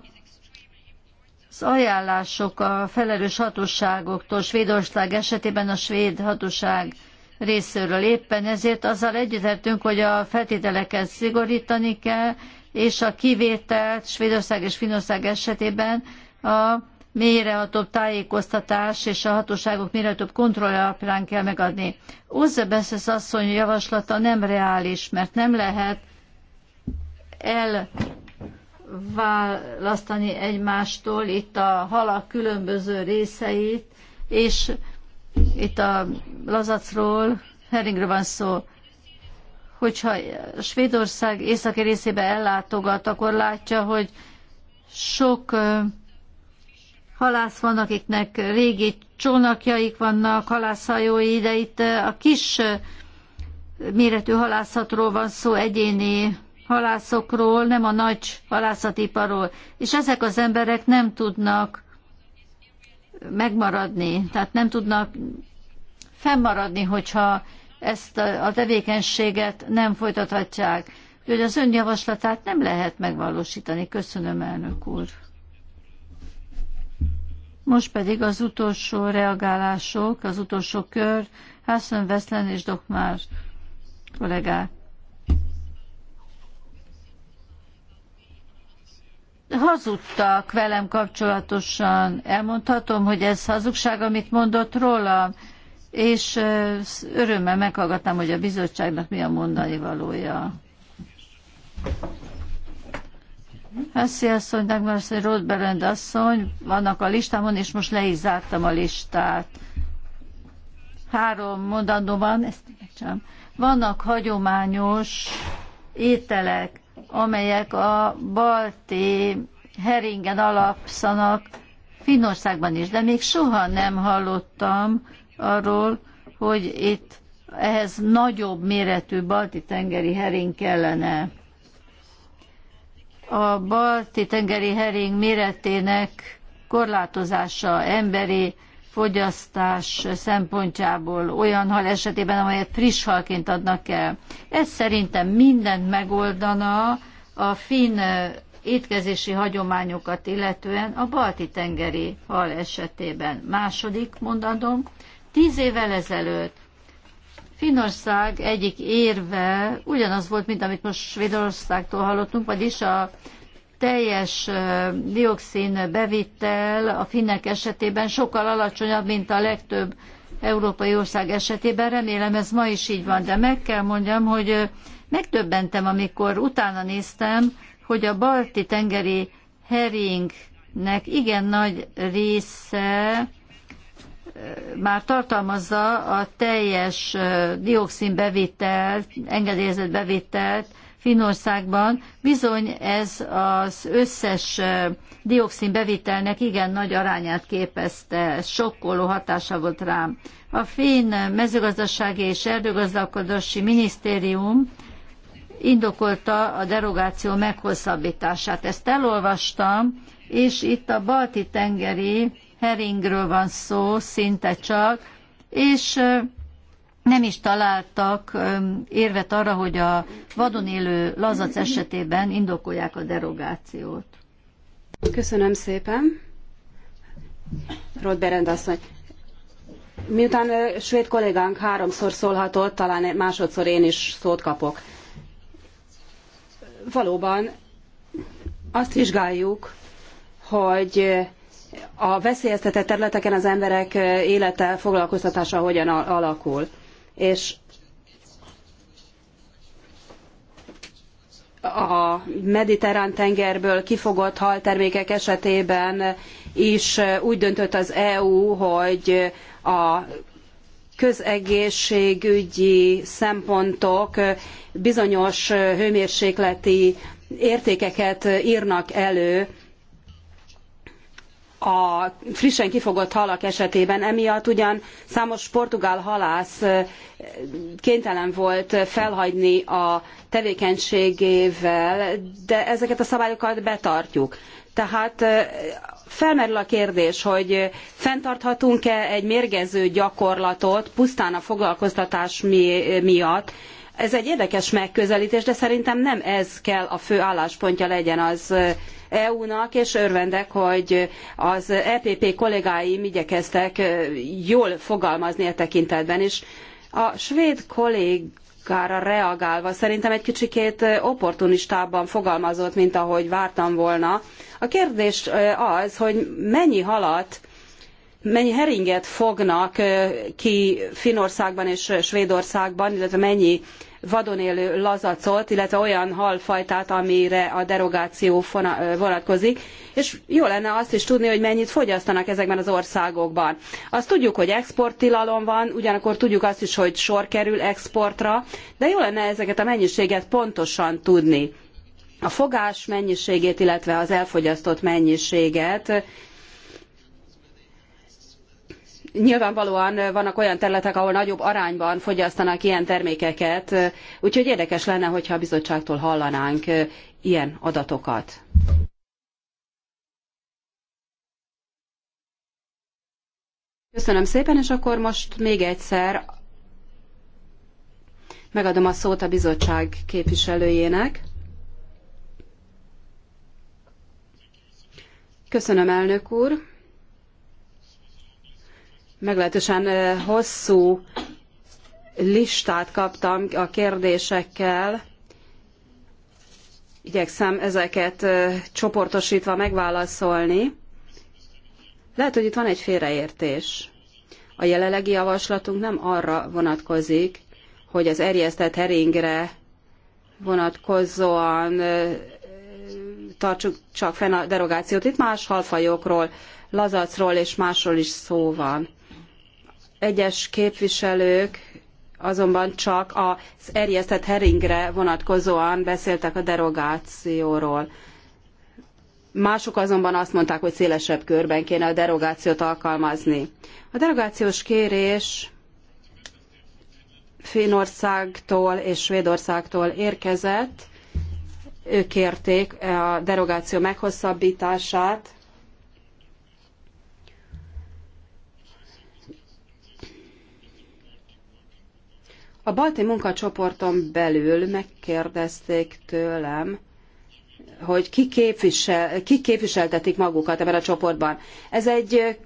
az ajánlások a felelős hatóságoktól Svédország esetében a svéd hatóság részéről éppen, ezért azzal egyetértünk, hogy a feltételeket szigorítani kell, és a kivételt Svédország és Finország esetében a mélyrehatóbb tájékoztatás és a hatóságok mélyrehatóbb kontroll alapján kell megadni. Uzebeszes asszony javaslata nem reális, mert nem lehet elválasztani egymástól itt a halak különböző részeit, és itt a lazacról, heringről van szó, hogyha Svédország északi részébe ellátogat, akkor látja, hogy sok halász van, akiknek régi csónakjaik vannak, halászhajói, de itt eh, a kis eh, méretű halászatról van szó, egyéni halászokról, nem a nagy halászatiparról. És ezek az emberek nem tudnak megmaradni, tehát nem tudnak fennmaradni, hogyha ezt a tevékenységet nem folytathatják. Úgyhogy az ön javaslatát nem lehet megvalósítani. Köszönöm, elnök úr. Most pedig az utolsó reagálások, az utolsó kör, Hassan Veszlen és Dokmár kollégák. hazudtak velem kapcsolatosan. Elmondhatom, hogy ez hazugság, amit mondott róla, és örömmel meghallgattam, hogy a bizottságnak mi a mondani valója. Hesszi asszony, Dagmar asszony, Rothberend asszony, vannak a listámon, és most le is zártam a listát. Három mondandó van, ezt megcsinálom. Vannak hagyományos ételek, amelyek a balti heringen alapszanak Finnországban is, de még soha nem hallottam arról, hogy itt ehhez nagyobb méretű balti tengeri hering kellene a balti tengeri hering méretének korlátozása emberi fogyasztás szempontjából olyan hal esetében, amelyet friss halként adnak el. Ez szerintem mindent megoldana a finn étkezési hagyományokat illetően a balti tengeri hal esetében. Második mondandom, tíz évvel ezelőtt Finnország egyik érve ugyanaz volt, mint amit most Svédországtól hallottunk, vagyis a teljes dioxin bevittel a finnek esetében sokkal alacsonyabb, mint a legtöbb európai ország esetében. Remélem ez ma is így van, de meg kell mondjam, hogy megdöbbentem, amikor utána néztem, hogy a balti tengeri heringnek igen nagy része már tartalmazza a teljes dioxinbevitelt, engedélyezett bevitelt Finnországban, bizony ez az összes dioxinbevitelnek igen nagy arányát képezte, sokkoló hatása volt rám. A Finn mezőgazdasági és erdőgazdálkodási minisztérium indokolta a derogáció meghosszabbítását. Ezt elolvastam, és itt a balti tengeri heringről van szó szinte csak, és nem is találtak érvet arra, hogy a vadon élő lazac esetében indokolják a derogációt. Köszönöm szépen. Rod Berend asszony. Miután svéd kollégánk háromszor szólhatott, talán másodszor én is szót kapok. Valóban azt vizsgáljuk, hogy a veszélyeztetett területeken az emberek élete, foglalkoztatása hogyan alakul. És a mediterrán tengerből kifogott haltermékek esetében is úgy döntött az EU, hogy a közegészségügyi szempontok bizonyos hőmérsékleti értékeket írnak elő a frissen kifogott halak esetében, emiatt ugyan számos portugál halász kénytelen volt felhagyni a tevékenységével, de ezeket a szabályokat betartjuk. Tehát felmerül a kérdés, hogy fenntarthatunk-e egy mérgező gyakorlatot pusztán a foglalkoztatás miatt, ez egy érdekes megközelítés, de szerintem nem ez kell a fő álláspontja legyen az EU-nak, és örvendek, hogy az EPP kollégáim igyekeztek jól fogalmazni e tekintetben is. A svéd kollégára reagálva szerintem egy kicsikét opportunistában fogalmazott, mint ahogy vártam volna. A kérdés az, hogy mennyi halat mennyi heringet fognak ki Finnországban és Svédországban, illetve mennyi vadon élő lazacot, illetve olyan halfajtát, amire a derogáció vonatkozik, és jó lenne azt is tudni, hogy mennyit fogyasztanak ezekben az országokban. Azt tudjuk, hogy exporttilalom van, ugyanakkor tudjuk azt is, hogy sor kerül exportra, de jó lenne ezeket a mennyiséget pontosan tudni. A fogás mennyiségét, illetve az elfogyasztott mennyiséget, nyilvánvalóan vannak olyan területek, ahol nagyobb arányban fogyasztanak ilyen termékeket, úgyhogy érdekes lenne, hogyha a bizottságtól hallanánk ilyen adatokat. Köszönöm szépen, és akkor most még egyszer megadom a szót a bizottság képviselőjének. Köszönöm, elnök úr meglehetősen hosszú listát kaptam a kérdésekkel. Igyekszem ezeket csoportosítva megválaszolni. Lehet, hogy itt van egy félreértés. A jelenlegi javaslatunk nem arra vonatkozik, hogy az erjesztett heringre vonatkozóan tartsuk csak fenn a derogációt. Itt más halfajokról, lazacról és másról is szó van. Egyes képviselők azonban csak az erjesztett heringre vonatkozóan beszéltek a derogációról. Mások azonban azt mondták, hogy szélesebb körben kéne a derogációt alkalmazni. A derogációs kérés Finnországtól és Svédországtól érkezett. Ők kérték a derogáció meghosszabbítását A balti munkacsoporton belül megkérdezték tőlem, hogy ki, képvisel, ki képviseltetik magukat ebben a csoportban. Ez egy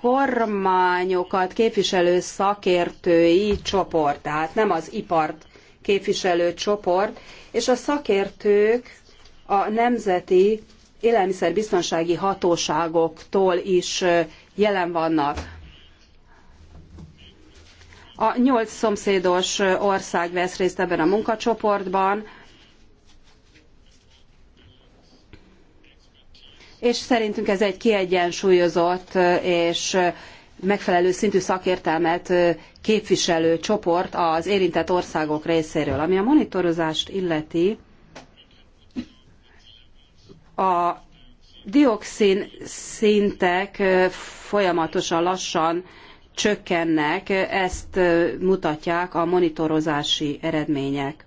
kormányokat képviselő szakértői csoport, tehát nem az ipart képviselő csoport, és a szakértők a nemzeti élelmiszerbiztonsági hatóságoktól is jelen vannak. A nyolc szomszédos ország vesz részt ebben a munkacsoportban, és szerintünk ez egy kiegyensúlyozott és megfelelő szintű szakértelmet képviselő csoport az érintett országok részéről. Ami a monitorozást illeti, a dioxin szintek folyamatosan lassan csökkennek, ezt mutatják a monitorozási eredmények.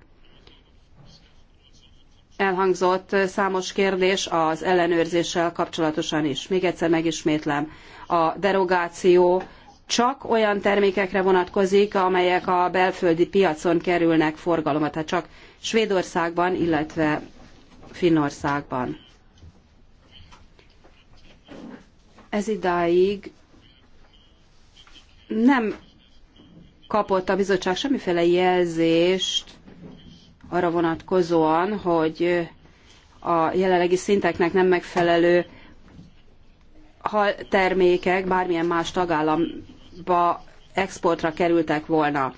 Elhangzott számos kérdés az ellenőrzéssel kapcsolatosan is. Még egyszer megismétlem, a derogáció csak olyan termékekre vonatkozik, amelyek a belföldi piacon kerülnek forgalomba, tehát csak Svédországban, illetve Finnországban. Ez idáig nem kapott a bizottság semmiféle jelzést arra vonatkozóan, hogy a jelenlegi szinteknek nem megfelelő haltermékek bármilyen más tagállamba exportra kerültek volna.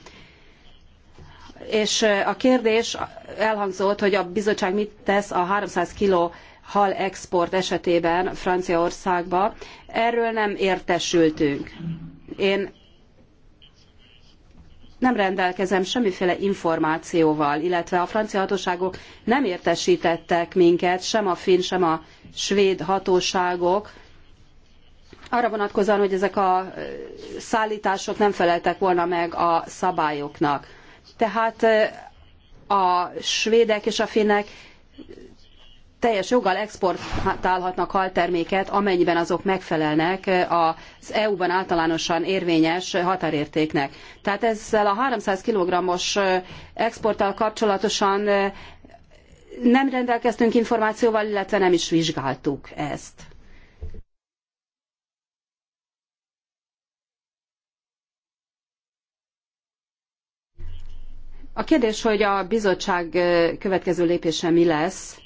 És a kérdés elhangzott, hogy a bizottság mit tesz a 300 kg hal export esetében Franciaországba. Erről nem értesültünk. Én nem rendelkezem semmiféle információval, illetve a francia hatóságok nem értesítettek minket, sem a finn, sem a svéd hatóságok, arra vonatkozóan, hogy ezek a szállítások nem feleltek volna meg a szabályoknak. Tehát a svédek és a finnek teljes joggal exportálhatnak halterméket, amennyiben azok megfelelnek eh, az EU-ban általánosan érvényes határértéknek. Tehát ezzel a 300 kg-os eh, exporttal kapcsolatosan eh, nem rendelkeztünk információval, illetve nem is vizsgáltuk ezt. A kérdés, hogy a bizottság következő lépése mi lesz,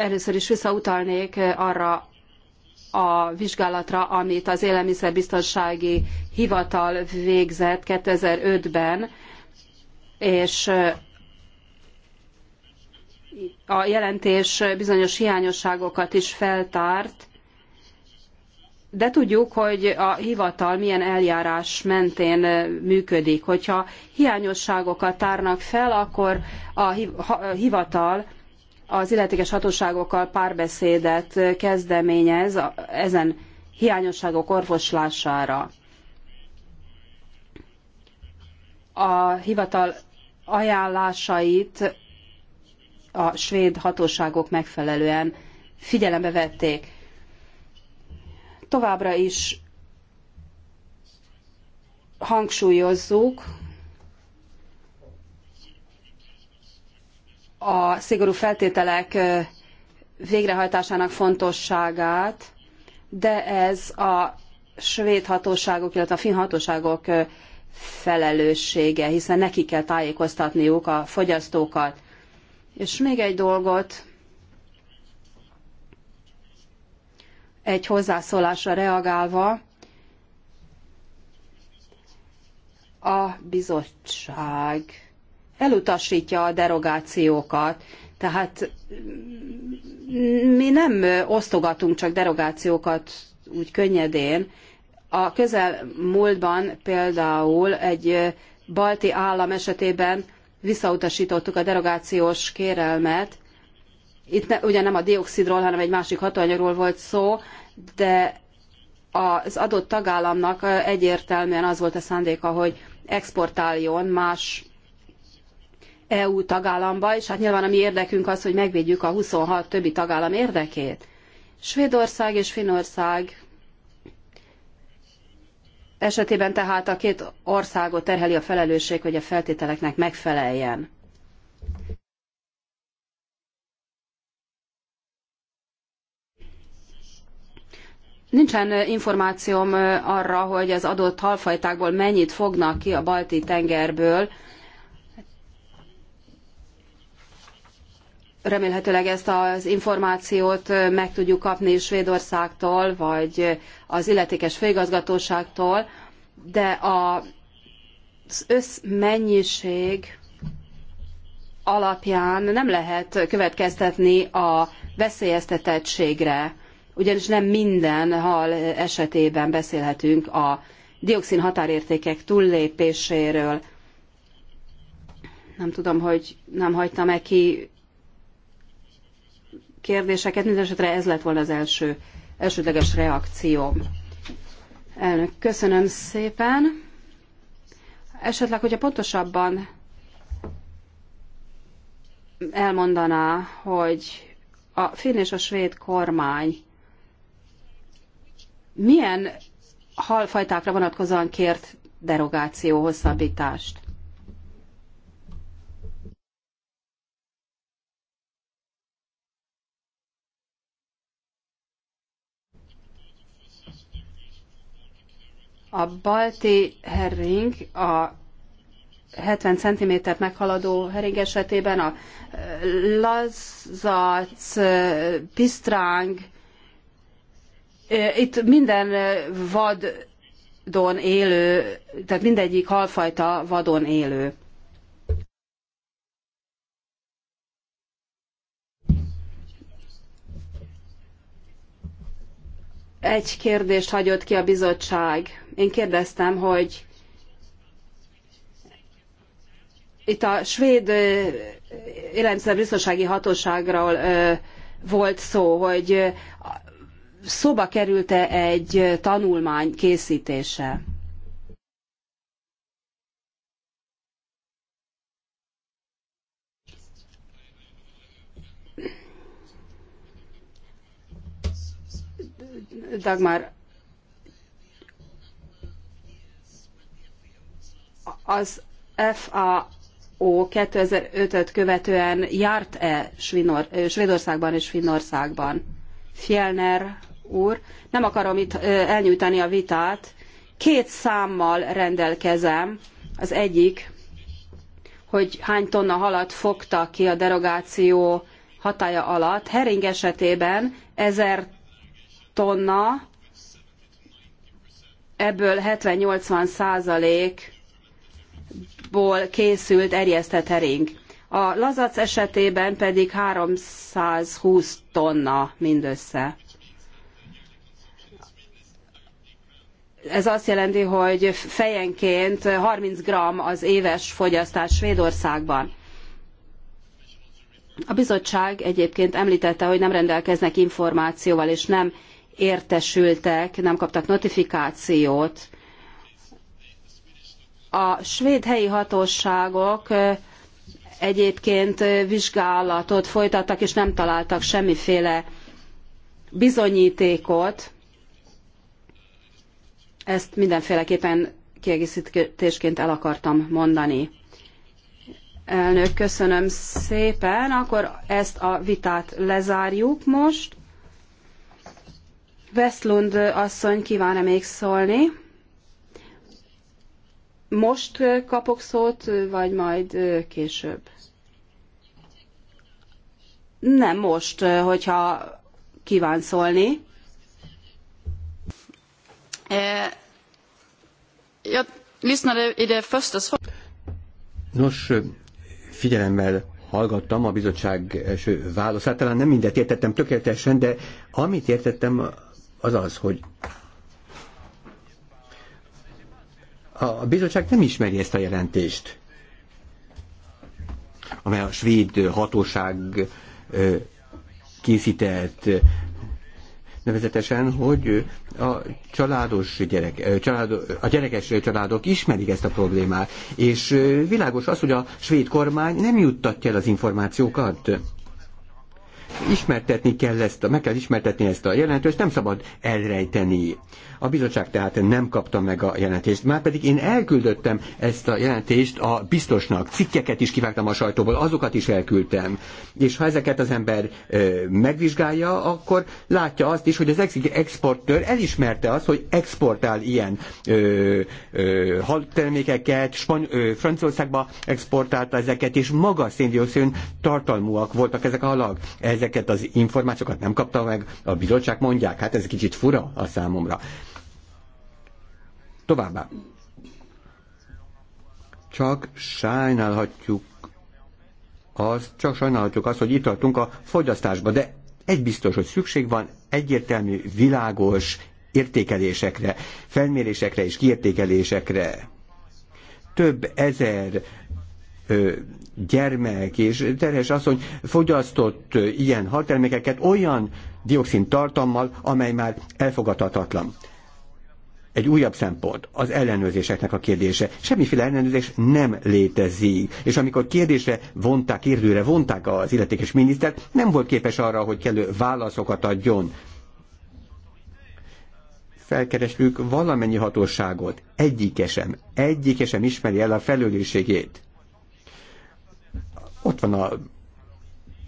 Először is visszautalnék eh, arra a vizsgálatra, amit az Élelmiszerbiztonsági Hivatal végzett 2005-ben, és eh, a jelentés bizonyos hiányosságokat is feltárt, de tudjuk, hogy a hivatal milyen eljárás mentén eh, működik. Hogyha hiányosságokat tárnak fel, akkor a hivatal az illetékes hatóságokkal párbeszédet kezdeményez ezen hiányosságok orvoslására. A hivatal ajánlásait a svéd hatóságok megfelelően figyelembe vették. Továbbra is hangsúlyozzuk, a szigorú feltételek végrehajtásának fontosságát, de ez a svéd hatóságok, illetve a finn hatóságok felelőssége, hiszen neki kell tájékoztatniuk a fogyasztókat. És még egy dolgot, egy hozzászólásra reagálva, a bizottság elutasítja a derogációkat. Tehát mi nem osztogatunk csak derogációkat úgy könnyedén. A közelmúltban például egy balti állam esetében visszautasítottuk a derogációs kérelmet. Itt ne, ugye nem a dioxidról, hanem egy másik hatóanyagról volt szó, de az adott tagállamnak egyértelműen az volt a szándéka, hogy exportáljon más EU tagállamba, és hát nyilván a mi érdekünk az, hogy megvédjük a 26 többi tagállam érdekét. Svédország és Finnország esetében tehát a két országot terheli a felelősség, hogy a feltételeknek megfeleljen. Nincsen információm arra, hogy az adott halfajtákból mennyit fognak ki a balti tengerből, remélhetőleg ezt az információt meg tudjuk kapni Svédországtól, vagy az illetékes főigazgatóságtól, de az összmennyiség alapján nem lehet következtetni a veszélyeztetettségre, ugyanis nem minden hal esetében beszélhetünk a dioxin határértékek túllépéséről. Nem tudom, hogy nem hagytam-e ki kérdéseket. Mindenesetre ez lett volna az első, elsődleges reakcióm. Elnök, köszönöm szépen. Esetleg, hogyha pontosabban elmondaná, hogy a finn és a svéd kormány milyen halfajtákra vonatkozóan kért derogáció hosszabbítást? A balti herring a 70 cm meghaladó hering esetében a eh, lazac, eh, pisztráng, eh, itt minden vadon élő, tehát mindegyik halfajta vadon élő. Egy kérdést hagyott ki a bizottság. Én kérdeztem, hogy itt a svéd élelmiszerbiztonsági hatóságról volt szó, hogy szóba került-e egy tanulmány készítése? Dagmar az FAO 2005-öt követően járt-e Svédországban és Finnországban? Fjellner úr, nem akarom itt elnyújtani a vitát, két számmal rendelkezem. Az egyik, hogy hány tonna halat fogtak ki a derogáció hatája alatt. Hering esetében 1000 tonna, ebből 70-80 százalék ból készült erjesztett hering. A lazac esetében pedig 320 tonna mindössze. Ez azt jelenti, hogy fejenként 30 g az éves fogyasztás Svédországban. A bizottság egyébként említette, hogy nem rendelkeznek információval, és nem értesültek, nem kaptak notifikációt a svéd helyi hatóságok egyébként vizsgálatot folytattak, és nem találtak semmiféle bizonyítékot. Ezt mindenféleképpen kiegészítésként el akartam mondani. Elnök, köszönöm szépen. Akkor ezt a vitát lezárjuk most. Westlund asszony kíván-e még szólni? most kapok szót, vagy majd később? Nem most, hogyha kíván szólni. Nos, figyelemmel hallgattam a bizottság első válaszát, talán nem mindet értettem tökéletesen, de amit értettem az az, hogy a bizottság nem ismeri ezt a jelentést, amely a svéd hatóság készített nevezetesen, hogy a családos gyerek, család, a gyerekes családok ismerik ezt a problémát, és világos az, hogy a svéd kormány nem juttatja el az információkat ismertetni kell ezt, meg kell ismertetni ezt a jelentést, nem szabad elrejteni. A bizottság tehát nem kapta meg a jelentést, már pedig én elküldöttem ezt a jelentést a biztosnak, cikkeket is kivágtam a sajtóból, azokat is elküldtem. És ha ezeket az ember ö, megvizsgálja, akkor látja azt is, hogy az ex- exportőr elismerte azt, hogy exportál ilyen ö, ö, haltermékeket, Spany- ö, Franciaországba exportálta ezeket, és maga széndiokszid tartalmúak voltak ezek a halak. Ezeket ezeket az információkat nem kapta meg, a bizottság mondják, hát ez kicsit fura a számomra. Továbbá. Csak sajnálhatjuk az, csak sajnálhatjuk azt, hogy itt tartunk a fogyasztásba, de egy biztos, hogy szükség van egyértelmű, világos értékelésekre, felmérésekre és kiértékelésekre. Több ezer gyermek és terhes asszony fogyasztott ilyen haltermékeket olyan dioxin tartalmal, amely már elfogadhatatlan. Egy újabb szempont, az ellenőrzéseknek a kérdése. Semmiféle ellenőrzés nem létezik. És amikor kérdésre vonták, kérdőre vonták az illetékes minisztert, nem volt képes arra, hogy kellő válaszokat adjon. Felkeresünk valamennyi hatóságot. Egyike sem, egyike sem ismeri el a felelősségét. Ott van a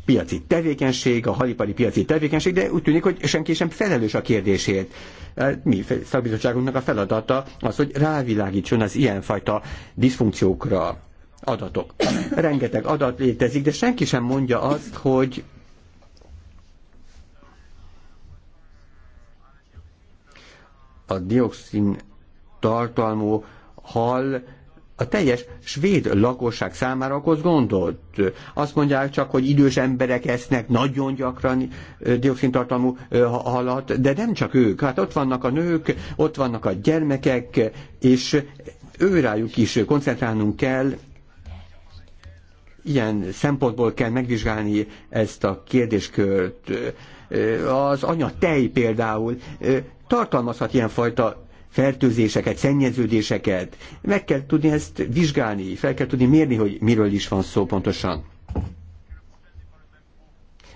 piaci tevékenység, a halipari piaci tevékenység, de úgy tűnik, hogy senki sem felelős a kérdésért. E, mi szakbizottságunknak a feladata az, hogy rávilágítson az ilyenfajta diszfunkciókra adatok. [CLEARS THROAT] Rengeteg adat létezik, de senki sem mondja azt, hogy a dioxin tartalmú hal a teljes svéd lakosság számára okoz gondot. Azt mondják csak, hogy idős emberek esznek nagyon gyakran dioxintartalmú halat, de nem csak ők. Hát ott vannak a nők, ott vannak a gyermekek, és őrájuk is koncentrálnunk kell, ilyen szempontból kell megvizsgálni ezt a kérdéskört. Az anya tej például tartalmazhat ilyenfajta fertőzéseket, szennyeződéseket. Meg kell tudni ezt vizsgálni, fel kell tudni mérni, hogy miről is van szó pontosan.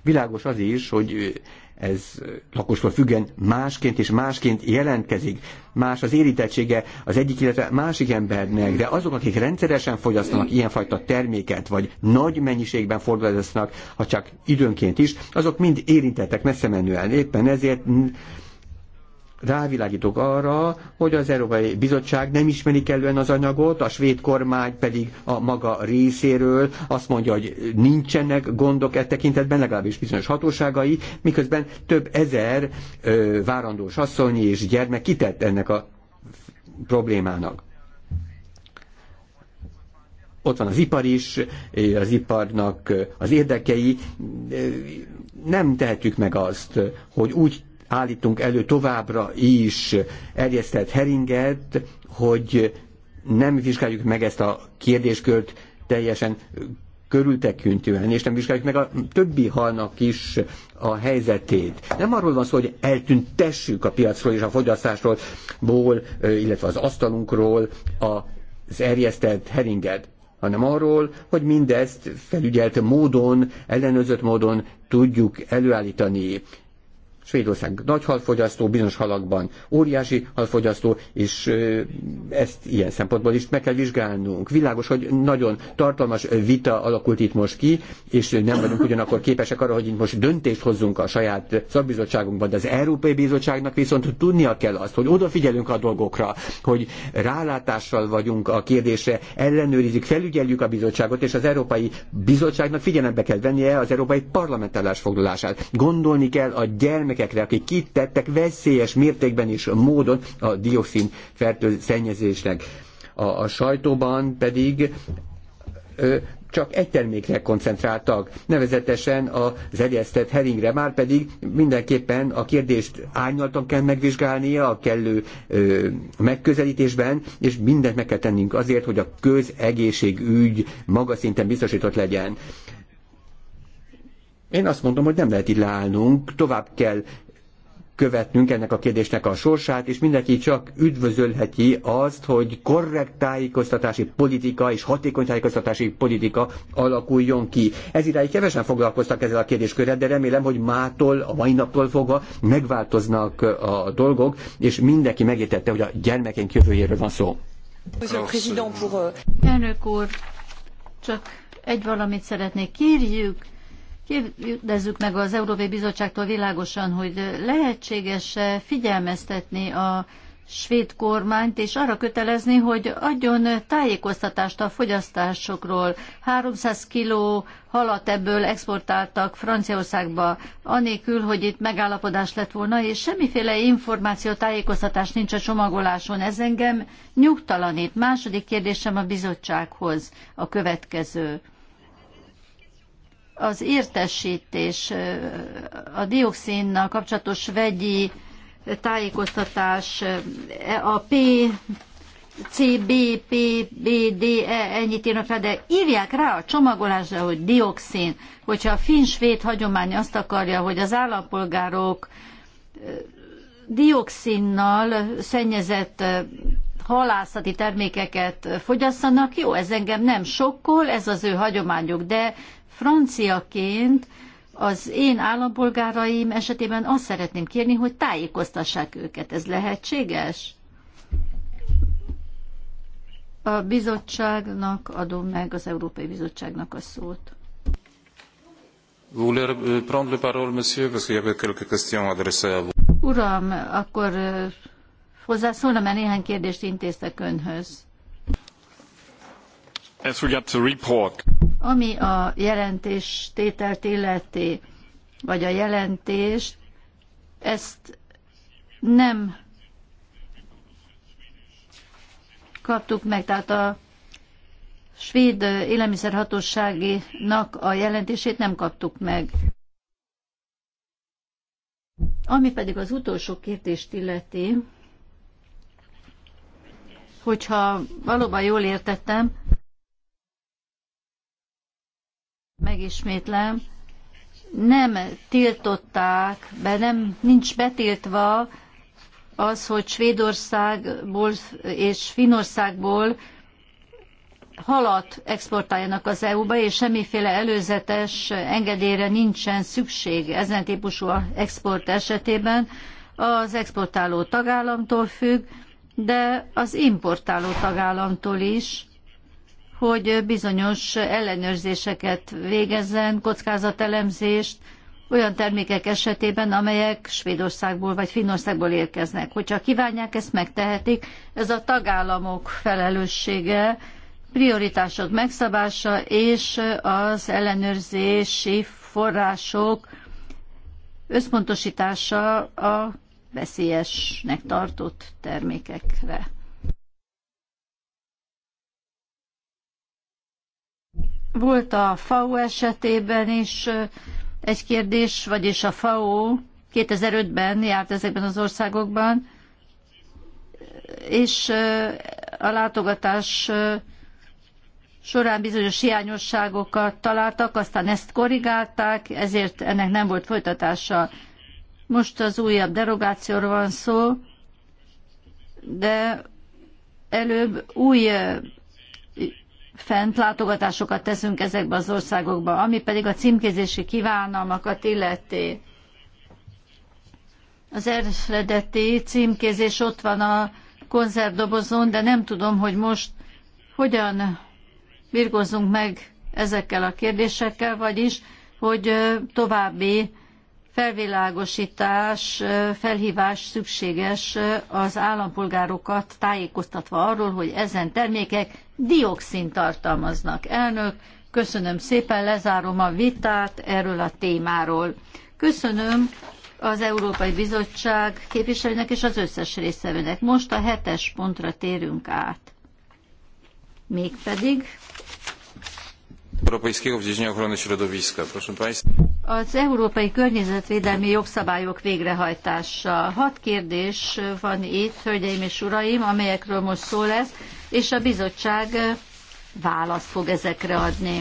Világos az is, hogy ez lakostól függen másként és másként jelentkezik. Más az érintettsége az egyik, illetve másik embernek, de azok, akik rendszeresen fogyasztanak ilyenfajta terméket, vagy nagy mennyiségben fordulatosznak, ha csak időnként is, azok mind érintettek messze menően. Éppen ezért rávilágítok arra, hogy az Európai Bizottság nem ismeri kellően az anyagot, a svéd kormány pedig a maga részéről azt mondja, hogy nincsenek gondok e tekintetben, legalábbis bizonyos hatóságai, miközben több ezer ö, várandós asszony és gyermek kitett ennek a problémának ott van az ipar is, az iparnak az érdekei. Nem tehetjük meg azt, hogy úgy állítunk elő továbbra is erjesztett heringet, hogy nem vizsgáljuk meg ezt a kérdéskört teljesen körültekintően, és nem vizsgáljuk meg a többi halnak is a helyzetét. Nem arról van szó, hogy eltüntessük a piacról és a fogyasztásról, ból, illetve az asztalunkról az erjesztett heringet, hanem arról, hogy mindezt felügyelt módon, ellenőrzött módon tudjuk előállítani. Svédország nagy halfogyasztó, bizonyos halakban óriási halfogyasztó, és ezt ilyen szempontból is meg kell vizsgálnunk. Világos, hogy nagyon tartalmas vita alakult itt most ki, és nem vagyunk ugyanakkor képesek arra, hogy itt most döntést hozzunk a saját szakbizottságunkban, de az Európai Bizottságnak viszont tudnia kell azt, hogy odafigyelünk a dolgokra, hogy rálátással vagyunk a kérdésre, ellenőrizik, felügyeljük a bizottságot, és az Európai Bizottságnak figyelembe kell vennie az Európai Parlament foglalását, Gondolni kell a gyermek gyermekekre, akik kitettek veszélyes mértékben és módon a dioxin fertőzésnek. A, a sajtóban pedig ö, csak egy termékre koncentráltak, nevezetesen az egyeztet heringre, már pedig mindenképpen a kérdést árnyaltan kell megvizsgálnia a kellő ö, megközelítésben, és mindent meg kell tennünk azért, hogy a közegészségügy magas szinten biztosított legyen. Én azt mondom, hogy nem lehet így leállnunk, tovább kell követnünk ennek a kérdésnek a sorsát, és mindenki csak üdvözölheti azt, hogy korrekt tájékoztatási politika és hatékony tájékoztatási politika alakuljon ki. Ez idáig kevesen foglalkoztak ezzel a kérdéskörrel, de remélem, hogy mától, a mai naptól fogva megváltoznak a dolgok, és mindenki megértette, hogy a gyermekeink jövőjéről van szó. Euh, Elnök úr, csak egy valamit szeretnék. Kérjük Kérdezzük meg az Európai Bizottságtól világosan, hogy lehetséges -e figyelmeztetni a svéd kormányt, és arra kötelezni, hogy adjon tájékoztatást a fogyasztásokról. 300 kiló halat ebből exportáltak Franciaországba, anélkül, hogy itt megállapodás lett volna, és semmiféle információ, tájékoztatás nincs a csomagoláson. Ez engem nyugtalanít. Második kérdésem a bizottsághoz a következő az értesítés, a dioxinnal kapcsolatos vegyi tájékoztatás, e, a P, C, B, P, B, D, E, ennyit írnak rá, de írják rá a csomagolásra, hogy dioxin. Hogyha a finn-svéd hagyomány azt akarja, hogy az állampolgárok dioxinnal szennyezett halászati termékeket fogyasszanak, jó, ez engem nem sokkol, ez az ő hagyományuk, de Franciaként az én állampolgáraim esetében azt szeretném kérni, hogy tájékoztassák őket. Ez lehetséges? A bizottságnak adom meg, az Európai Bizottságnak a szót. Uram, akkor hozzászólna, mert néhány kérdést intéztek önhöz. As regards the report. Ami a jelentéstételt illeti, vagy a jelentést, ezt nem kaptuk meg, tehát a svéd élelmiszerhatóságinak a jelentését nem kaptuk meg. Ami pedig az utolsó kérdést illeti, hogyha valóban jól értettem, megismétlem, nem tiltották be, nem, nincs betiltva az, hogy Svédországból és Finországból halat exportáljanak az EU-ba, és semmiféle előzetes engedélyre nincsen szükség ezen típusú export esetében. Az exportáló tagállamtól függ, de az importáló tagállamtól is hogy bizonyos ellenőrzéseket végezzen, kockázatelemzést, olyan termékek esetében, amelyek Svédországból vagy Finnországból érkeznek. Hogyha kívánják, ezt megtehetik. Ez a tagállamok felelőssége, prioritások megszabása és az ellenőrzési források összpontosítása a veszélyesnek tartott termékekre. Volt a FAO esetében is egy kérdés, vagyis a FAO 2005-ben járt ezekben az országokban, és a látogatás során bizonyos hiányosságokat találtak, aztán ezt korrigálták, ezért ennek nem volt folytatása. Most az újabb derogációról van szó, de előbb új fent látogatásokat teszünk ezekbe az országokba, ami pedig a címkézési kívánalmakat illeti. Az eredeti címkézés ott van a konzervdobozon, de nem tudom, hogy most hogyan virgozzunk meg ezekkel a kérdésekkel, vagyis, hogy további felvilágosítás, felhívás szükséges az állampolgárokat tájékoztatva arról, hogy ezen termékek dioxin tartalmaznak. Elnök, köszönöm szépen, lezárom a vitát erről a témáról. Köszönöm az Európai Bizottság képviselőnek és az összes részevőnek. Most a hetes pontra térünk át. Mégpedig az európai környezetvédelmi jogszabályok végrehajtása. Hat kérdés van itt, hölgyeim és uraim, amelyekről most szó lesz, és a bizottság választ fog ezekre adni.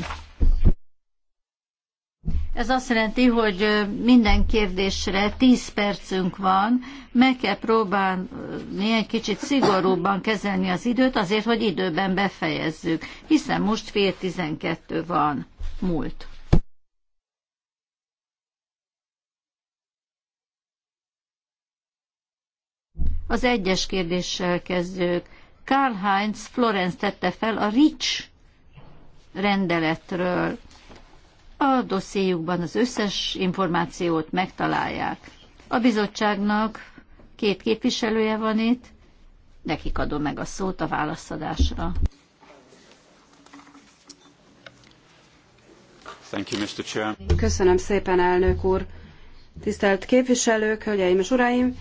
Ez azt jelenti, hogy minden kérdésre 10 percünk van, meg kell próbálni egy kicsit szigorúbban kezelni az időt, azért, hogy időben befejezzük, hiszen most fél 12 van múlt. Az egyes kérdéssel kezdjük. Karl Heinz Florence tette fel a Rich rendeletről a dossziéjukban az összes információt megtalálják. A bizottságnak két képviselője van itt, nekik adom meg a szót a válaszadásra. Köszönöm szépen, elnök úr. Tisztelt képviselők, hölgyeim és uraim!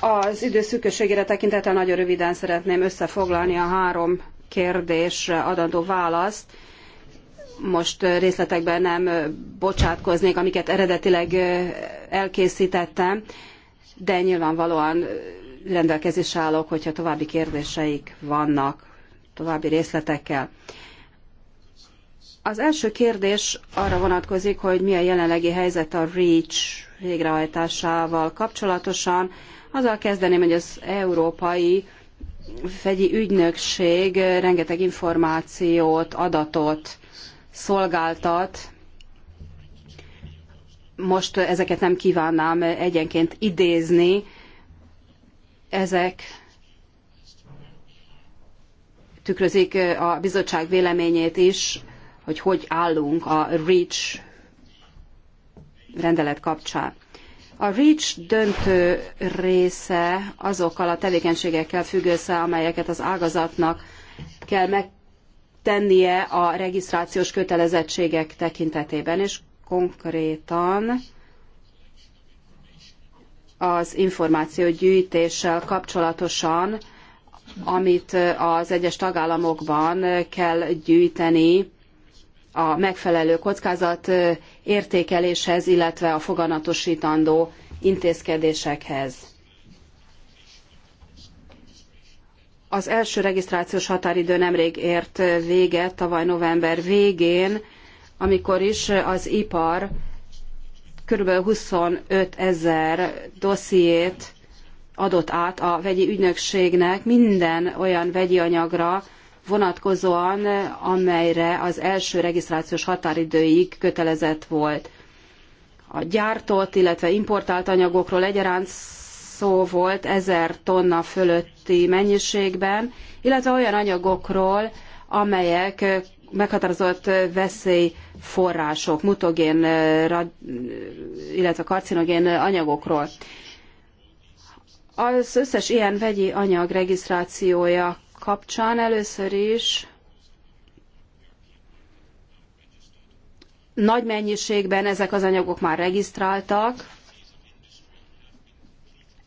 Az idő szűkösségére tekintettel nagyon röviden szeretném összefoglalni a három kérdésre adandó választ most részletekben nem bocsátkoznék, amiket eredetileg elkészítettem, de nyilvánvalóan rendelkezésre állok, hogyha további kérdéseik vannak, további részletekkel. Az első kérdés arra vonatkozik, hogy mi a jelenlegi helyzet a REACH végrehajtásával kapcsolatosan. Azzal kezdeném, hogy az európai vegyi ügynökség rengeteg információt, adatot szolgáltat. Most ezeket nem kívánnám egyenként idézni. Ezek tükrözik a bizottság véleményét is, hogy hogy állunk a REACH rendelet kapcsán. A REACH döntő része azokkal a tevékenységekkel függ össze, amelyeket az ágazatnak kell meg tennie a regisztrációs kötelezettségek tekintetében, és konkrétan az információgyűjtéssel kapcsolatosan, amit az egyes tagállamokban kell gyűjteni a megfelelő kockázat értékeléshez, illetve a foganatosítandó intézkedésekhez. Az első regisztrációs határidő nemrég ért véget, tavaly november végén, amikor is az ipar kb. 25 ezer dossziét adott át a vegyi ügynökségnek minden olyan vegyi anyagra vonatkozóan, amelyre az első regisztrációs határidőig kötelezett volt. A gyártott, illetve importált anyagokról egyaránt szó volt ezer tonna fölötti mennyiségben, illetve olyan anyagokról, amelyek meghatározott veszélyforrások, mutogén, illetve karcinogén anyagokról. Az összes ilyen vegyi anyag regisztrációja kapcsán először is nagy mennyiségben ezek az anyagok már regisztráltak,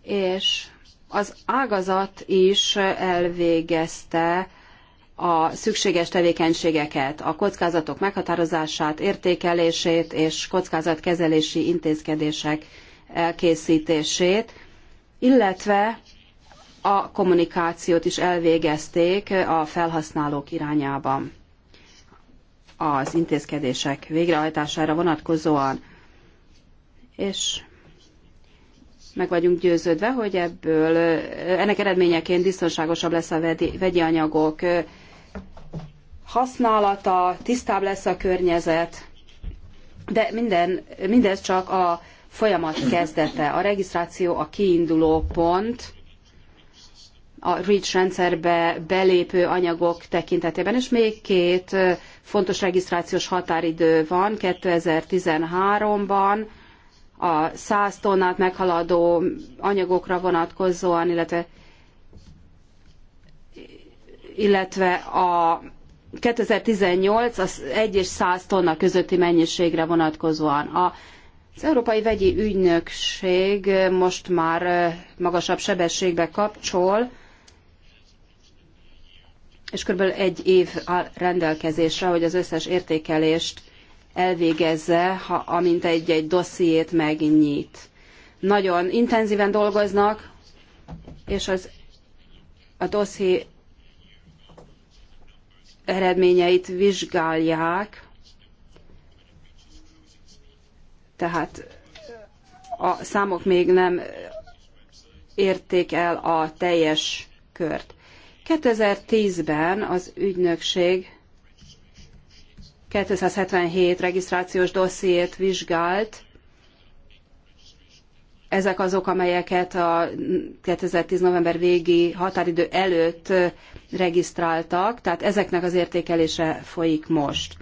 és az ágazat is elvégezte a szükséges tevékenységeket, a kockázatok meghatározását, értékelését és kockázatkezelési intézkedések elkészítését, illetve a kommunikációt is elvégezték a felhasználók irányában az intézkedések végrehajtására vonatkozóan. És meg vagyunk győződve, hogy ebből ennek eredményeként biztonságosabb lesz a vegyi anyagok használata, tisztább lesz a környezet, de minden, mindez csak a folyamat kezdete. A regisztráció a kiinduló pont, a REACH rendszerbe belépő anyagok tekintetében, és még két fontos regisztrációs határidő van 2013-ban, a 100 tonnát meghaladó anyagokra vonatkozóan, illetve illetve a 2018 az 1 és 100 tonna közötti mennyiségre vonatkozóan. A, az Európai Vegyi Ügynökség most már magasabb sebességbe kapcsol, és körülbelül egy év áll rendelkezésre, hogy az összes értékelést elvégezze, ha, amint egy-egy dossziét megnyit. Nagyon intenzíven dolgoznak, és az, a dosszié eredményeit vizsgálják, tehát a számok még nem érték el a teljes kört. 2010-ben az ügynökség 277 regisztrációs dossziét vizsgált. Ezek azok, amelyeket a 2010. november végi határidő előtt regisztráltak, tehát ezeknek az értékelése folyik most.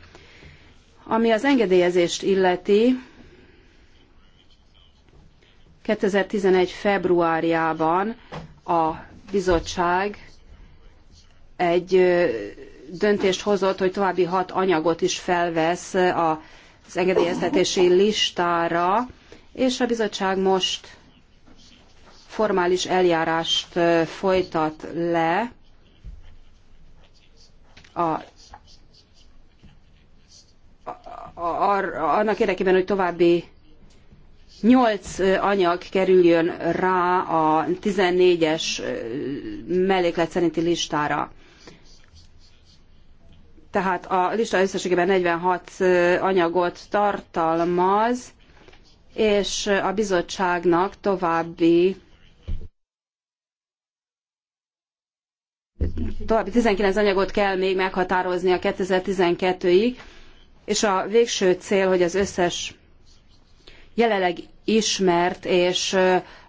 Ami az engedélyezést illeti, 2011. februárjában a bizottság egy döntést hozott, hogy további hat anyagot is felvesz az engedélyeztetési listára, és a bizottság most formális eljárást folytat le a annak érdekében, hogy további nyolc anyag kerüljön rá a 14-es melléklet szerinti listára. Tehát a lista összességében 46 anyagot tartalmaz, és a bizottságnak további további 19 anyagot kell még meghatározni a 2012-ig, és a végső cél, hogy az összes jelenleg ismert és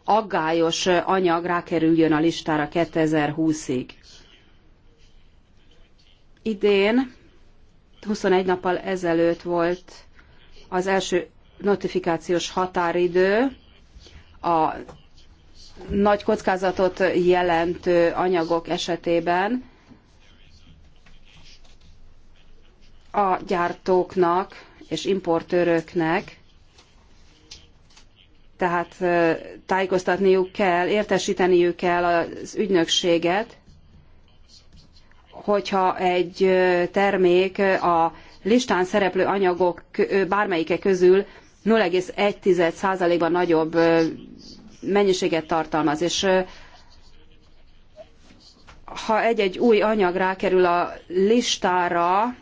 aggályos anyag rákerüljön a listára 2020-ig. Idén 21 nappal ezelőtt volt az első notifikációs határidő a nagy kockázatot jelentő anyagok esetében a gyártóknak és importőröknek, tehát tájékoztatniuk kell, értesíteniük kell az ügynökséget, hogyha egy termék a listán szereplő anyagok bármelyike közül 0,1%-ban nagyobb mennyiséget tartalmaz, és ha egy-egy új anyag rákerül a listára,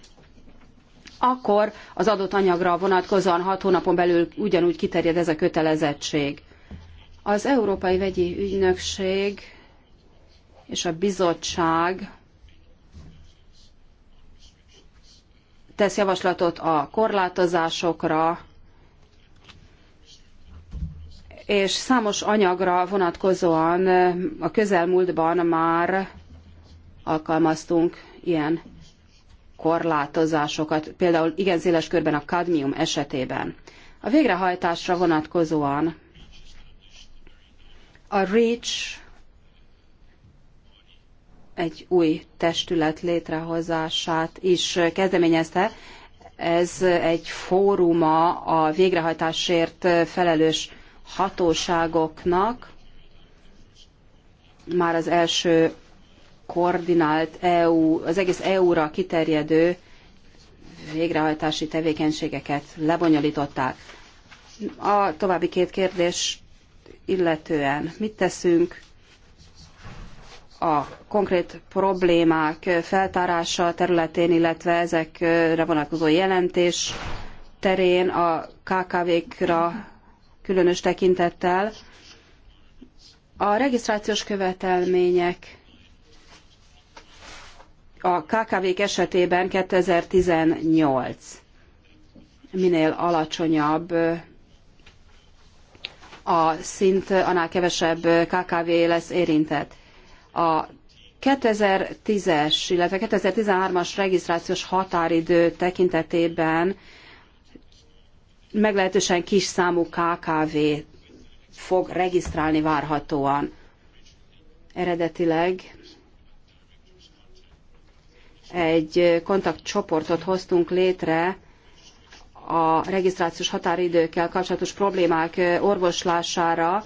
akkor az adott anyagra vonatkozóan hat hónapon belül ugyanúgy kiterjed ez a kötelezettség. Az Európai Vegyi Ügynökség és a bizottság tesz javaslatot a korlátozásokra, és számos anyagra vonatkozóan a közelmúltban már alkalmaztunk ilyen korlátozásokat, például igen széles körben a kadmium esetében. A végrehajtásra vonatkozóan a REACH egy új testület létrehozását is kezdeményezte. Ez egy fóruma a végrehajtásért felelős hatóságoknak. Már az első koordinált EU, az egész EU-ra kiterjedő végrehajtási tevékenységeket lebonyolították. A további két kérdés illetően mit teszünk a konkrét problémák feltárása területén, illetve ezekre vonatkozó jelentés terén a KKV-kra különös tekintettel. A regisztrációs követelmények a KKV-k esetében 2018 minél alacsonyabb a szint, annál kevesebb KKV lesz érintett. A 2010-es, illetve 2013-as regisztrációs határidő tekintetében meglehetősen kis számú KKV fog regisztrálni várhatóan. Eredetileg egy kontaktcsoportot hoztunk létre a regisztrációs határidőkkel kapcsolatos problémák orvoslására,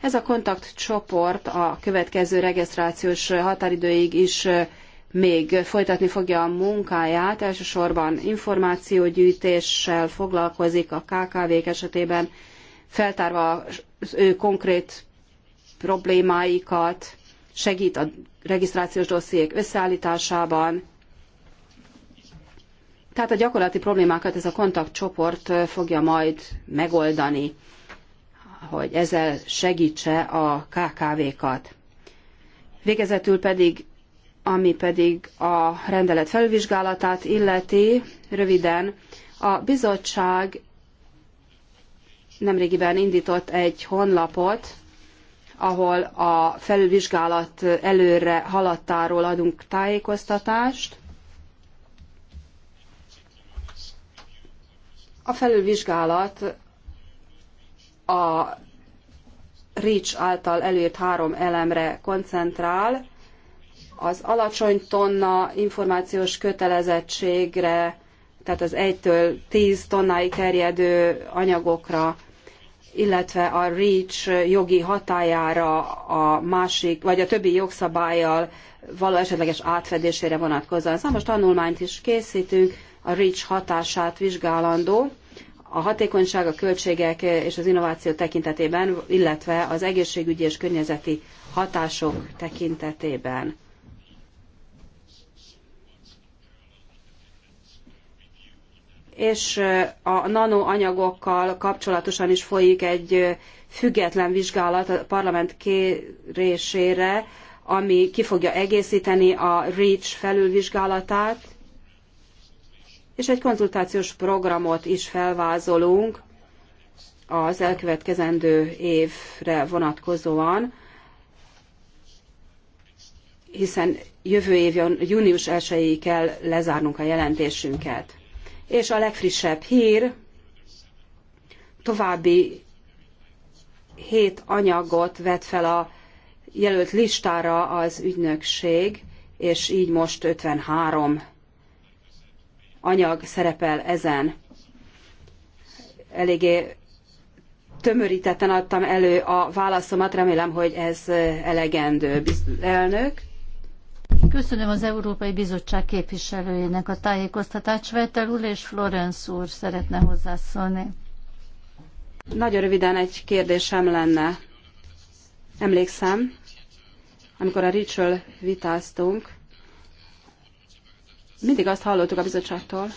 ez a kontaktcsoport a következő regisztrációs határidőig is még folytatni fogja a munkáját, elsősorban információgyűjtéssel foglalkozik a KKV-k esetében, feltárva az ő konkrét problémáikat, segít a regisztrációs dossziék összeállításában. Tehát a gyakorlati problémákat ez a kontaktcsoport fogja majd megoldani hogy ezzel segítse a KKV-kat. Végezetül pedig, ami pedig a rendelet felvizsgálatát illeti, röviden, a bizottság nemrégiben indított egy honlapot, ahol a felvizsgálat előre haladtáról adunk tájékoztatást. A felülvizsgálat a REACH által előírt három elemre koncentrál, az alacsony tonna információs kötelezettségre, tehát az 1-től 10 tonnáig terjedő anyagokra, illetve a REACH jogi hatájára a másik, vagy a többi jogszabályjal való esetleges átfedésére vonatkozóan. Számos tanulmányt is készítünk, a REACH hatását vizsgálandó a hatékonyság, a költségek és az innováció tekintetében, illetve az egészségügyi és környezeti hatások tekintetében. És a nanoanyagokkal kapcsolatosan is folyik egy független vizsgálat a parlament kérésére, ami ki fogja egészíteni a REACH felülvizsgálatát, és egy konzultációs programot is felvázolunk az elkövetkezendő évre vonatkozóan, hiszen jövő év június 1 kell lezárnunk a jelentésünket. És a legfrissebb hír, további hét anyagot vett fel a jelölt listára az ügynökség, és így most 53 anyag szerepel ezen. Eléggé tömörítetten adtam elő a válaszomat, remélem, hogy ez elegendő. Elnök. Köszönöm az Európai Bizottság képviselőjének a tájékoztatást. Svetel úr és Florence úr szeretne hozzászólni. Nagyon röviden egy kérdésem lenne. Emlékszem, amikor a Rachel vitáztunk, mindig azt hallottuk a bizottságtól,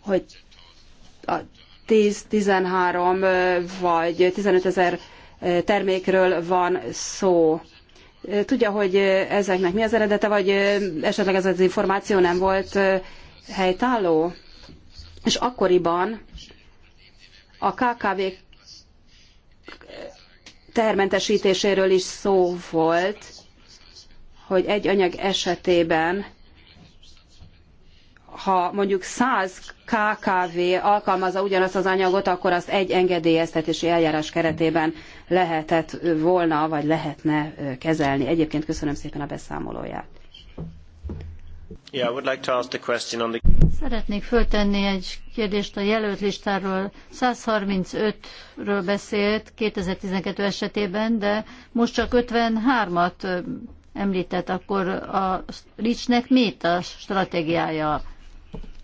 hogy a 10-13 vagy 15 ezer termékről van szó. Tudja, hogy ezeknek mi az eredete, vagy esetleg ez az információ nem volt helytálló? És akkoriban a KKV termentesítéséről is szó volt, hogy egy anyag esetében ha mondjuk 100 KKV alkalmazza ugyanazt az anyagot, akkor azt egy engedélyeztetési eljárás keretében lehetett volna, vagy lehetne kezelni. Egyébként köszönöm szépen a beszámolóját. Yeah, like the... Szeretnék föltenni egy kérdést a jelölt listáról. 135-ről beszélt 2012 esetében, de most csak 53-at említett, akkor a Ricsnek mit a stratégiája?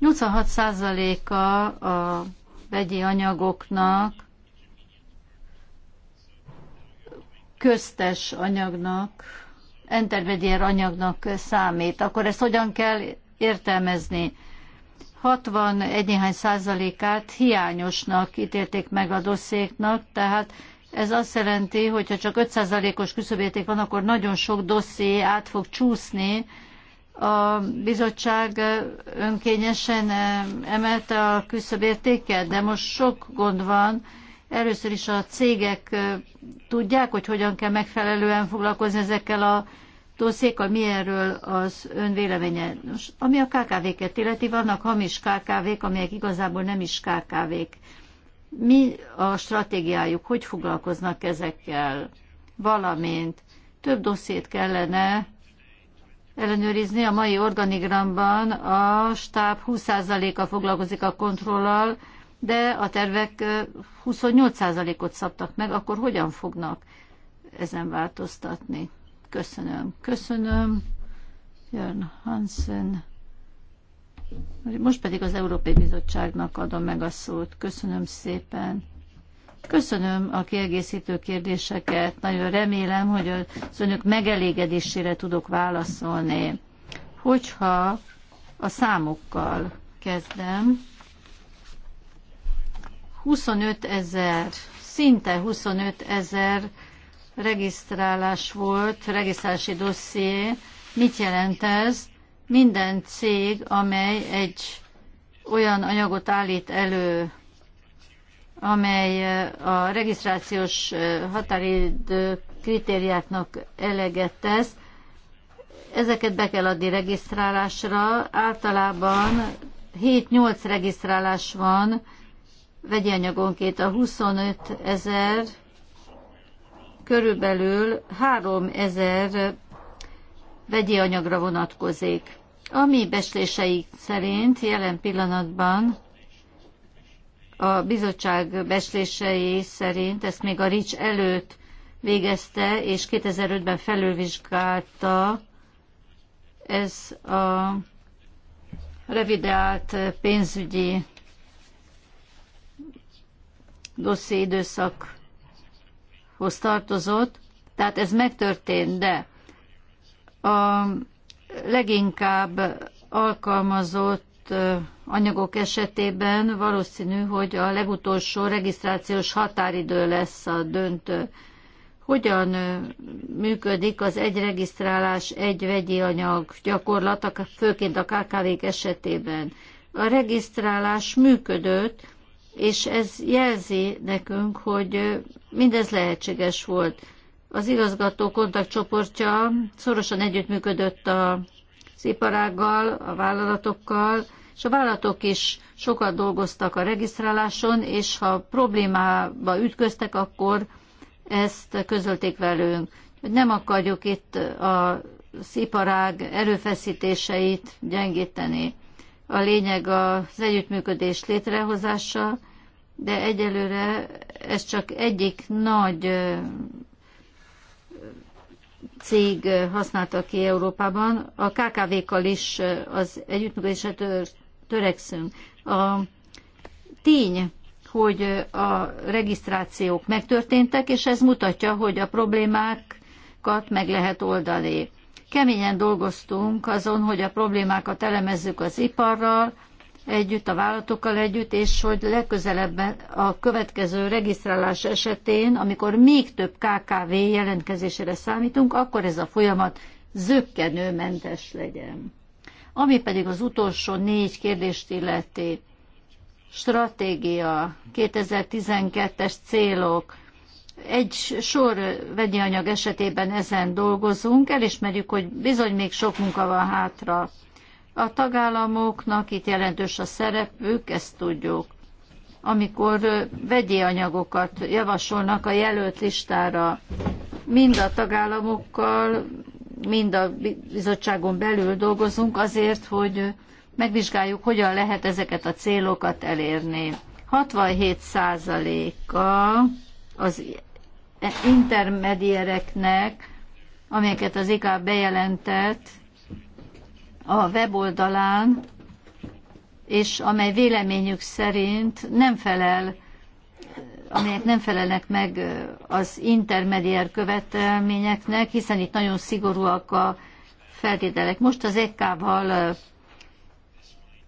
86%-a a vegyi anyagoknak köztes anyagnak, entervegyer anyagnak számít, akkor ezt hogyan kell értelmezni? 61 néhány százalékát hiányosnak ítélték meg a dosszéknak, tehát ez azt jelenti, hogy ha csak 5%-os küszöbérték van, akkor nagyon sok dosszié át fog csúszni. A bizottság önkényesen emelte a küszöbértéket, de most sok gond van. Először is a cégek tudják, hogy hogyan kell megfelelően foglalkozni ezekkel a dossziékkal, mi erről az ön véleménye? Nos, ami a KKV-ket illeti, vannak hamis KKV-k, amelyek igazából nem is KKV-k mi a stratégiájuk, hogy foglalkoznak ezekkel, valamint több dossziét kellene ellenőrizni. A mai organigramban a stáb 20%-a foglalkozik a kontrollal, de a tervek 28%-ot szabtak meg, akkor hogyan fognak ezen változtatni? Köszönöm. Köszönöm. Jön Hansen most pedig az Európai Bizottságnak adom meg a szót. Köszönöm szépen. Köszönöm a kiegészítő kérdéseket. Nagyon remélem, hogy az önök megelégedésére tudok válaszolni. Hogyha a számokkal kezdem, 25 ezer, szinte 25 ezer regisztrálás volt, regisztrálási dosszié. Mit jelent ez? minden cég, amely egy olyan anyagot állít elő, amely eh, a regisztrációs eh, határidő kritériáknak eleget tesz, ezeket be kell adni regisztrálásra. Általában 7-8 regisztrálás van vegyi anyagonként. A 25 ezer körülbelül 3 ezer vegyi anyagra vonatkozik. A mi besléseik szerint jelen pillanatban a bizottság beslései szerint ezt még a RICS előtt végezte, és 2005-ben felülvizsgálta ez a revideált pénzügyi dosszi időszakhoz tartozott, tehát ez megtörtént, de a leginkább alkalmazott anyagok esetében valószínű, hogy a legutolsó regisztrációs határidő lesz a döntő. Hogyan működik az egy regisztrálás, egy vegyi anyag gyakorlat, főként a KKV-k esetében? A regisztrálás működött, és ez jelzi nekünk, hogy mindez lehetséges volt. Az igazgató kontaktcsoportja szorosan együttműködött az iparággal, a vállalatokkal, és a vállalatok is sokat dolgoztak a regisztráláson, és ha problémába ütköztek, akkor ezt közölték velünk. Hogy nem akarjuk itt a sziparág erőfeszítéseit gyengíteni. A lényeg az együttműködés létrehozása, de egyelőre ez csak egyik nagy cég használta ki Európában. A KKV-kkal is az együttműködésre tör, törekszünk. A tény, hogy a regisztrációk megtörténtek, és ez mutatja, hogy a problémákat meg lehet oldani. Keményen dolgoztunk azon, hogy a problémákat elemezzük az iparral, együtt, a vállalatokkal együtt, és hogy legközelebb a következő regisztrálás esetén, amikor még több KKV jelentkezésére számítunk, akkor ez a folyamat zöggenőmentes legyen. Ami pedig az utolsó négy kérdést illeti, stratégia, 2012-es célok, egy sor vegyi anyag esetében ezen dolgozunk, elismerjük, hogy bizony még sok munka van hátra. A tagállamoknak itt jelentős a szerepük, ezt tudjuk. Amikor vegyi anyagokat javasolnak a jelölt listára, mind a tagállamokkal, mind a bizottságon belül dolgozunk azért, hogy megvizsgáljuk, hogyan lehet ezeket a célokat elérni. 67%-a az intermediereknek, amelyeket az IKA bejelentett, a weboldalán, és amely véleményük szerint nem felel, amelyek nem felelnek meg az intermediár követelményeknek, hiszen itt nagyon szigorúak a feltételek. Most az EK-val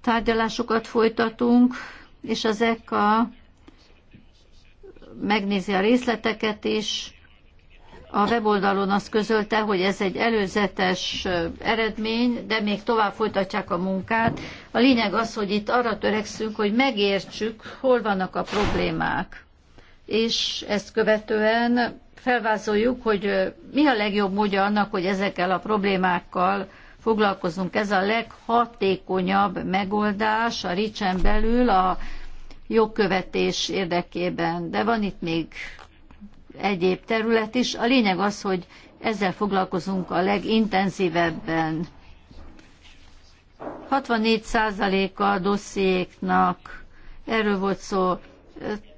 tárgyalásokat folytatunk, és az EK megnézi a részleteket is, a weboldalon azt közölte, hogy ez egy előzetes eredmény, de még tovább folytatják a munkát. A lényeg az, hogy itt arra törekszünk, hogy megértsük, hol vannak a problémák. És ezt követően felvázoljuk, hogy mi a legjobb módja annak, hogy ezekkel a problémákkal foglalkozunk. Ez a leghatékonyabb megoldás a ricsen belül a jogkövetés érdekében. De van itt még egyéb terület is. A lényeg az, hogy ezzel foglalkozunk a legintenzívebben. 64%-a a dossziéknak, erről volt szó,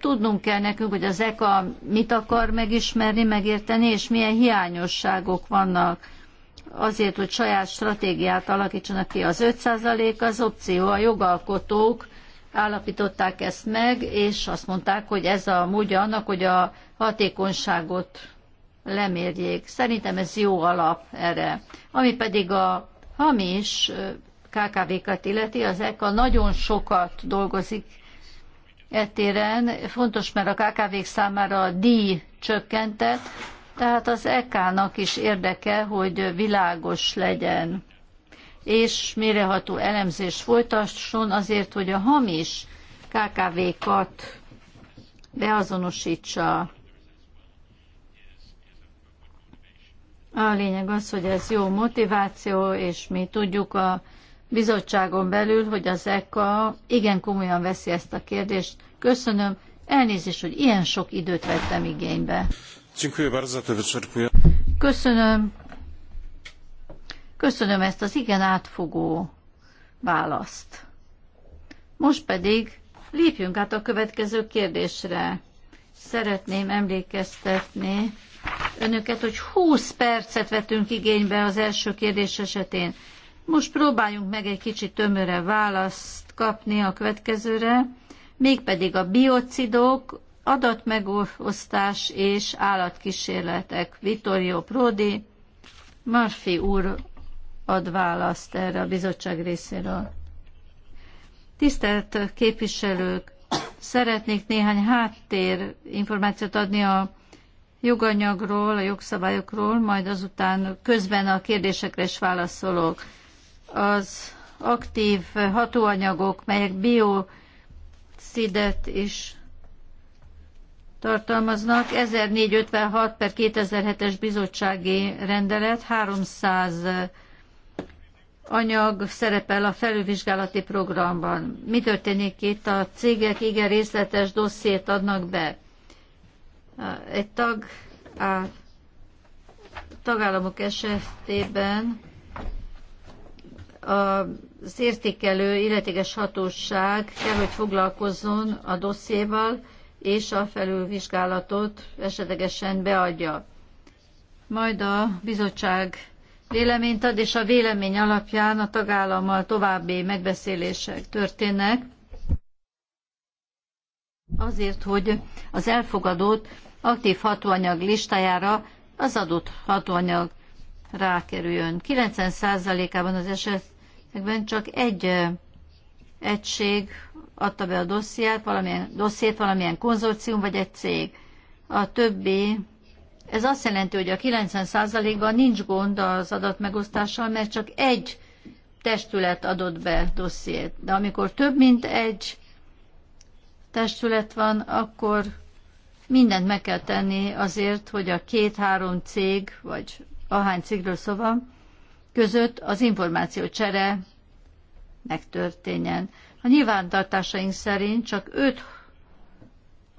tudnunk kell nekünk, hogy az ECA mit akar megismerni, megérteni, és milyen hiányosságok vannak azért, hogy saját stratégiát alakítsanak ki. Az 5% az opció, a jogalkotók állapították ezt meg, és azt mondták, hogy ez a módja annak, hogy a hatékonyságot lemérjék. Szerintem ez jó alap erre. Ami pedig a hamis KKV-kat illeti, az EKA nagyon sokat dolgozik ettéren. Fontos, mert a KKV-k számára a díj csökkentett, tehát az EK-nak is érdeke, hogy világos legyen és méreható elemzés folytasson azért, hogy a hamis KKV-kat beazonosítsa. A lényeg az, hogy ez jó motiváció, és mi tudjuk a bizottságon belül, hogy az ECA igen komolyan veszi ezt a kérdést. Köszönöm, elnézést, hogy ilyen sok időt vettem igénybe. Köszönöm, Köszönöm ezt az igen átfogó választ. Most pedig lépjünk át a következő kérdésre. Szeretném emlékeztetni önöket, hogy 20 percet vetünk igénybe az első kérdés esetén. Most próbáljunk meg egy kicsit tömöre választ kapni a következőre, mégpedig a biocidok, adatmegosztás és állatkísérletek. Vittorio Prodi, Murphy úr ad választ erre a bizottság részéről. Tisztelt képviselők, szeretnék néhány háttér információt adni a joganyagról, a jogszabályokról, majd azután közben a kérdésekre is válaszolok. Az aktív hatóanyagok, melyek biocidet is tartalmaznak, 1456 per 2007-es bizottsági rendelet 300 anyag szerepel a felülvizsgálati programban. Mi történik itt? A cégek igen részletes dossziét adnak be. Egy tag a tagállamok esetében az értékelő illetékes hatóság kell, hogy foglalkozzon a dossziéval, és a felülvizsgálatot esetlegesen beadja. Majd a bizottság véleményt ad, és a vélemény alapján a tagállammal további megbeszélések történnek, azért, hogy az elfogadott aktív hatóanyag listájára az adott hatóanyag rákerüljön. 90%-ában az esetekben csak egy egység adta be a dossziát, valamilyen, dossziét valamilyen konzorcium vagy egy cég. A többi ez azt jelenti, hogy a 90%-ban nincs gond az adatmegosztással, mert csak egy testület adott be dossziét. De amikor több mint egy testület van, akkor mindent meg kell tenni azért, hogy a két-három cég, vagy ahány cégről szó van, között az információ csere megtörténjen. A nyilvántartásaink szerint csak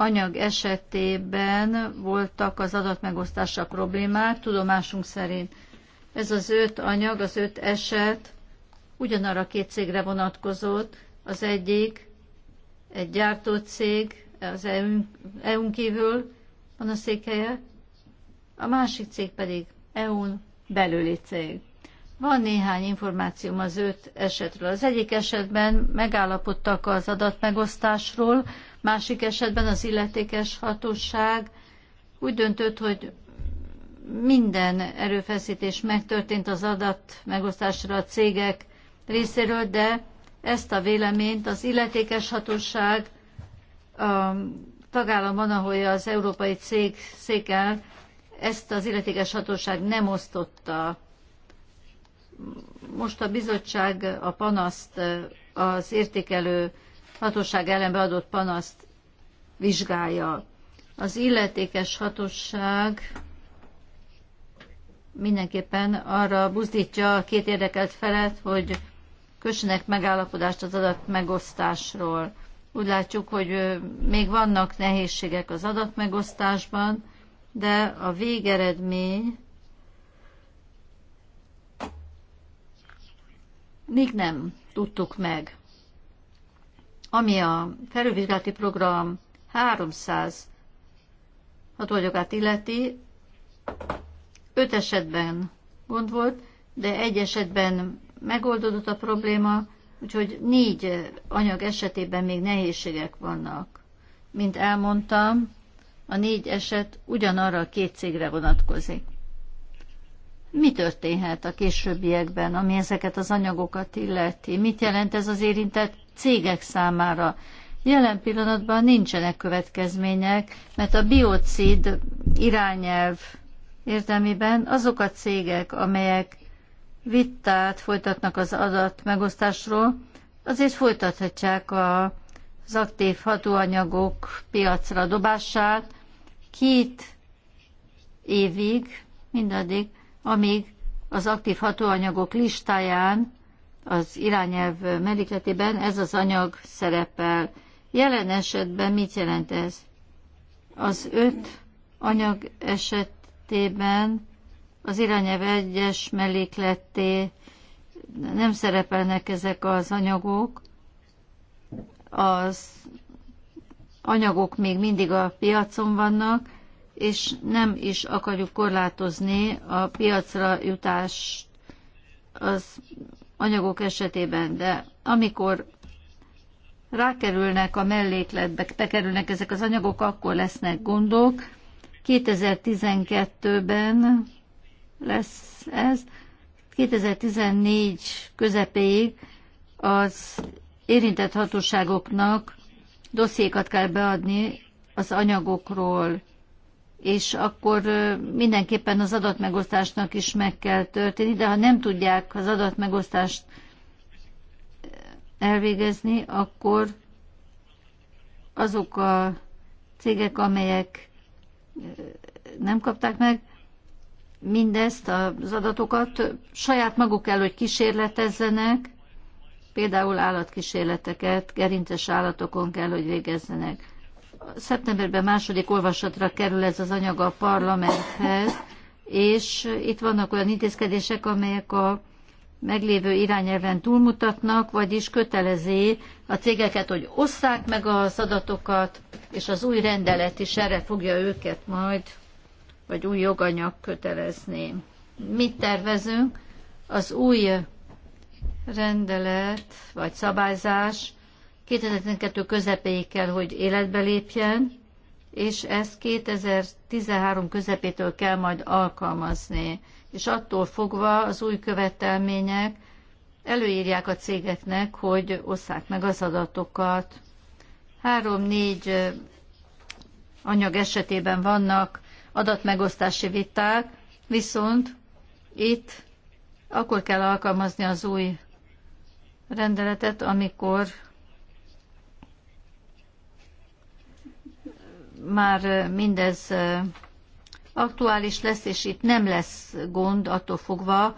anyag esetében voltak az adatmegosztással problémák, tudomásunk szerint. Ez az öt anyag, az öt eset ugyanarra két cégre vonatkozott. Az egyik egy gyártócég, az EU-n, eu kívül van a székhelye, a másik cég pedig EU-n belüli cég. Van néhány információm az öt esetről. Az egyik esetben megállapodtak az adatmegosztásról, másik esetben az illetékes hatóság úgy döntött, hogy minden erőfeszítés megtörtént az adat megosztásra a cégek részéről, de ezt a véleményt az illetékes hatóság a tagállamban, ahol az európai cég székel, ezt az illetékes hatóság nem osztotta. Most a bizottság a panaszt az értékelő hatóság ellen beadott panaszt vizsgálja. Az illetékes hatóság mindenképpen arra buzdítja a két érdekelt felet, hogy kössenek megállapodást az adat megosztásról. Úgy látjuk, hogy még vannak nehézségek az adatmegosztásban, de a végeredmény még nem tudtuk meg. Ami a felülvizsgálati program 300 hatóanyagát illeti, öt esetben gond volt, de egy esetben megoldódott a probléma, úgyhogy négy anyag esetében még nehézségek vannak. Mint elmondtam, a négy eset ugyanarra a két cégre vonatkozik mi történhet a későbbiekben, ami ezeket az anyagokat illeti? Mit jelent ez az érintett cégek számára? Jelen pillanatban nincsenek következmények, mert a biocid irányelv értelmében azok a cégek, amelyek vittát folytatnak az adat megosztásról, azért folytathatják az aktív hatóanyagok piacra dobását két évig, mindaddig, amíg az aktív hatóanyagok listáján, az irányelv mellékletében ez az anyag szerepel. Jelen esetben mit jelent ez? Az öt anyag esetében az irányelv egyes mellékletté nem szerepelnek ezek az anyagok. Az anyagok még mindig a piacon vannak, és nem is akarjuk korlátozni a piacra jutást az anyagok esetében, de amikor rákerülnek a mellékletbe, bekerülnek ezek az anyagok, akkor lesznek gondok. 2012-ben lesz ez, 2014 közepéig az érintett hatóságoknak dossziékat kell beadni az anyagokról, és akkor mindenképpen az adatmegosztásnak is meg kell történni, de ha nem tudják az adatmegosztást elvégezni, akkor azok a cégek, amelyek nem kapták meg mindezt, az adatokat, saját maguk el, hogy kísérletezzenek, például állatkísérleteket, gerinces állatokon kell, hogy végezzenek szeptemberben második olvasatra kerül ez az anyag a parlamenthez, és itt vannak olyan intézkedések, amelyek a meglévő irányelven túlmutatnak, vagyis kötelezi a cégeket, hogy osszák meg az adatokat, és az új rendelet is erre fogja őket majd, vagy új joganyag kötelezni. Mit tervezünk? Az új rendelet vagy szabályzás 2012 közepéig kell, hogy életbe lépjen, és ezt 2013 közepétől kell majd alkalmazni. És attól fogva az új követelmények előírják a cégeknek, hogy osszák meg az adatokat. Három-négy anyag esetében vannak adatmegosztási viták, viszont itt akkor kell alkalmazni az új rendeletet, amikor már mindez aktuális lesz, és itt nem lesz gond attól fogva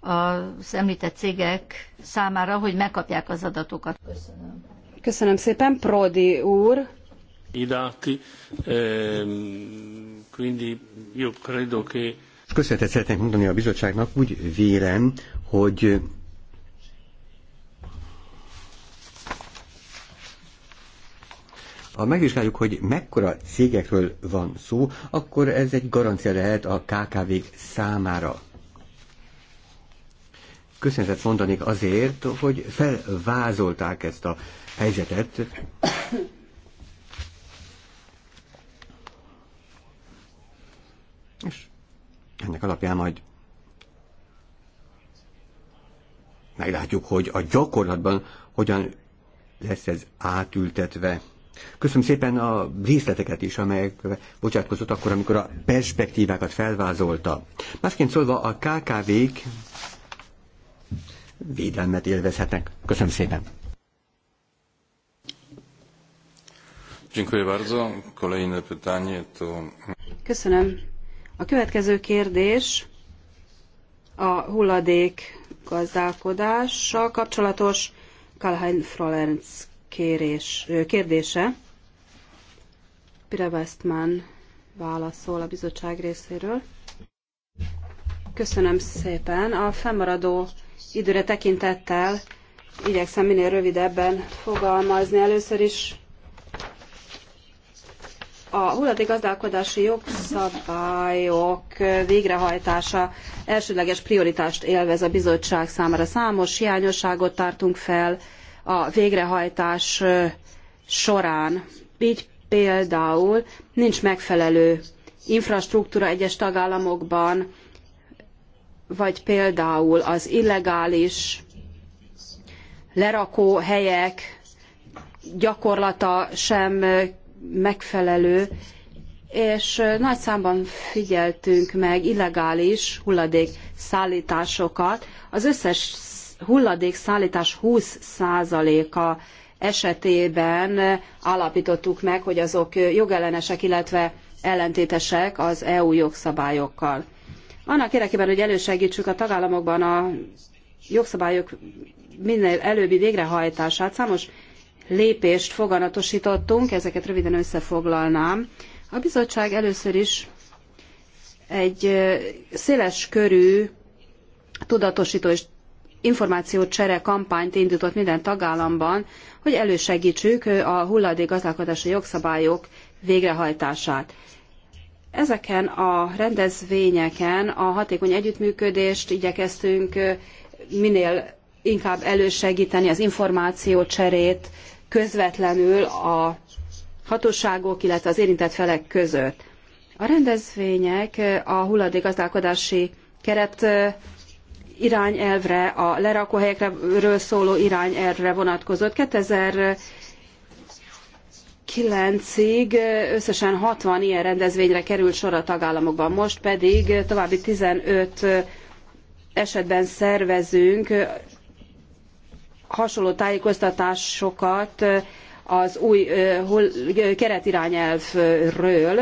az említett cégek számára, hogy megkapják az adatokat. Köszönöm. Köszönöm szépen, Prodi úr. Köszönetet szeretnék mondani a bizottságnak, úgy vélem, hogy Ha megvizsgáljuk, hogy mekkora cégekről van szó, akkor ez egy garancia lehet a kkv számára. Köszönetet mondanék azért, hogy felvázolták ezt a helyzetet. És ennek alapján majd meglátjuk, hogy a gyakorlatban hogyan lesz ez átültetve. Köszönöm szépen a részleteket is, amelyek bocsátkozott akkor, amikor a perspektívákat felvázolta. Másként szólva a KKV-k védelmet élvezhetnek. Köszönöm szépen. Köszönöm. A következő kérdés a hulladék gazdálkodással kapcsolatos Kalhain Frolenc kérés, kérdése. Pire Westman válaszol a bizottság részéről. Köszönöm szépen. A fennmaradó időre tekintettel igyekszem minél rövidebben fogalmazni. Először is a hulladékgazdálkodási jogszabályok végrehajtása elsődleges prioritást élvez a bizottság számára. Számos hiányosságot tártunk fel, a végrehajtás során. Így például nincs megfelelő infrastruktúra egyes tagállamokban, vagy például az illegális lerakó helyek gyakorlata sem megfelelő, és nagy számban figyeltünk meg illegális hulladék szállításokat az összes hulladékszállítás 20%-a esetében állapítottuk meg, hogy azok jogellenesek, illetve ellentétesek az EU jogszabályokkal. Annak érdekében, hogy elősegítsük a tagállamokban a jogszabályok minél előbbi végrehajtását, számos lépést foganatosítottunk, ezeket röviden összefoglalnám. A bizottság először is egy széles körű tudatosító és információcsere kampányt indított minden tagállamban, hogy elősegítsük a hulladék gazdálkodási jogszabályok végrehajtását. Ezeken a rendezvényeken a hatékony együttműködést igyekeztünk minél inkább elősegíteni az információcserét közvetlenül a hatóságok, illetve az érintett felek között. A rendezvények a hulladékgazdálkodási keret irányelvre, a lerakóhelyekről szóló irányelvre vonatkozott. 2009-ig összesen 60 ilyen rendezvényre került sor a tagállamokban, most pedig további 15 esetben szervezünk hasonló tájékoztatásokat az új keretirányelvről.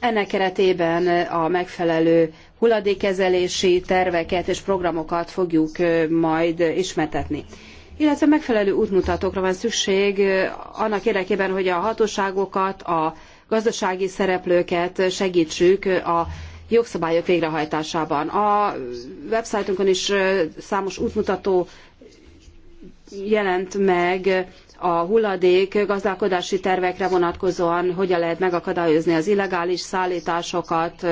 Ennek keretében a megfelelő hulladékkezelési terveket és programokat fogjuk majd ismertetni. Illetve megfelelő útmutatókra van szükség annak érdekében, hogy a hatóságokat, a gazdasági szereplőket segítsük a jogszabályok végrehajtásában. A websájtunkon is számos útmutató jelent meg a hulladék gazdálkodási tervekre vonatkozóan, hogyan lehet megakadályozni az illegális szállításokat,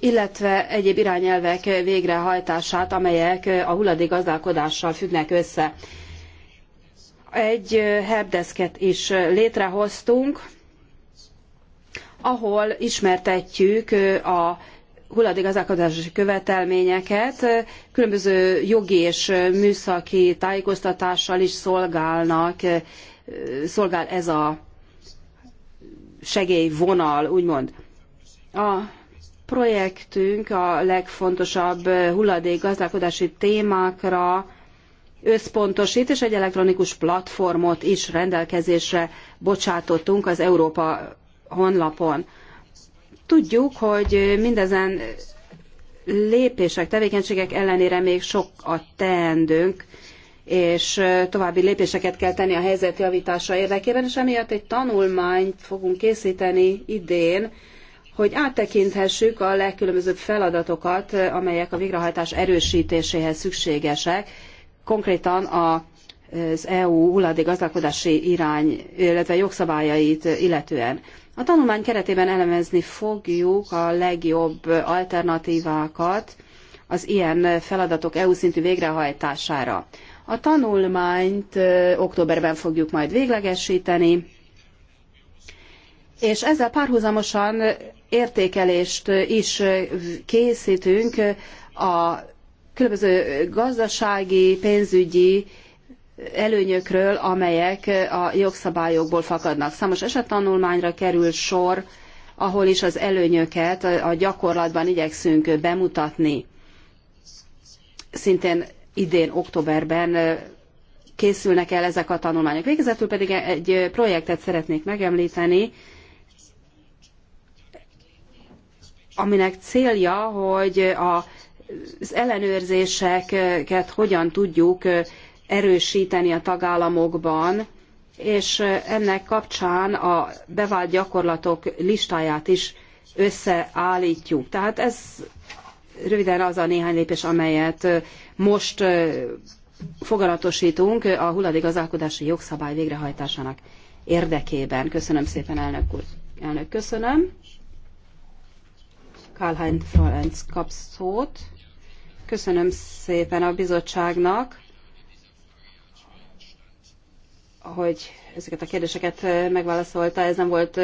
illetve egyéb irányelvek végrehajtását, amelyek a hulladékgazdálkodással függnek össze. Egy helpdesket is létrehoztunk, ahol ismertetjük a hulladékgazdálkodási követelményeket, különböző jogi és műszaki tájékoztatással is szolgálnak, szolgál ez a segélyvonal, úgymond. A projektünk a legfontosabb eh, hulladékgazdálkodási témákra összpontosít, és egy elektronikus platformot is rendelkezésre bocsátottunk az Európa honlapon. Tudjuk, hogy mindezen lépések, tevékenységek ellenére még sok a teendőnk, és eh, további lépéseket kell tenni a helyzet javítása érdekében, és emiatt egy tanulmányt fogunk készíteni idén, hogy áttekinthessük a legkülönbözőbb feladatokat, amelyek a végrehajtás erősítéséhez szükségesek, konkrétan az EU hulladékgazdálkodási irány, illetve jogszabályait illetően. A tanulmány keretében elemezni fogjuk a legjobb alternatívákat az ilyen feladatok EU szintű végrehajtására. A tanulmányt októberben fogjuk majd véglegesíteni, és ezzel párhuzamosan értékelést is készítünk a különböző gazdasági, pénzügyi előnyökről, amelyek a jogszabályokból fakadnak. Számos esettanulmányra kerül sor, ahol is az előnyöket a gyakorlatban igyekszünk bemutatni. Szintén idén októberben készülnek el ezek a tanulmányok. Végezetül pedig egy projektet szeretnék megemlíteni, aminek célja, hogy a az ellenőrzéseket hogyan tudjuk erősíteni a tagállamokban, és ennek kapcsán a bevált gyakorlatok listáját is összeállítjuk. Tehát ez röviden az a néhány lépés, amelyet most foganatosítunk a hulladékgazdálkodási jogszabály végrehajtásának érdekében. Köszönöm szépen, elnök úr. Elnök, köszönöm. Karl-Heinz Florenz kap szót. Köszönöm szépen a bizottságnak, hogy ezeket a kérdéseket megválaszolta. Ez nem volt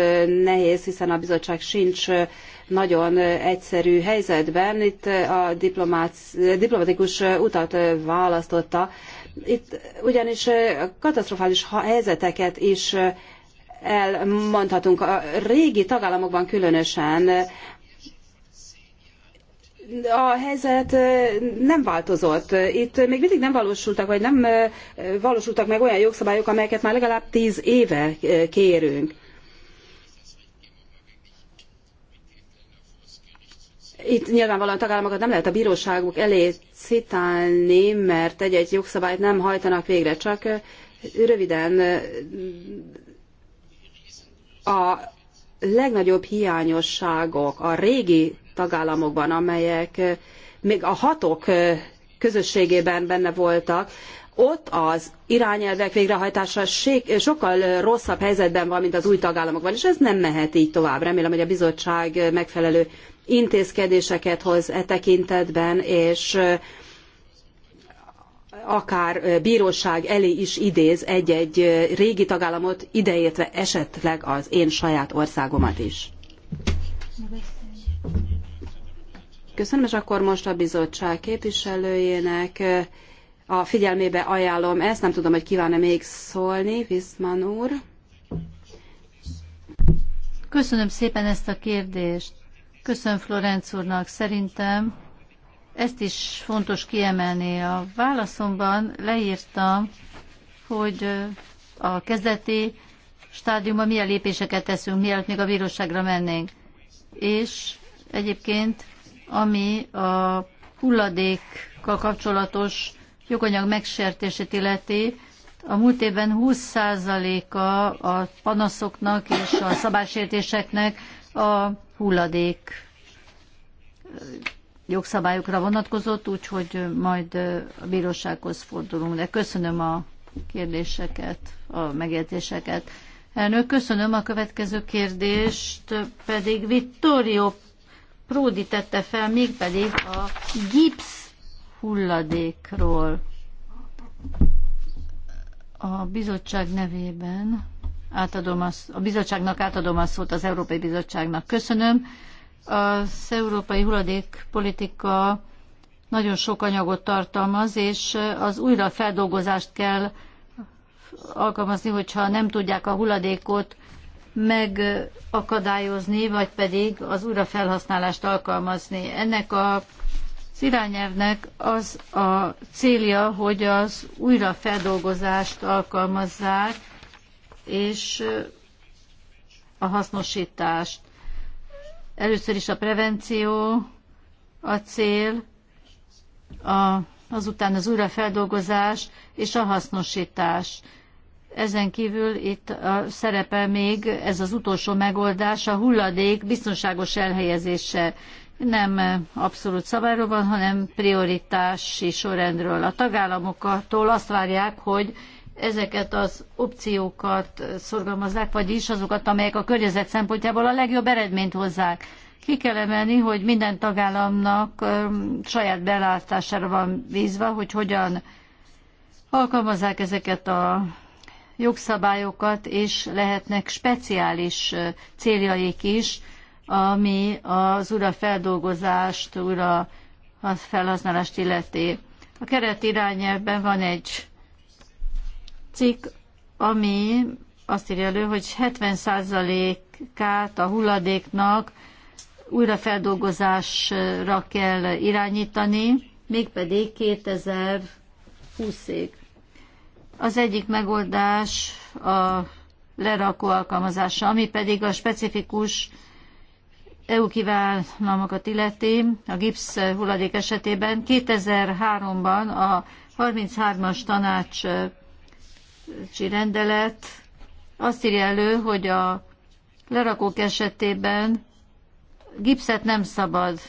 nehéz, hiszen a bizottság sincs nagyon egyszerű helyzetben. Itt a diplomatikus utat választotta. Itt ugyanis katasztrofális helyzeteket is elmondhatunk. A régi tagállamokban különösen a helyzet nem változott. Itt még mindig nem valósultak, vagy nem valósultak meg olyan jogszabályok, amelyeket már legalább tíz éve kérünk. Itt nyilvánvalóan tagállamokat nem lehet a bíróságok elé citálni, mert egy-egy jogszabályt nem hajtanak végre, csak röviden a legnagyobb hiányosságok, a régi tagállamokban, amelyek eh, még a hatok eh, közösségében benne voltak, ott az irányelvek végrehajtása sokkal eh, rosszabb helyzetben van, mint az új tagállamokban, és ez nem mehet így tovább. Remélem, hogy a bizottság megfelelő intézkedéseket hoz e tekintetben, és akár bíróság elé is idéz egy-egy régi tagállamot, ideértve esetleg az én saját országomat is. Köszönöm, és akkor most a bizottság képviselőjének a figyelmébe ajánlom ezt. Nem tudom, hogy kíván-e még szólni, Viszman úr. Köszönöm szépen ezt a kérdést. Köszönöm Florenc úrnak. Szerintem ezt is fontos kiemelni. A válaszomban leírtam, hogy a kezdeti stádiumban milyen lépéseket teszünk, mielőtt még a bíróságra mennénk. És egyébként ami a hulladékkal kapcsolatos joganyag megsértését illeti. A múlt évben 20%-a a panaszoknak és a szabálysértéseknek a hulladék jogszabályokra vonatkozott, úgyhogy majd a bírósághoz fordulunk. De köszönöm a kérdéseket, a megértéseket. Elnök, köszönöm. A következő kérdést pedig Vittorio Pródi tette fel, mégpedig a gipsz hulladékról. A bizottság nevében átadom a, a bizottságnak átadom a szót az Európai Bizottságnak. Köszönöm. Az európai hulladékpolitika nagyon sok anyagot tartalmaz, és az újrafeldolgozást kell alkalmazni, hogyha nem tudják a hulladékot megakadályozni, vagy pedig az újrafelhasználást alkalmazni. Ennek a irányelvnek az a célja, hogy az újrafeldolgozást alkalmazzák, és a hasznosítást. Először is a prevenció a cél, a, azután az újrafeldolgozás és a hasznosítás. Ezen kívül itt a szerepe még, ez az utolsó megoldás, a hulladék biztonságos elhelyezése nem abszolút szabályról van, hanem prioritási sorrendről. A tagállamoktól azt várják, hogy ezeket az opciókat szorgalmazzák, vagyis azokat, amelyek a környezet szempontjából a legjobb eredményt hozzák. Ki kell emelni, hogy minden tagállamnak saját belátására van bízva, hogy hogyan alkalmazzák ezeket a jogszabályokat, és lehetnek speciális céljaik is, ami az újrafeldolgozást, újra felhasználást illeti. A keret irányelvben van egy cikk, ami azt írja elő, hogy 70%-át a hulladéknak újrafeldolgozásra kell irányítani, mégpedig 2020-ig. Az egyik megoldás a lerakó alkalmazása, ami pedig a specifikus EU kívánalmakat illeti a gipsz hulladék esetében. 2003-ban a 33-as tanácsi rendelet azt írja elő, hogy a lerakók esetében gipszet nem szabad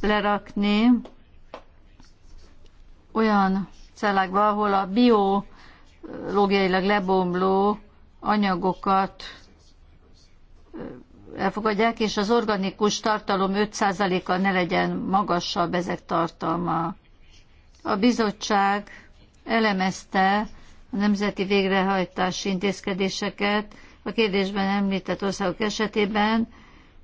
lerakni, olyan cellákba, ahol a biológiailag lebomló anyagokat elfogadják, és az organikus tartalom 5%-a ne legyen magasabb ezek tartalma. A bizottság elemezte a nemzeti végrehajtási intézkedéseket a kérdésben említett országok esetében,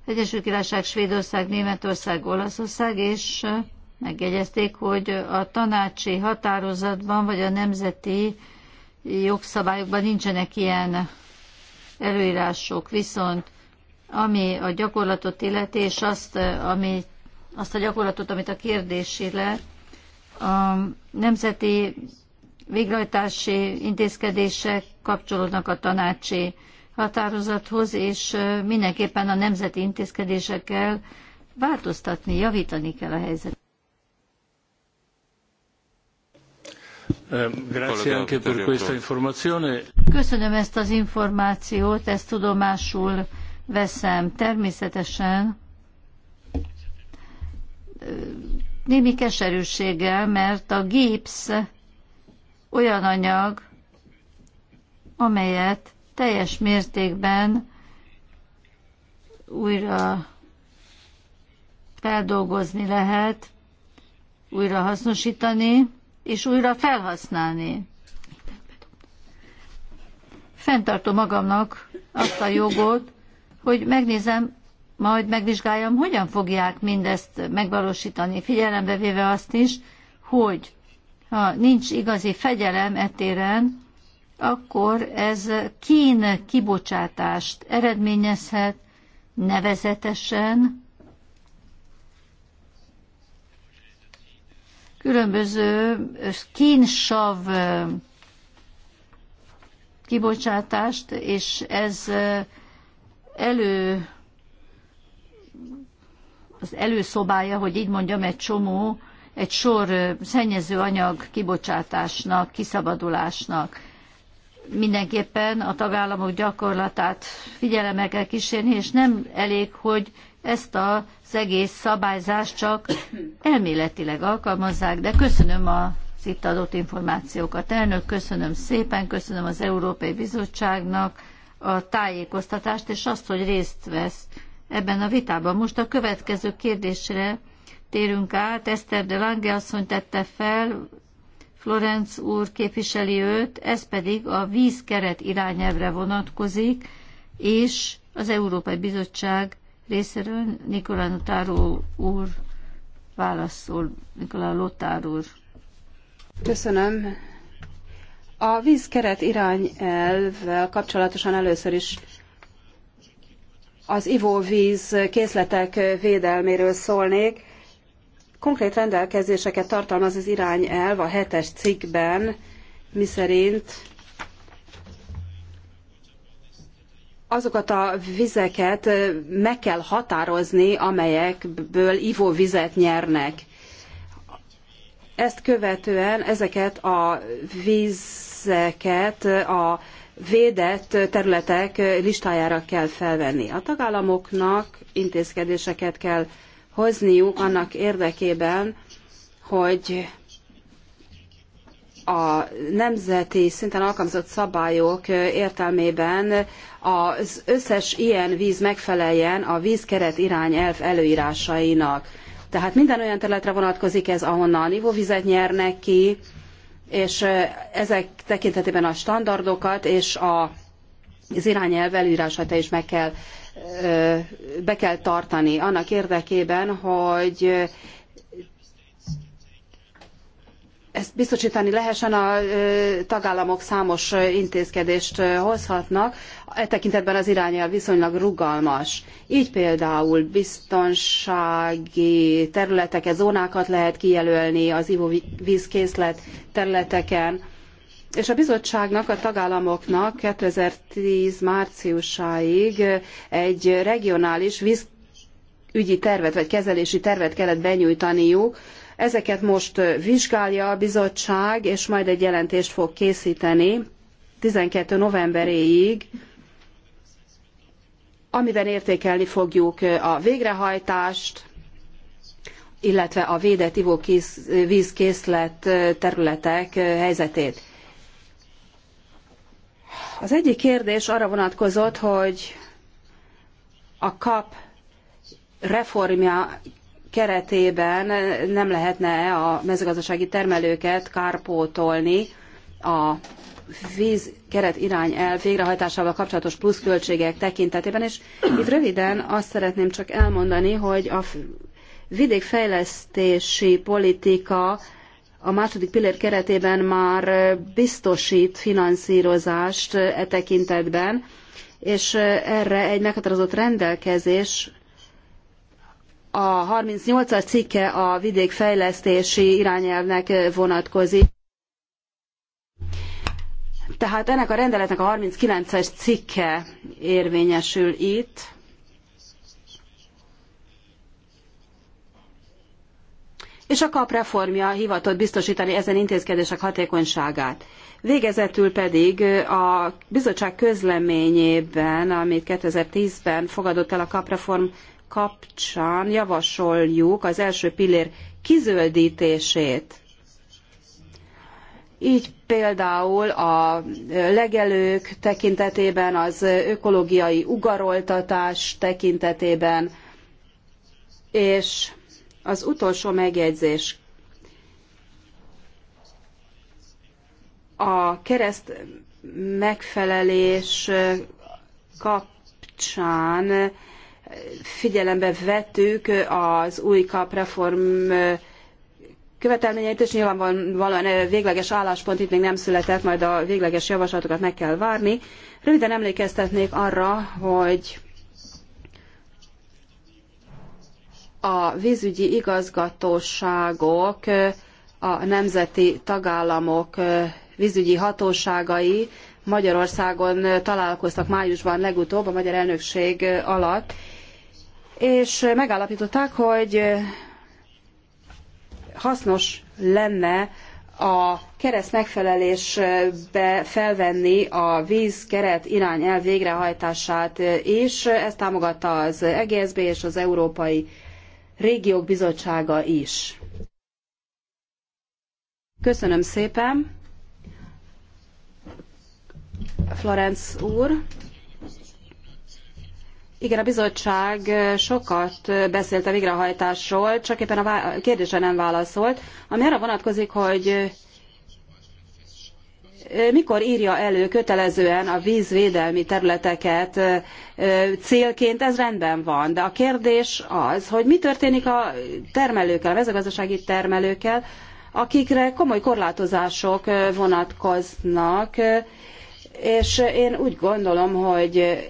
Egyesült Királyság, Svédország, Németország, Olaszország, és megjegyezték, hogy a tanácsi határozatban vagy a nemzeti jogszabályokban nincsenek ilyen előírások, viszont ami a gyakorlatot illeti, és azt, ami, azt a gyakorlatot, amit a kérdés illet, a nemzeti végrehajtási intézkedések kapcsolódnak a tanácsi határozathoz, és mindenképpen a nemzeti intézkedésekkel változtatni, javítani kell a helyzetet. Köszönöm ezt az információt, ezt tudomásul veszem. Természetesen némi keserűséggel, mert a gipsz olyan anyag, amelyet teljes mértékben újra feldolgozni lehet, újra hasznosítani, és újra felhasználni. Fentartom magamnak azt a jogot, hogy megnézem, majd megvizsgáljam, hogyan fogják mindezt megvalósítani, figyelembe véve azt is, hogy ha nincs igazi fegyelem etéren, akkor ez kín kibocsátást eredményezhet nevezetesen különböző kínsav kibocsátást, és ez elő az előszobája, hogy így mondjam, egy csomó, egy sor szennyező anyag kibocsátásnak, kiszabadulásnak mindenképpen a tagállamok gyakorlatát figyelemmel kell kísérni, és nem elég, hogy ezt az egész szabályzást csak elméletileg alkalmazzák, de köszönöm a itt adott információkat. Elnök, köszönöm szépen, köszönöm az Európai Bizottságnak a tájékoztatást, és azt, hogy részt vesz ebben a vitában. Most a következő kérdésre térünk át. Eszter de Lange asszony tette fel, Florenc úr képviseli őt, ez pedig a vízkeret irányelvre vonatkozik, és az Európai Bizottság részéről Nikola Notáró úr válaszol, Nikola Lotár úr. Köszönöm. A vízkeret irányelvvel kapcsolatosan először is az ivóvíz készletek védelméről szólnék konkrét rendelkezéseket tartalmaz az irányelv a hetes cikkben, miszerint azokat a vizeket meg kell határozni, amelyekből ivóvizet nyernek. Ezt követően ezeket a vizeket a védett területek listájára kell felvenni. A tagállamoknak intézkedéseket kell hozniuk annak érdekében, hogy a nemzeti szinten alkalmazott szabályok értelmében az összes ilyen víz megfeleljen a vízkeret irányelv előírásainak. Tehát minden olyan területre vonatkozik ez, ahonnan ivóvizet nyernek ki, és ezek tekintetében a standardokat és az irányelv előírásait is meg kell be kell tartani annak érdekében, hogy ezt biztosítani lehessen, a tagállamok számos intézkedést hozhatnak, e tekintetben az irányelv viszonylag rugalmas. Így például biztonsági területeket, zónákat lehet kijelölni az ivóvízkészlet területeken, és a bizottságnak, a tagállamoknak 2010 márciusáig egy regionális vízügyi tervet, vagy kezelési tervet kellett benyújtaniuk. Ezeket most vizsgálja a bizottság, és majd egy jelentést fog készíteni 12. novemberéig, amiben értékelni fogjuk a végrehajtást, illetve a védett ivóvízkészlet területek helyzetét. Az egyik kérdés arra vonatkozott, hogy a kap reformja keretében nem lehetne a mezőgazdasági termelőket kárpótolni a víz keret irányelv végrehajtásával kapcsolatos pluszköltségek tekintetében, és itt röviden azt szeretném csak elmondani, hogy a vidékfejlesztési politika a második pillér keretében már biztosít finanszírozást e tekintetben, és erre egy meghatározott rendelkezés a 38-as cikke a vidékfejlesztési irányelvnek vonatkozik. Tehát ennek a rendeletnek a 39-es cikke érvényesül itt. és a KAP reformja hivatott biztosítani ezen intézkedések hatékonyságát. Végezetül pedig a bizottság közleményében, amit 2010-ben fogadott el a KAP reform kapcsán javasoljuk az első pillér kizöldítését. Így például a legelők tekintetében, az ökológiai ugaroltatás tekintetében, és az utolsó megjegyzés. A kereszt megfelelés kapcsán figyelembe vettük az új kapreform követelményeit, és nyilvánvalóan eh, végleges álláspont itt még nem született, majd a végleges javaslatokat meg kell várni. Röviden emlékeztetnék arra, hogy a vízügyi igazgatóságok, a nemzeti tagállamok vízügyi hatóságai Magyarországon találkoztak májusban legutóbb a magyar elnökség alatt, és megállapították, hogy hasznos lenne a kereszt megfelelésbe felvenni a vízkeret irányelv végrehajtását is. Ezt támogatta az EGSB és az Európai régiók bizottsága is. Köszönöm szépen. Florence úr. Igen, a bizottság sokat beszélt a végrehajtásról, csak éppen a kérdésre nem válaszolt, ami arra vonatkozik, hogy mikor írja elő kötelezően a vízvédelmi területeket célként, ez rendben van. De a kérdés az, hogy mi történik a termelőkkel, a mezőgazdasági termelőkkel, akikre komoly korlátozások vonatkoznak, és én úgy gondolom, hogy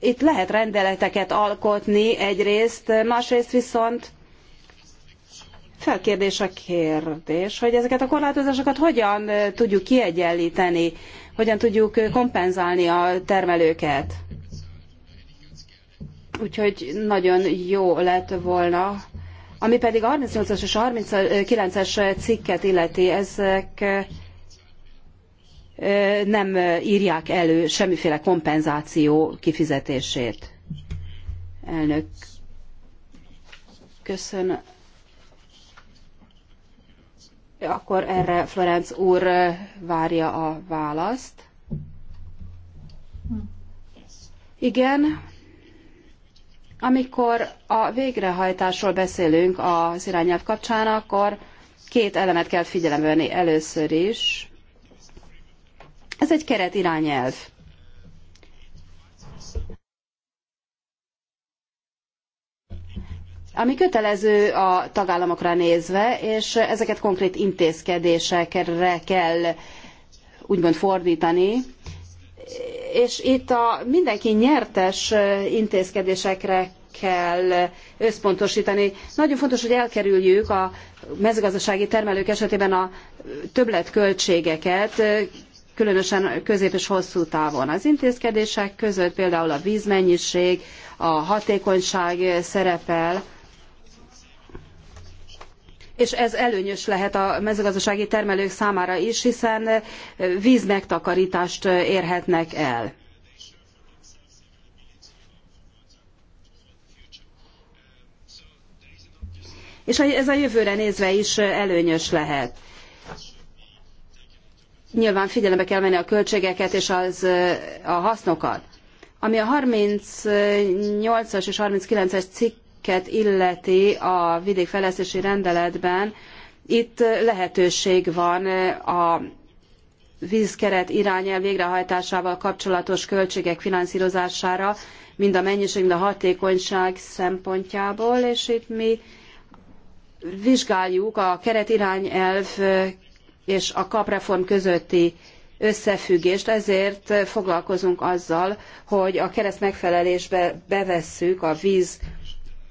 itt lehet rendeleteket alkotni egyrészt, másrészt viszont Felkérdés a kérdés, hogy ezeket a korlátozásokat hogyan tudjuk kiegyenlíteni, hogyan tudjuk kompenzálni a termelőket. Úgyhogy nagyon jó lett volna. Ami pedig a 38-as és 39-es cikket illeti, ezek nem írják elő semmiféle kompenzáció kifizetését. Elnök, köszönöm akkor erre Florenc úr eh, várja a választ. Igen, amikor a végrehajtásról beszélünk az irányelv kapcsán, akkor két elemet kell figyelembe venni először is. Ez egy keret irányelv. ami kötelező a tagállamokra nézve, és ezeket konkrét intézkedésekre kell úgymond fordítani, és itt a mindenki nyertes intézkedésekre kell összpontosítani. Nagyon fontos, hogy elkerüljük a mezőgazdasági termelők esetében a többletköltségeket, különösen közép és hosszú távon. Az intézkedések között például a vízmennyiség, a hatékonyság szerepel, és ez előnyös lehet a mezőgazdasági termelők számára is, hiszen vízmegtakarítást érhetnek el. És ez a jövőre nézve is előnyös lehet. Nyilván figyelembe kell venni a költségeket és az, a hasznokat. Ami a 38-as és 39-es cikk amelyeket illeti a vidékfejlesztési rendeletben, itt lehetőség van a vízkeret irányelv végrehajtásával kapcsolatos költségek finanszírozására, mind a mennyiség, mind a hatékonyság szempontjából, és itt mi vizsgáljuk a keretirányelv és a kapreform közötti összefüggést, ezért foglalkozunk azzal, hogy a kereszt megfelelésbe bevesszük a víz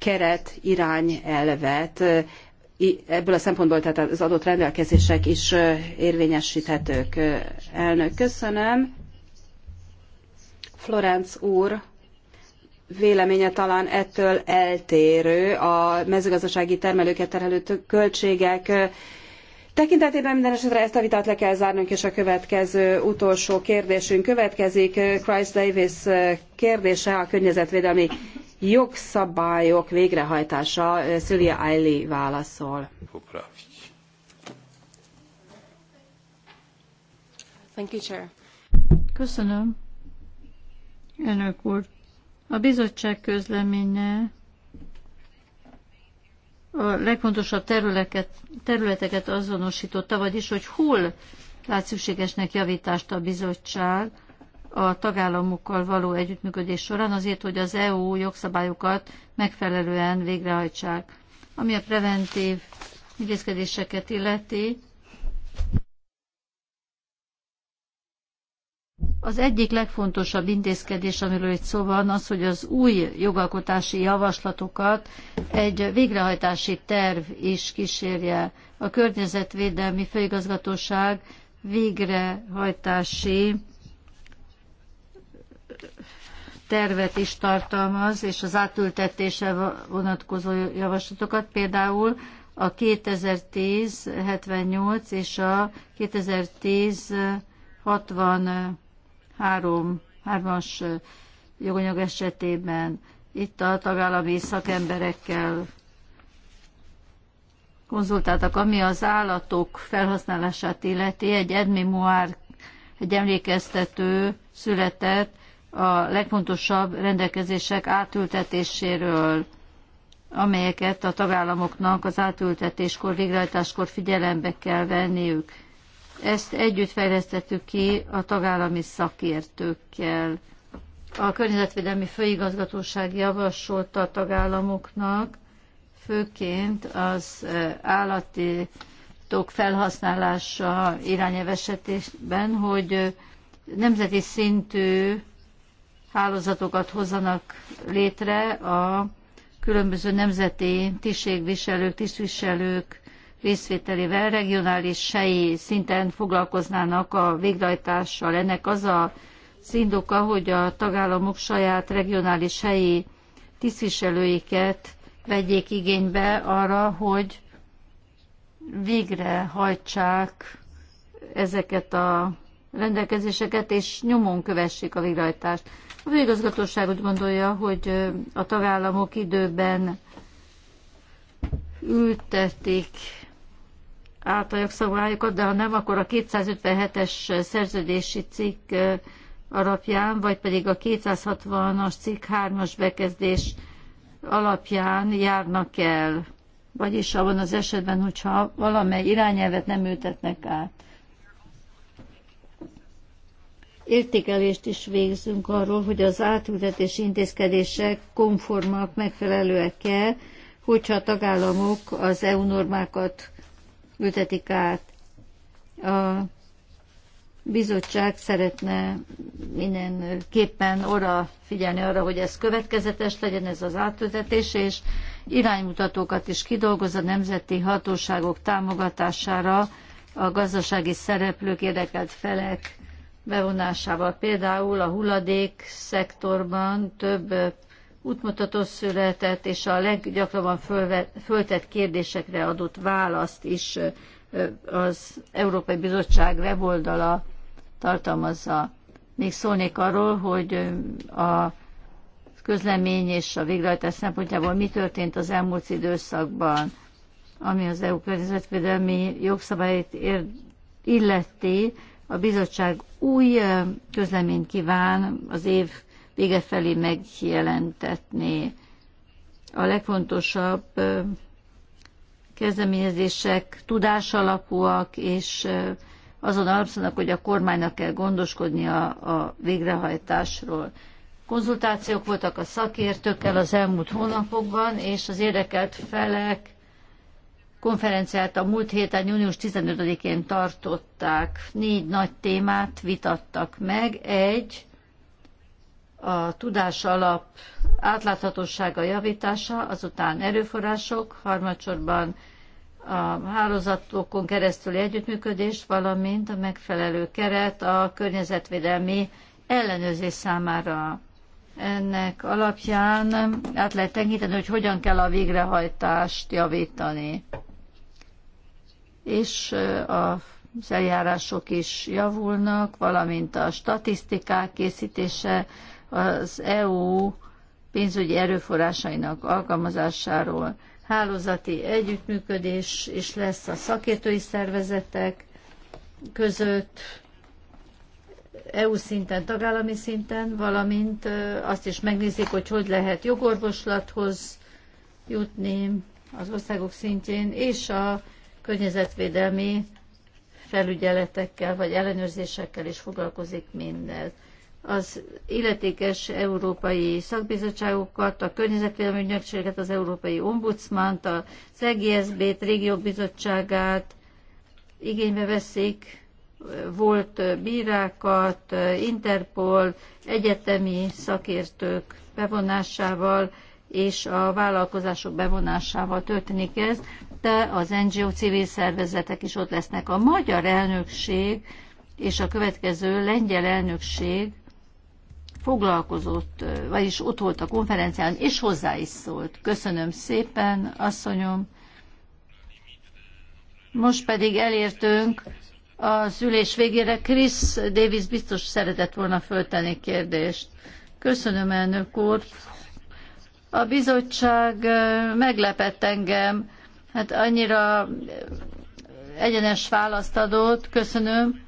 keret irányelvet ebből a szempontból tehát az adott rendelkezések is érvényesíthetők. Elnök, köszönöm. Florenc úr véleménye talán ettől eltérő a mezőgazdasági termelőket terhelő költségek tekintetében minden esetre ezt a vitát le kell zárnunk, és a következő utolsó kérdésünk következik. Chris Davis kérdése a környezetvédelmi jogszabályok végrehajtása. Szülia Eili válaszol. Thank you, Chair. Köszönöm. Elnök úr, a bizottság közleménye a legfontosabb területeket, területeket azonosította, vagyis hogy hol lát szükségesnek javítást a bizottság a tagállamokkal való együttműködés során azért, hogy az EU jogszabályokat megfelelően végrehajtsák. Ami a preventív intézkedéseket illeti, Az egyik legfontosabb intézkedés, amiről itt szó van, az, hogy az új jogalkotási javaslatokat egy végrehajtási terv is kísérje. A Környezetvédelmi Főigazgatóság végrehajtási tervet is tartalmaz, és az átültetése vonatkozó javaslatokat, például a 2010-78 és a 2010-63-as joganyag esetében itt a tagállami szakemberekkel konzultáltak, ami az állatok felhasználását illeti, egy Edmi Moár, egy emlékeztető született a legfontosabb rendelkezések átültetéséről, amelyeket a tagállamoknak az átültetéskor, végrehajtáskor figyelembe kell venniük. Ezt együtt fejlesztettük ki a tagállami szakértőkkel. A Környezetvédelmi Főigazgatóság javasolta a tagállamoknak, főként az e, állati tok felhasználása irányelv esetében, hogy e, nemzeti szintű hálózatokat hozzanak létre a különböző nemzeti tisztségviselők, tisztviselők részvételével regionális helyi szinten foglalkoznának a végrehajtással. Ennek az a szindoka, hogy a tagállamok saját regionális helyi tisztviselőiket vegyék igénybe arra, hogy végrehajtsák ezeket a rendelkezéseket, és nyomon kövessék a végrehajtást. A igazgatóság úgy gondolja, hogy a tagállamok időben ültetik át a jogszabályokat, de ha nem, akkor a 257-es szerződési cikk alapján, vagy pedig a 260-as cikk 3-as bekezdés alapján járnak el. Vagyis abban az esetben, hogyha valamely irányelvet nem ültetnek át értékelést is végzünk arról, hogy az átültetési intézkedések konformak, megfelelőek-e, hogyha a tagállamok az EU normákat ültetik át. A bizottság szeretne mindenképpen arra figyelni arra, hogy ez következetes legyen ez az átültetés, és iránymutatókat is kidolgoz a nemzeti hatóságok támogatására a gazdasági szereplők érdekelt felek bevonásával. Például a hulladék szektorban több útmutató született, és a leggyakrabban föltett kérdésekre adott választ is az Európai Bizottság weboldala tartalmazza. Még szólnék arról, hogy a közlemény és a végrehajtás szempontjából mi történt az elmúlt időszakban, ami az EU környezetvédelmi jogszabályt illeti, a bizottság új közleményt kíván az év vége felé megjelentetni. A legfontosabb kezdeményezések alapúak, és azon alapszanak, hogy a kormánynak kell gondoskodnia a végrehajtásról. Konzultációk voltak a szakértőkkel az elmúlt hónapokban, és az érdekelt felek konferenciát a múlt héten, június 15-én tartották. Négy nagy témát vitattak meg. Egy, a tudás alap átláthatósága javítása, azután erőforrások, harmadsorban a hálózatokon keresztüli együttműködés, valamint a megfelelő keret a környezetvédelmi ellenőrzés számára. Ennek alapján át lehet tenkíteni, hogy hogyan kell a végrehajtást javítani és a az eljárások is javulnak, valamint a statisztikák készítése az EU pénzügyi erőforrásainak alkalmazásáról. Hálózati együttműködés is lesz a szakértői szervezetek között, EU szinten, tagállami szinten, valamint azt is megnézik, hogy hogy lehet jogorvoslathoz jutni az országok szintjén, és a környezetvédelmi felügyeletekkel vagy ellenőrzésekkel is foglalkozik mindez. Az illetékes európai szakbizottságokat, a környezetvédelmi ügynökséget, az európai ombudsmant, a cgsb t régiók bizottságát igénybe veszik, volt bírákat, Interpol, egyetemi szakértők bevonásával és a vállalkozások bevonásával történik ez, előtte az NGO civil szervezetek is ott lesznek. A magyar elnökség és a következő lengyel elnökség foglalkozott, vagyis ott volt a konferencián, és hozzá is szólt. Köszönöm szépen, asszonyom. Most pedig elértünk a szülés végére. Chris Davis biztos szeretett volna föltenni kérdést. Köszönöm, elnök úr. A bizottság meglepett engem, Hát annyira egyenes választ adott, köszönöm.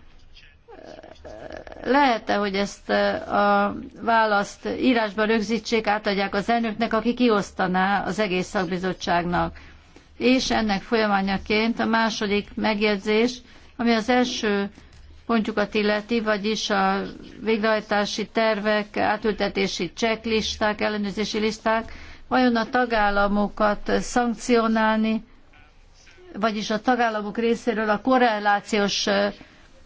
Lehet-e, hogy ezt a választ írásban rögzítsék, átadják az elnöknek, aki kiosztaná az egész szakbizottságnak? És ennek folyamányaként a második megjegyzés, ami az első pontjukat illeti, vagyis a végrehajtási tervek, átültetési cseklisták, ellenőrzési listák, vajon a tagállamokat szankcionálni, vagyis a tagállamok részéről a korrelációs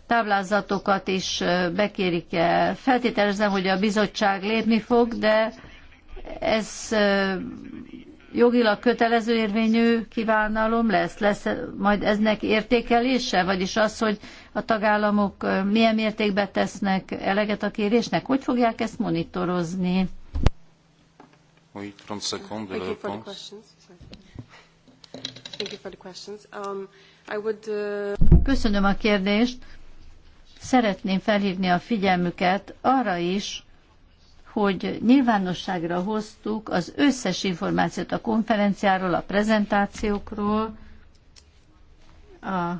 táblázatokat is bekérik el. Feltételezem, hogy a bizottság lépni fog, de ez jogilag kötelező érvényű kívánalom lesz? Lesz majd eznek értékelése? Vagyis az, hogy a tagállamok milyen mértékben tesznek eleget a kérésnek? Hogy fogják ezt monitorozni? Oui, 30 secondes de réponse. Um, uh, Köszönöm a kérdést. Szeretném felhívni a figyelmüket arra is, hogy nyilvánosságra hoztuk az összes információt a konferenciáról, a prezentációkról, a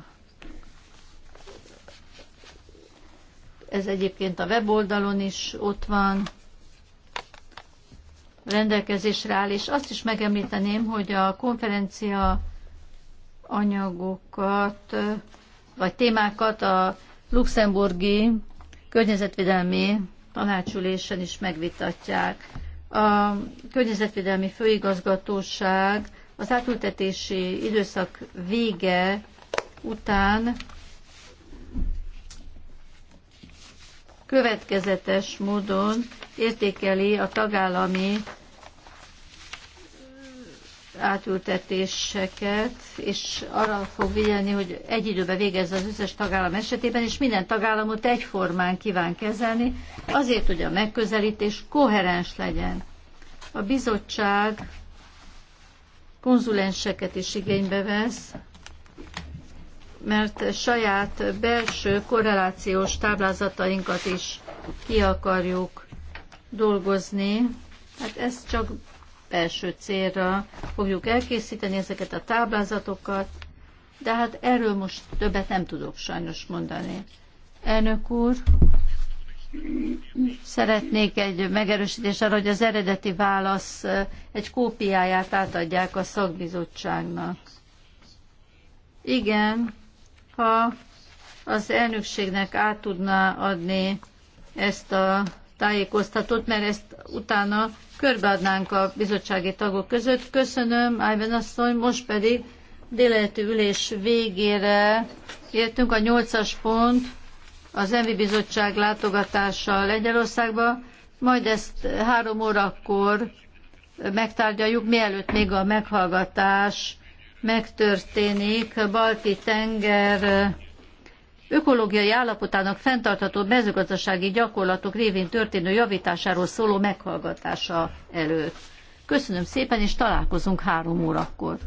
ez egyébként a weboldalon is ott van, rendelkezésre áll, és azt is megemlíteném, hogy a konferencia anyagokat, vagy témákat a luxemburgi környezetvédelmi tanácsülésen is megvitatják. A környezetvédelmi főigazgatóság az átültetési időszak vége után következetes módon értékeli a tagállami átültetéseket, és arra fog vigyelni, hogy egy időben végezze az összes tagállam esetében, és minden tagállamot egyformán kíván kezelni, azért, hogy a megközelítés koherens legyen. A bizottság konzulenseket is igénybe vesz, mert saját belső korrelációs táblázatainkat is ki akarjuk dolgozni. Hát ez csak belső célra fogjuk elkészíteni ezeket a táblázatokat, de hát erről most többet nem tudok sajnos mondani. Elnök úr, szeretnék egy megerősítés arra, hogy az eredeti válasz egy kópiáját átadják a szakbizottságnak. Igen, ha az elnökségnek át tudná adni ezt a tájékoztatót, mert ezt utána körbeadnánk a bizottsági tagok között. Köszönöm, Ájven asszony, most pedig délelőtti ülés végére értünk a nyolcas pont az Envi Bizottság látogatása Lengyelországba, majd ezt három órakor megtárgyaljuk, mielőtt még a meghallgatás megtörténik. Balti tenger ökológiai állapotának fenntartható mezőgazdasági gyakorlatok révén történő javításáról szóló meghallgatása előtt. Köszönöm szépen, és találkozunk három órakor.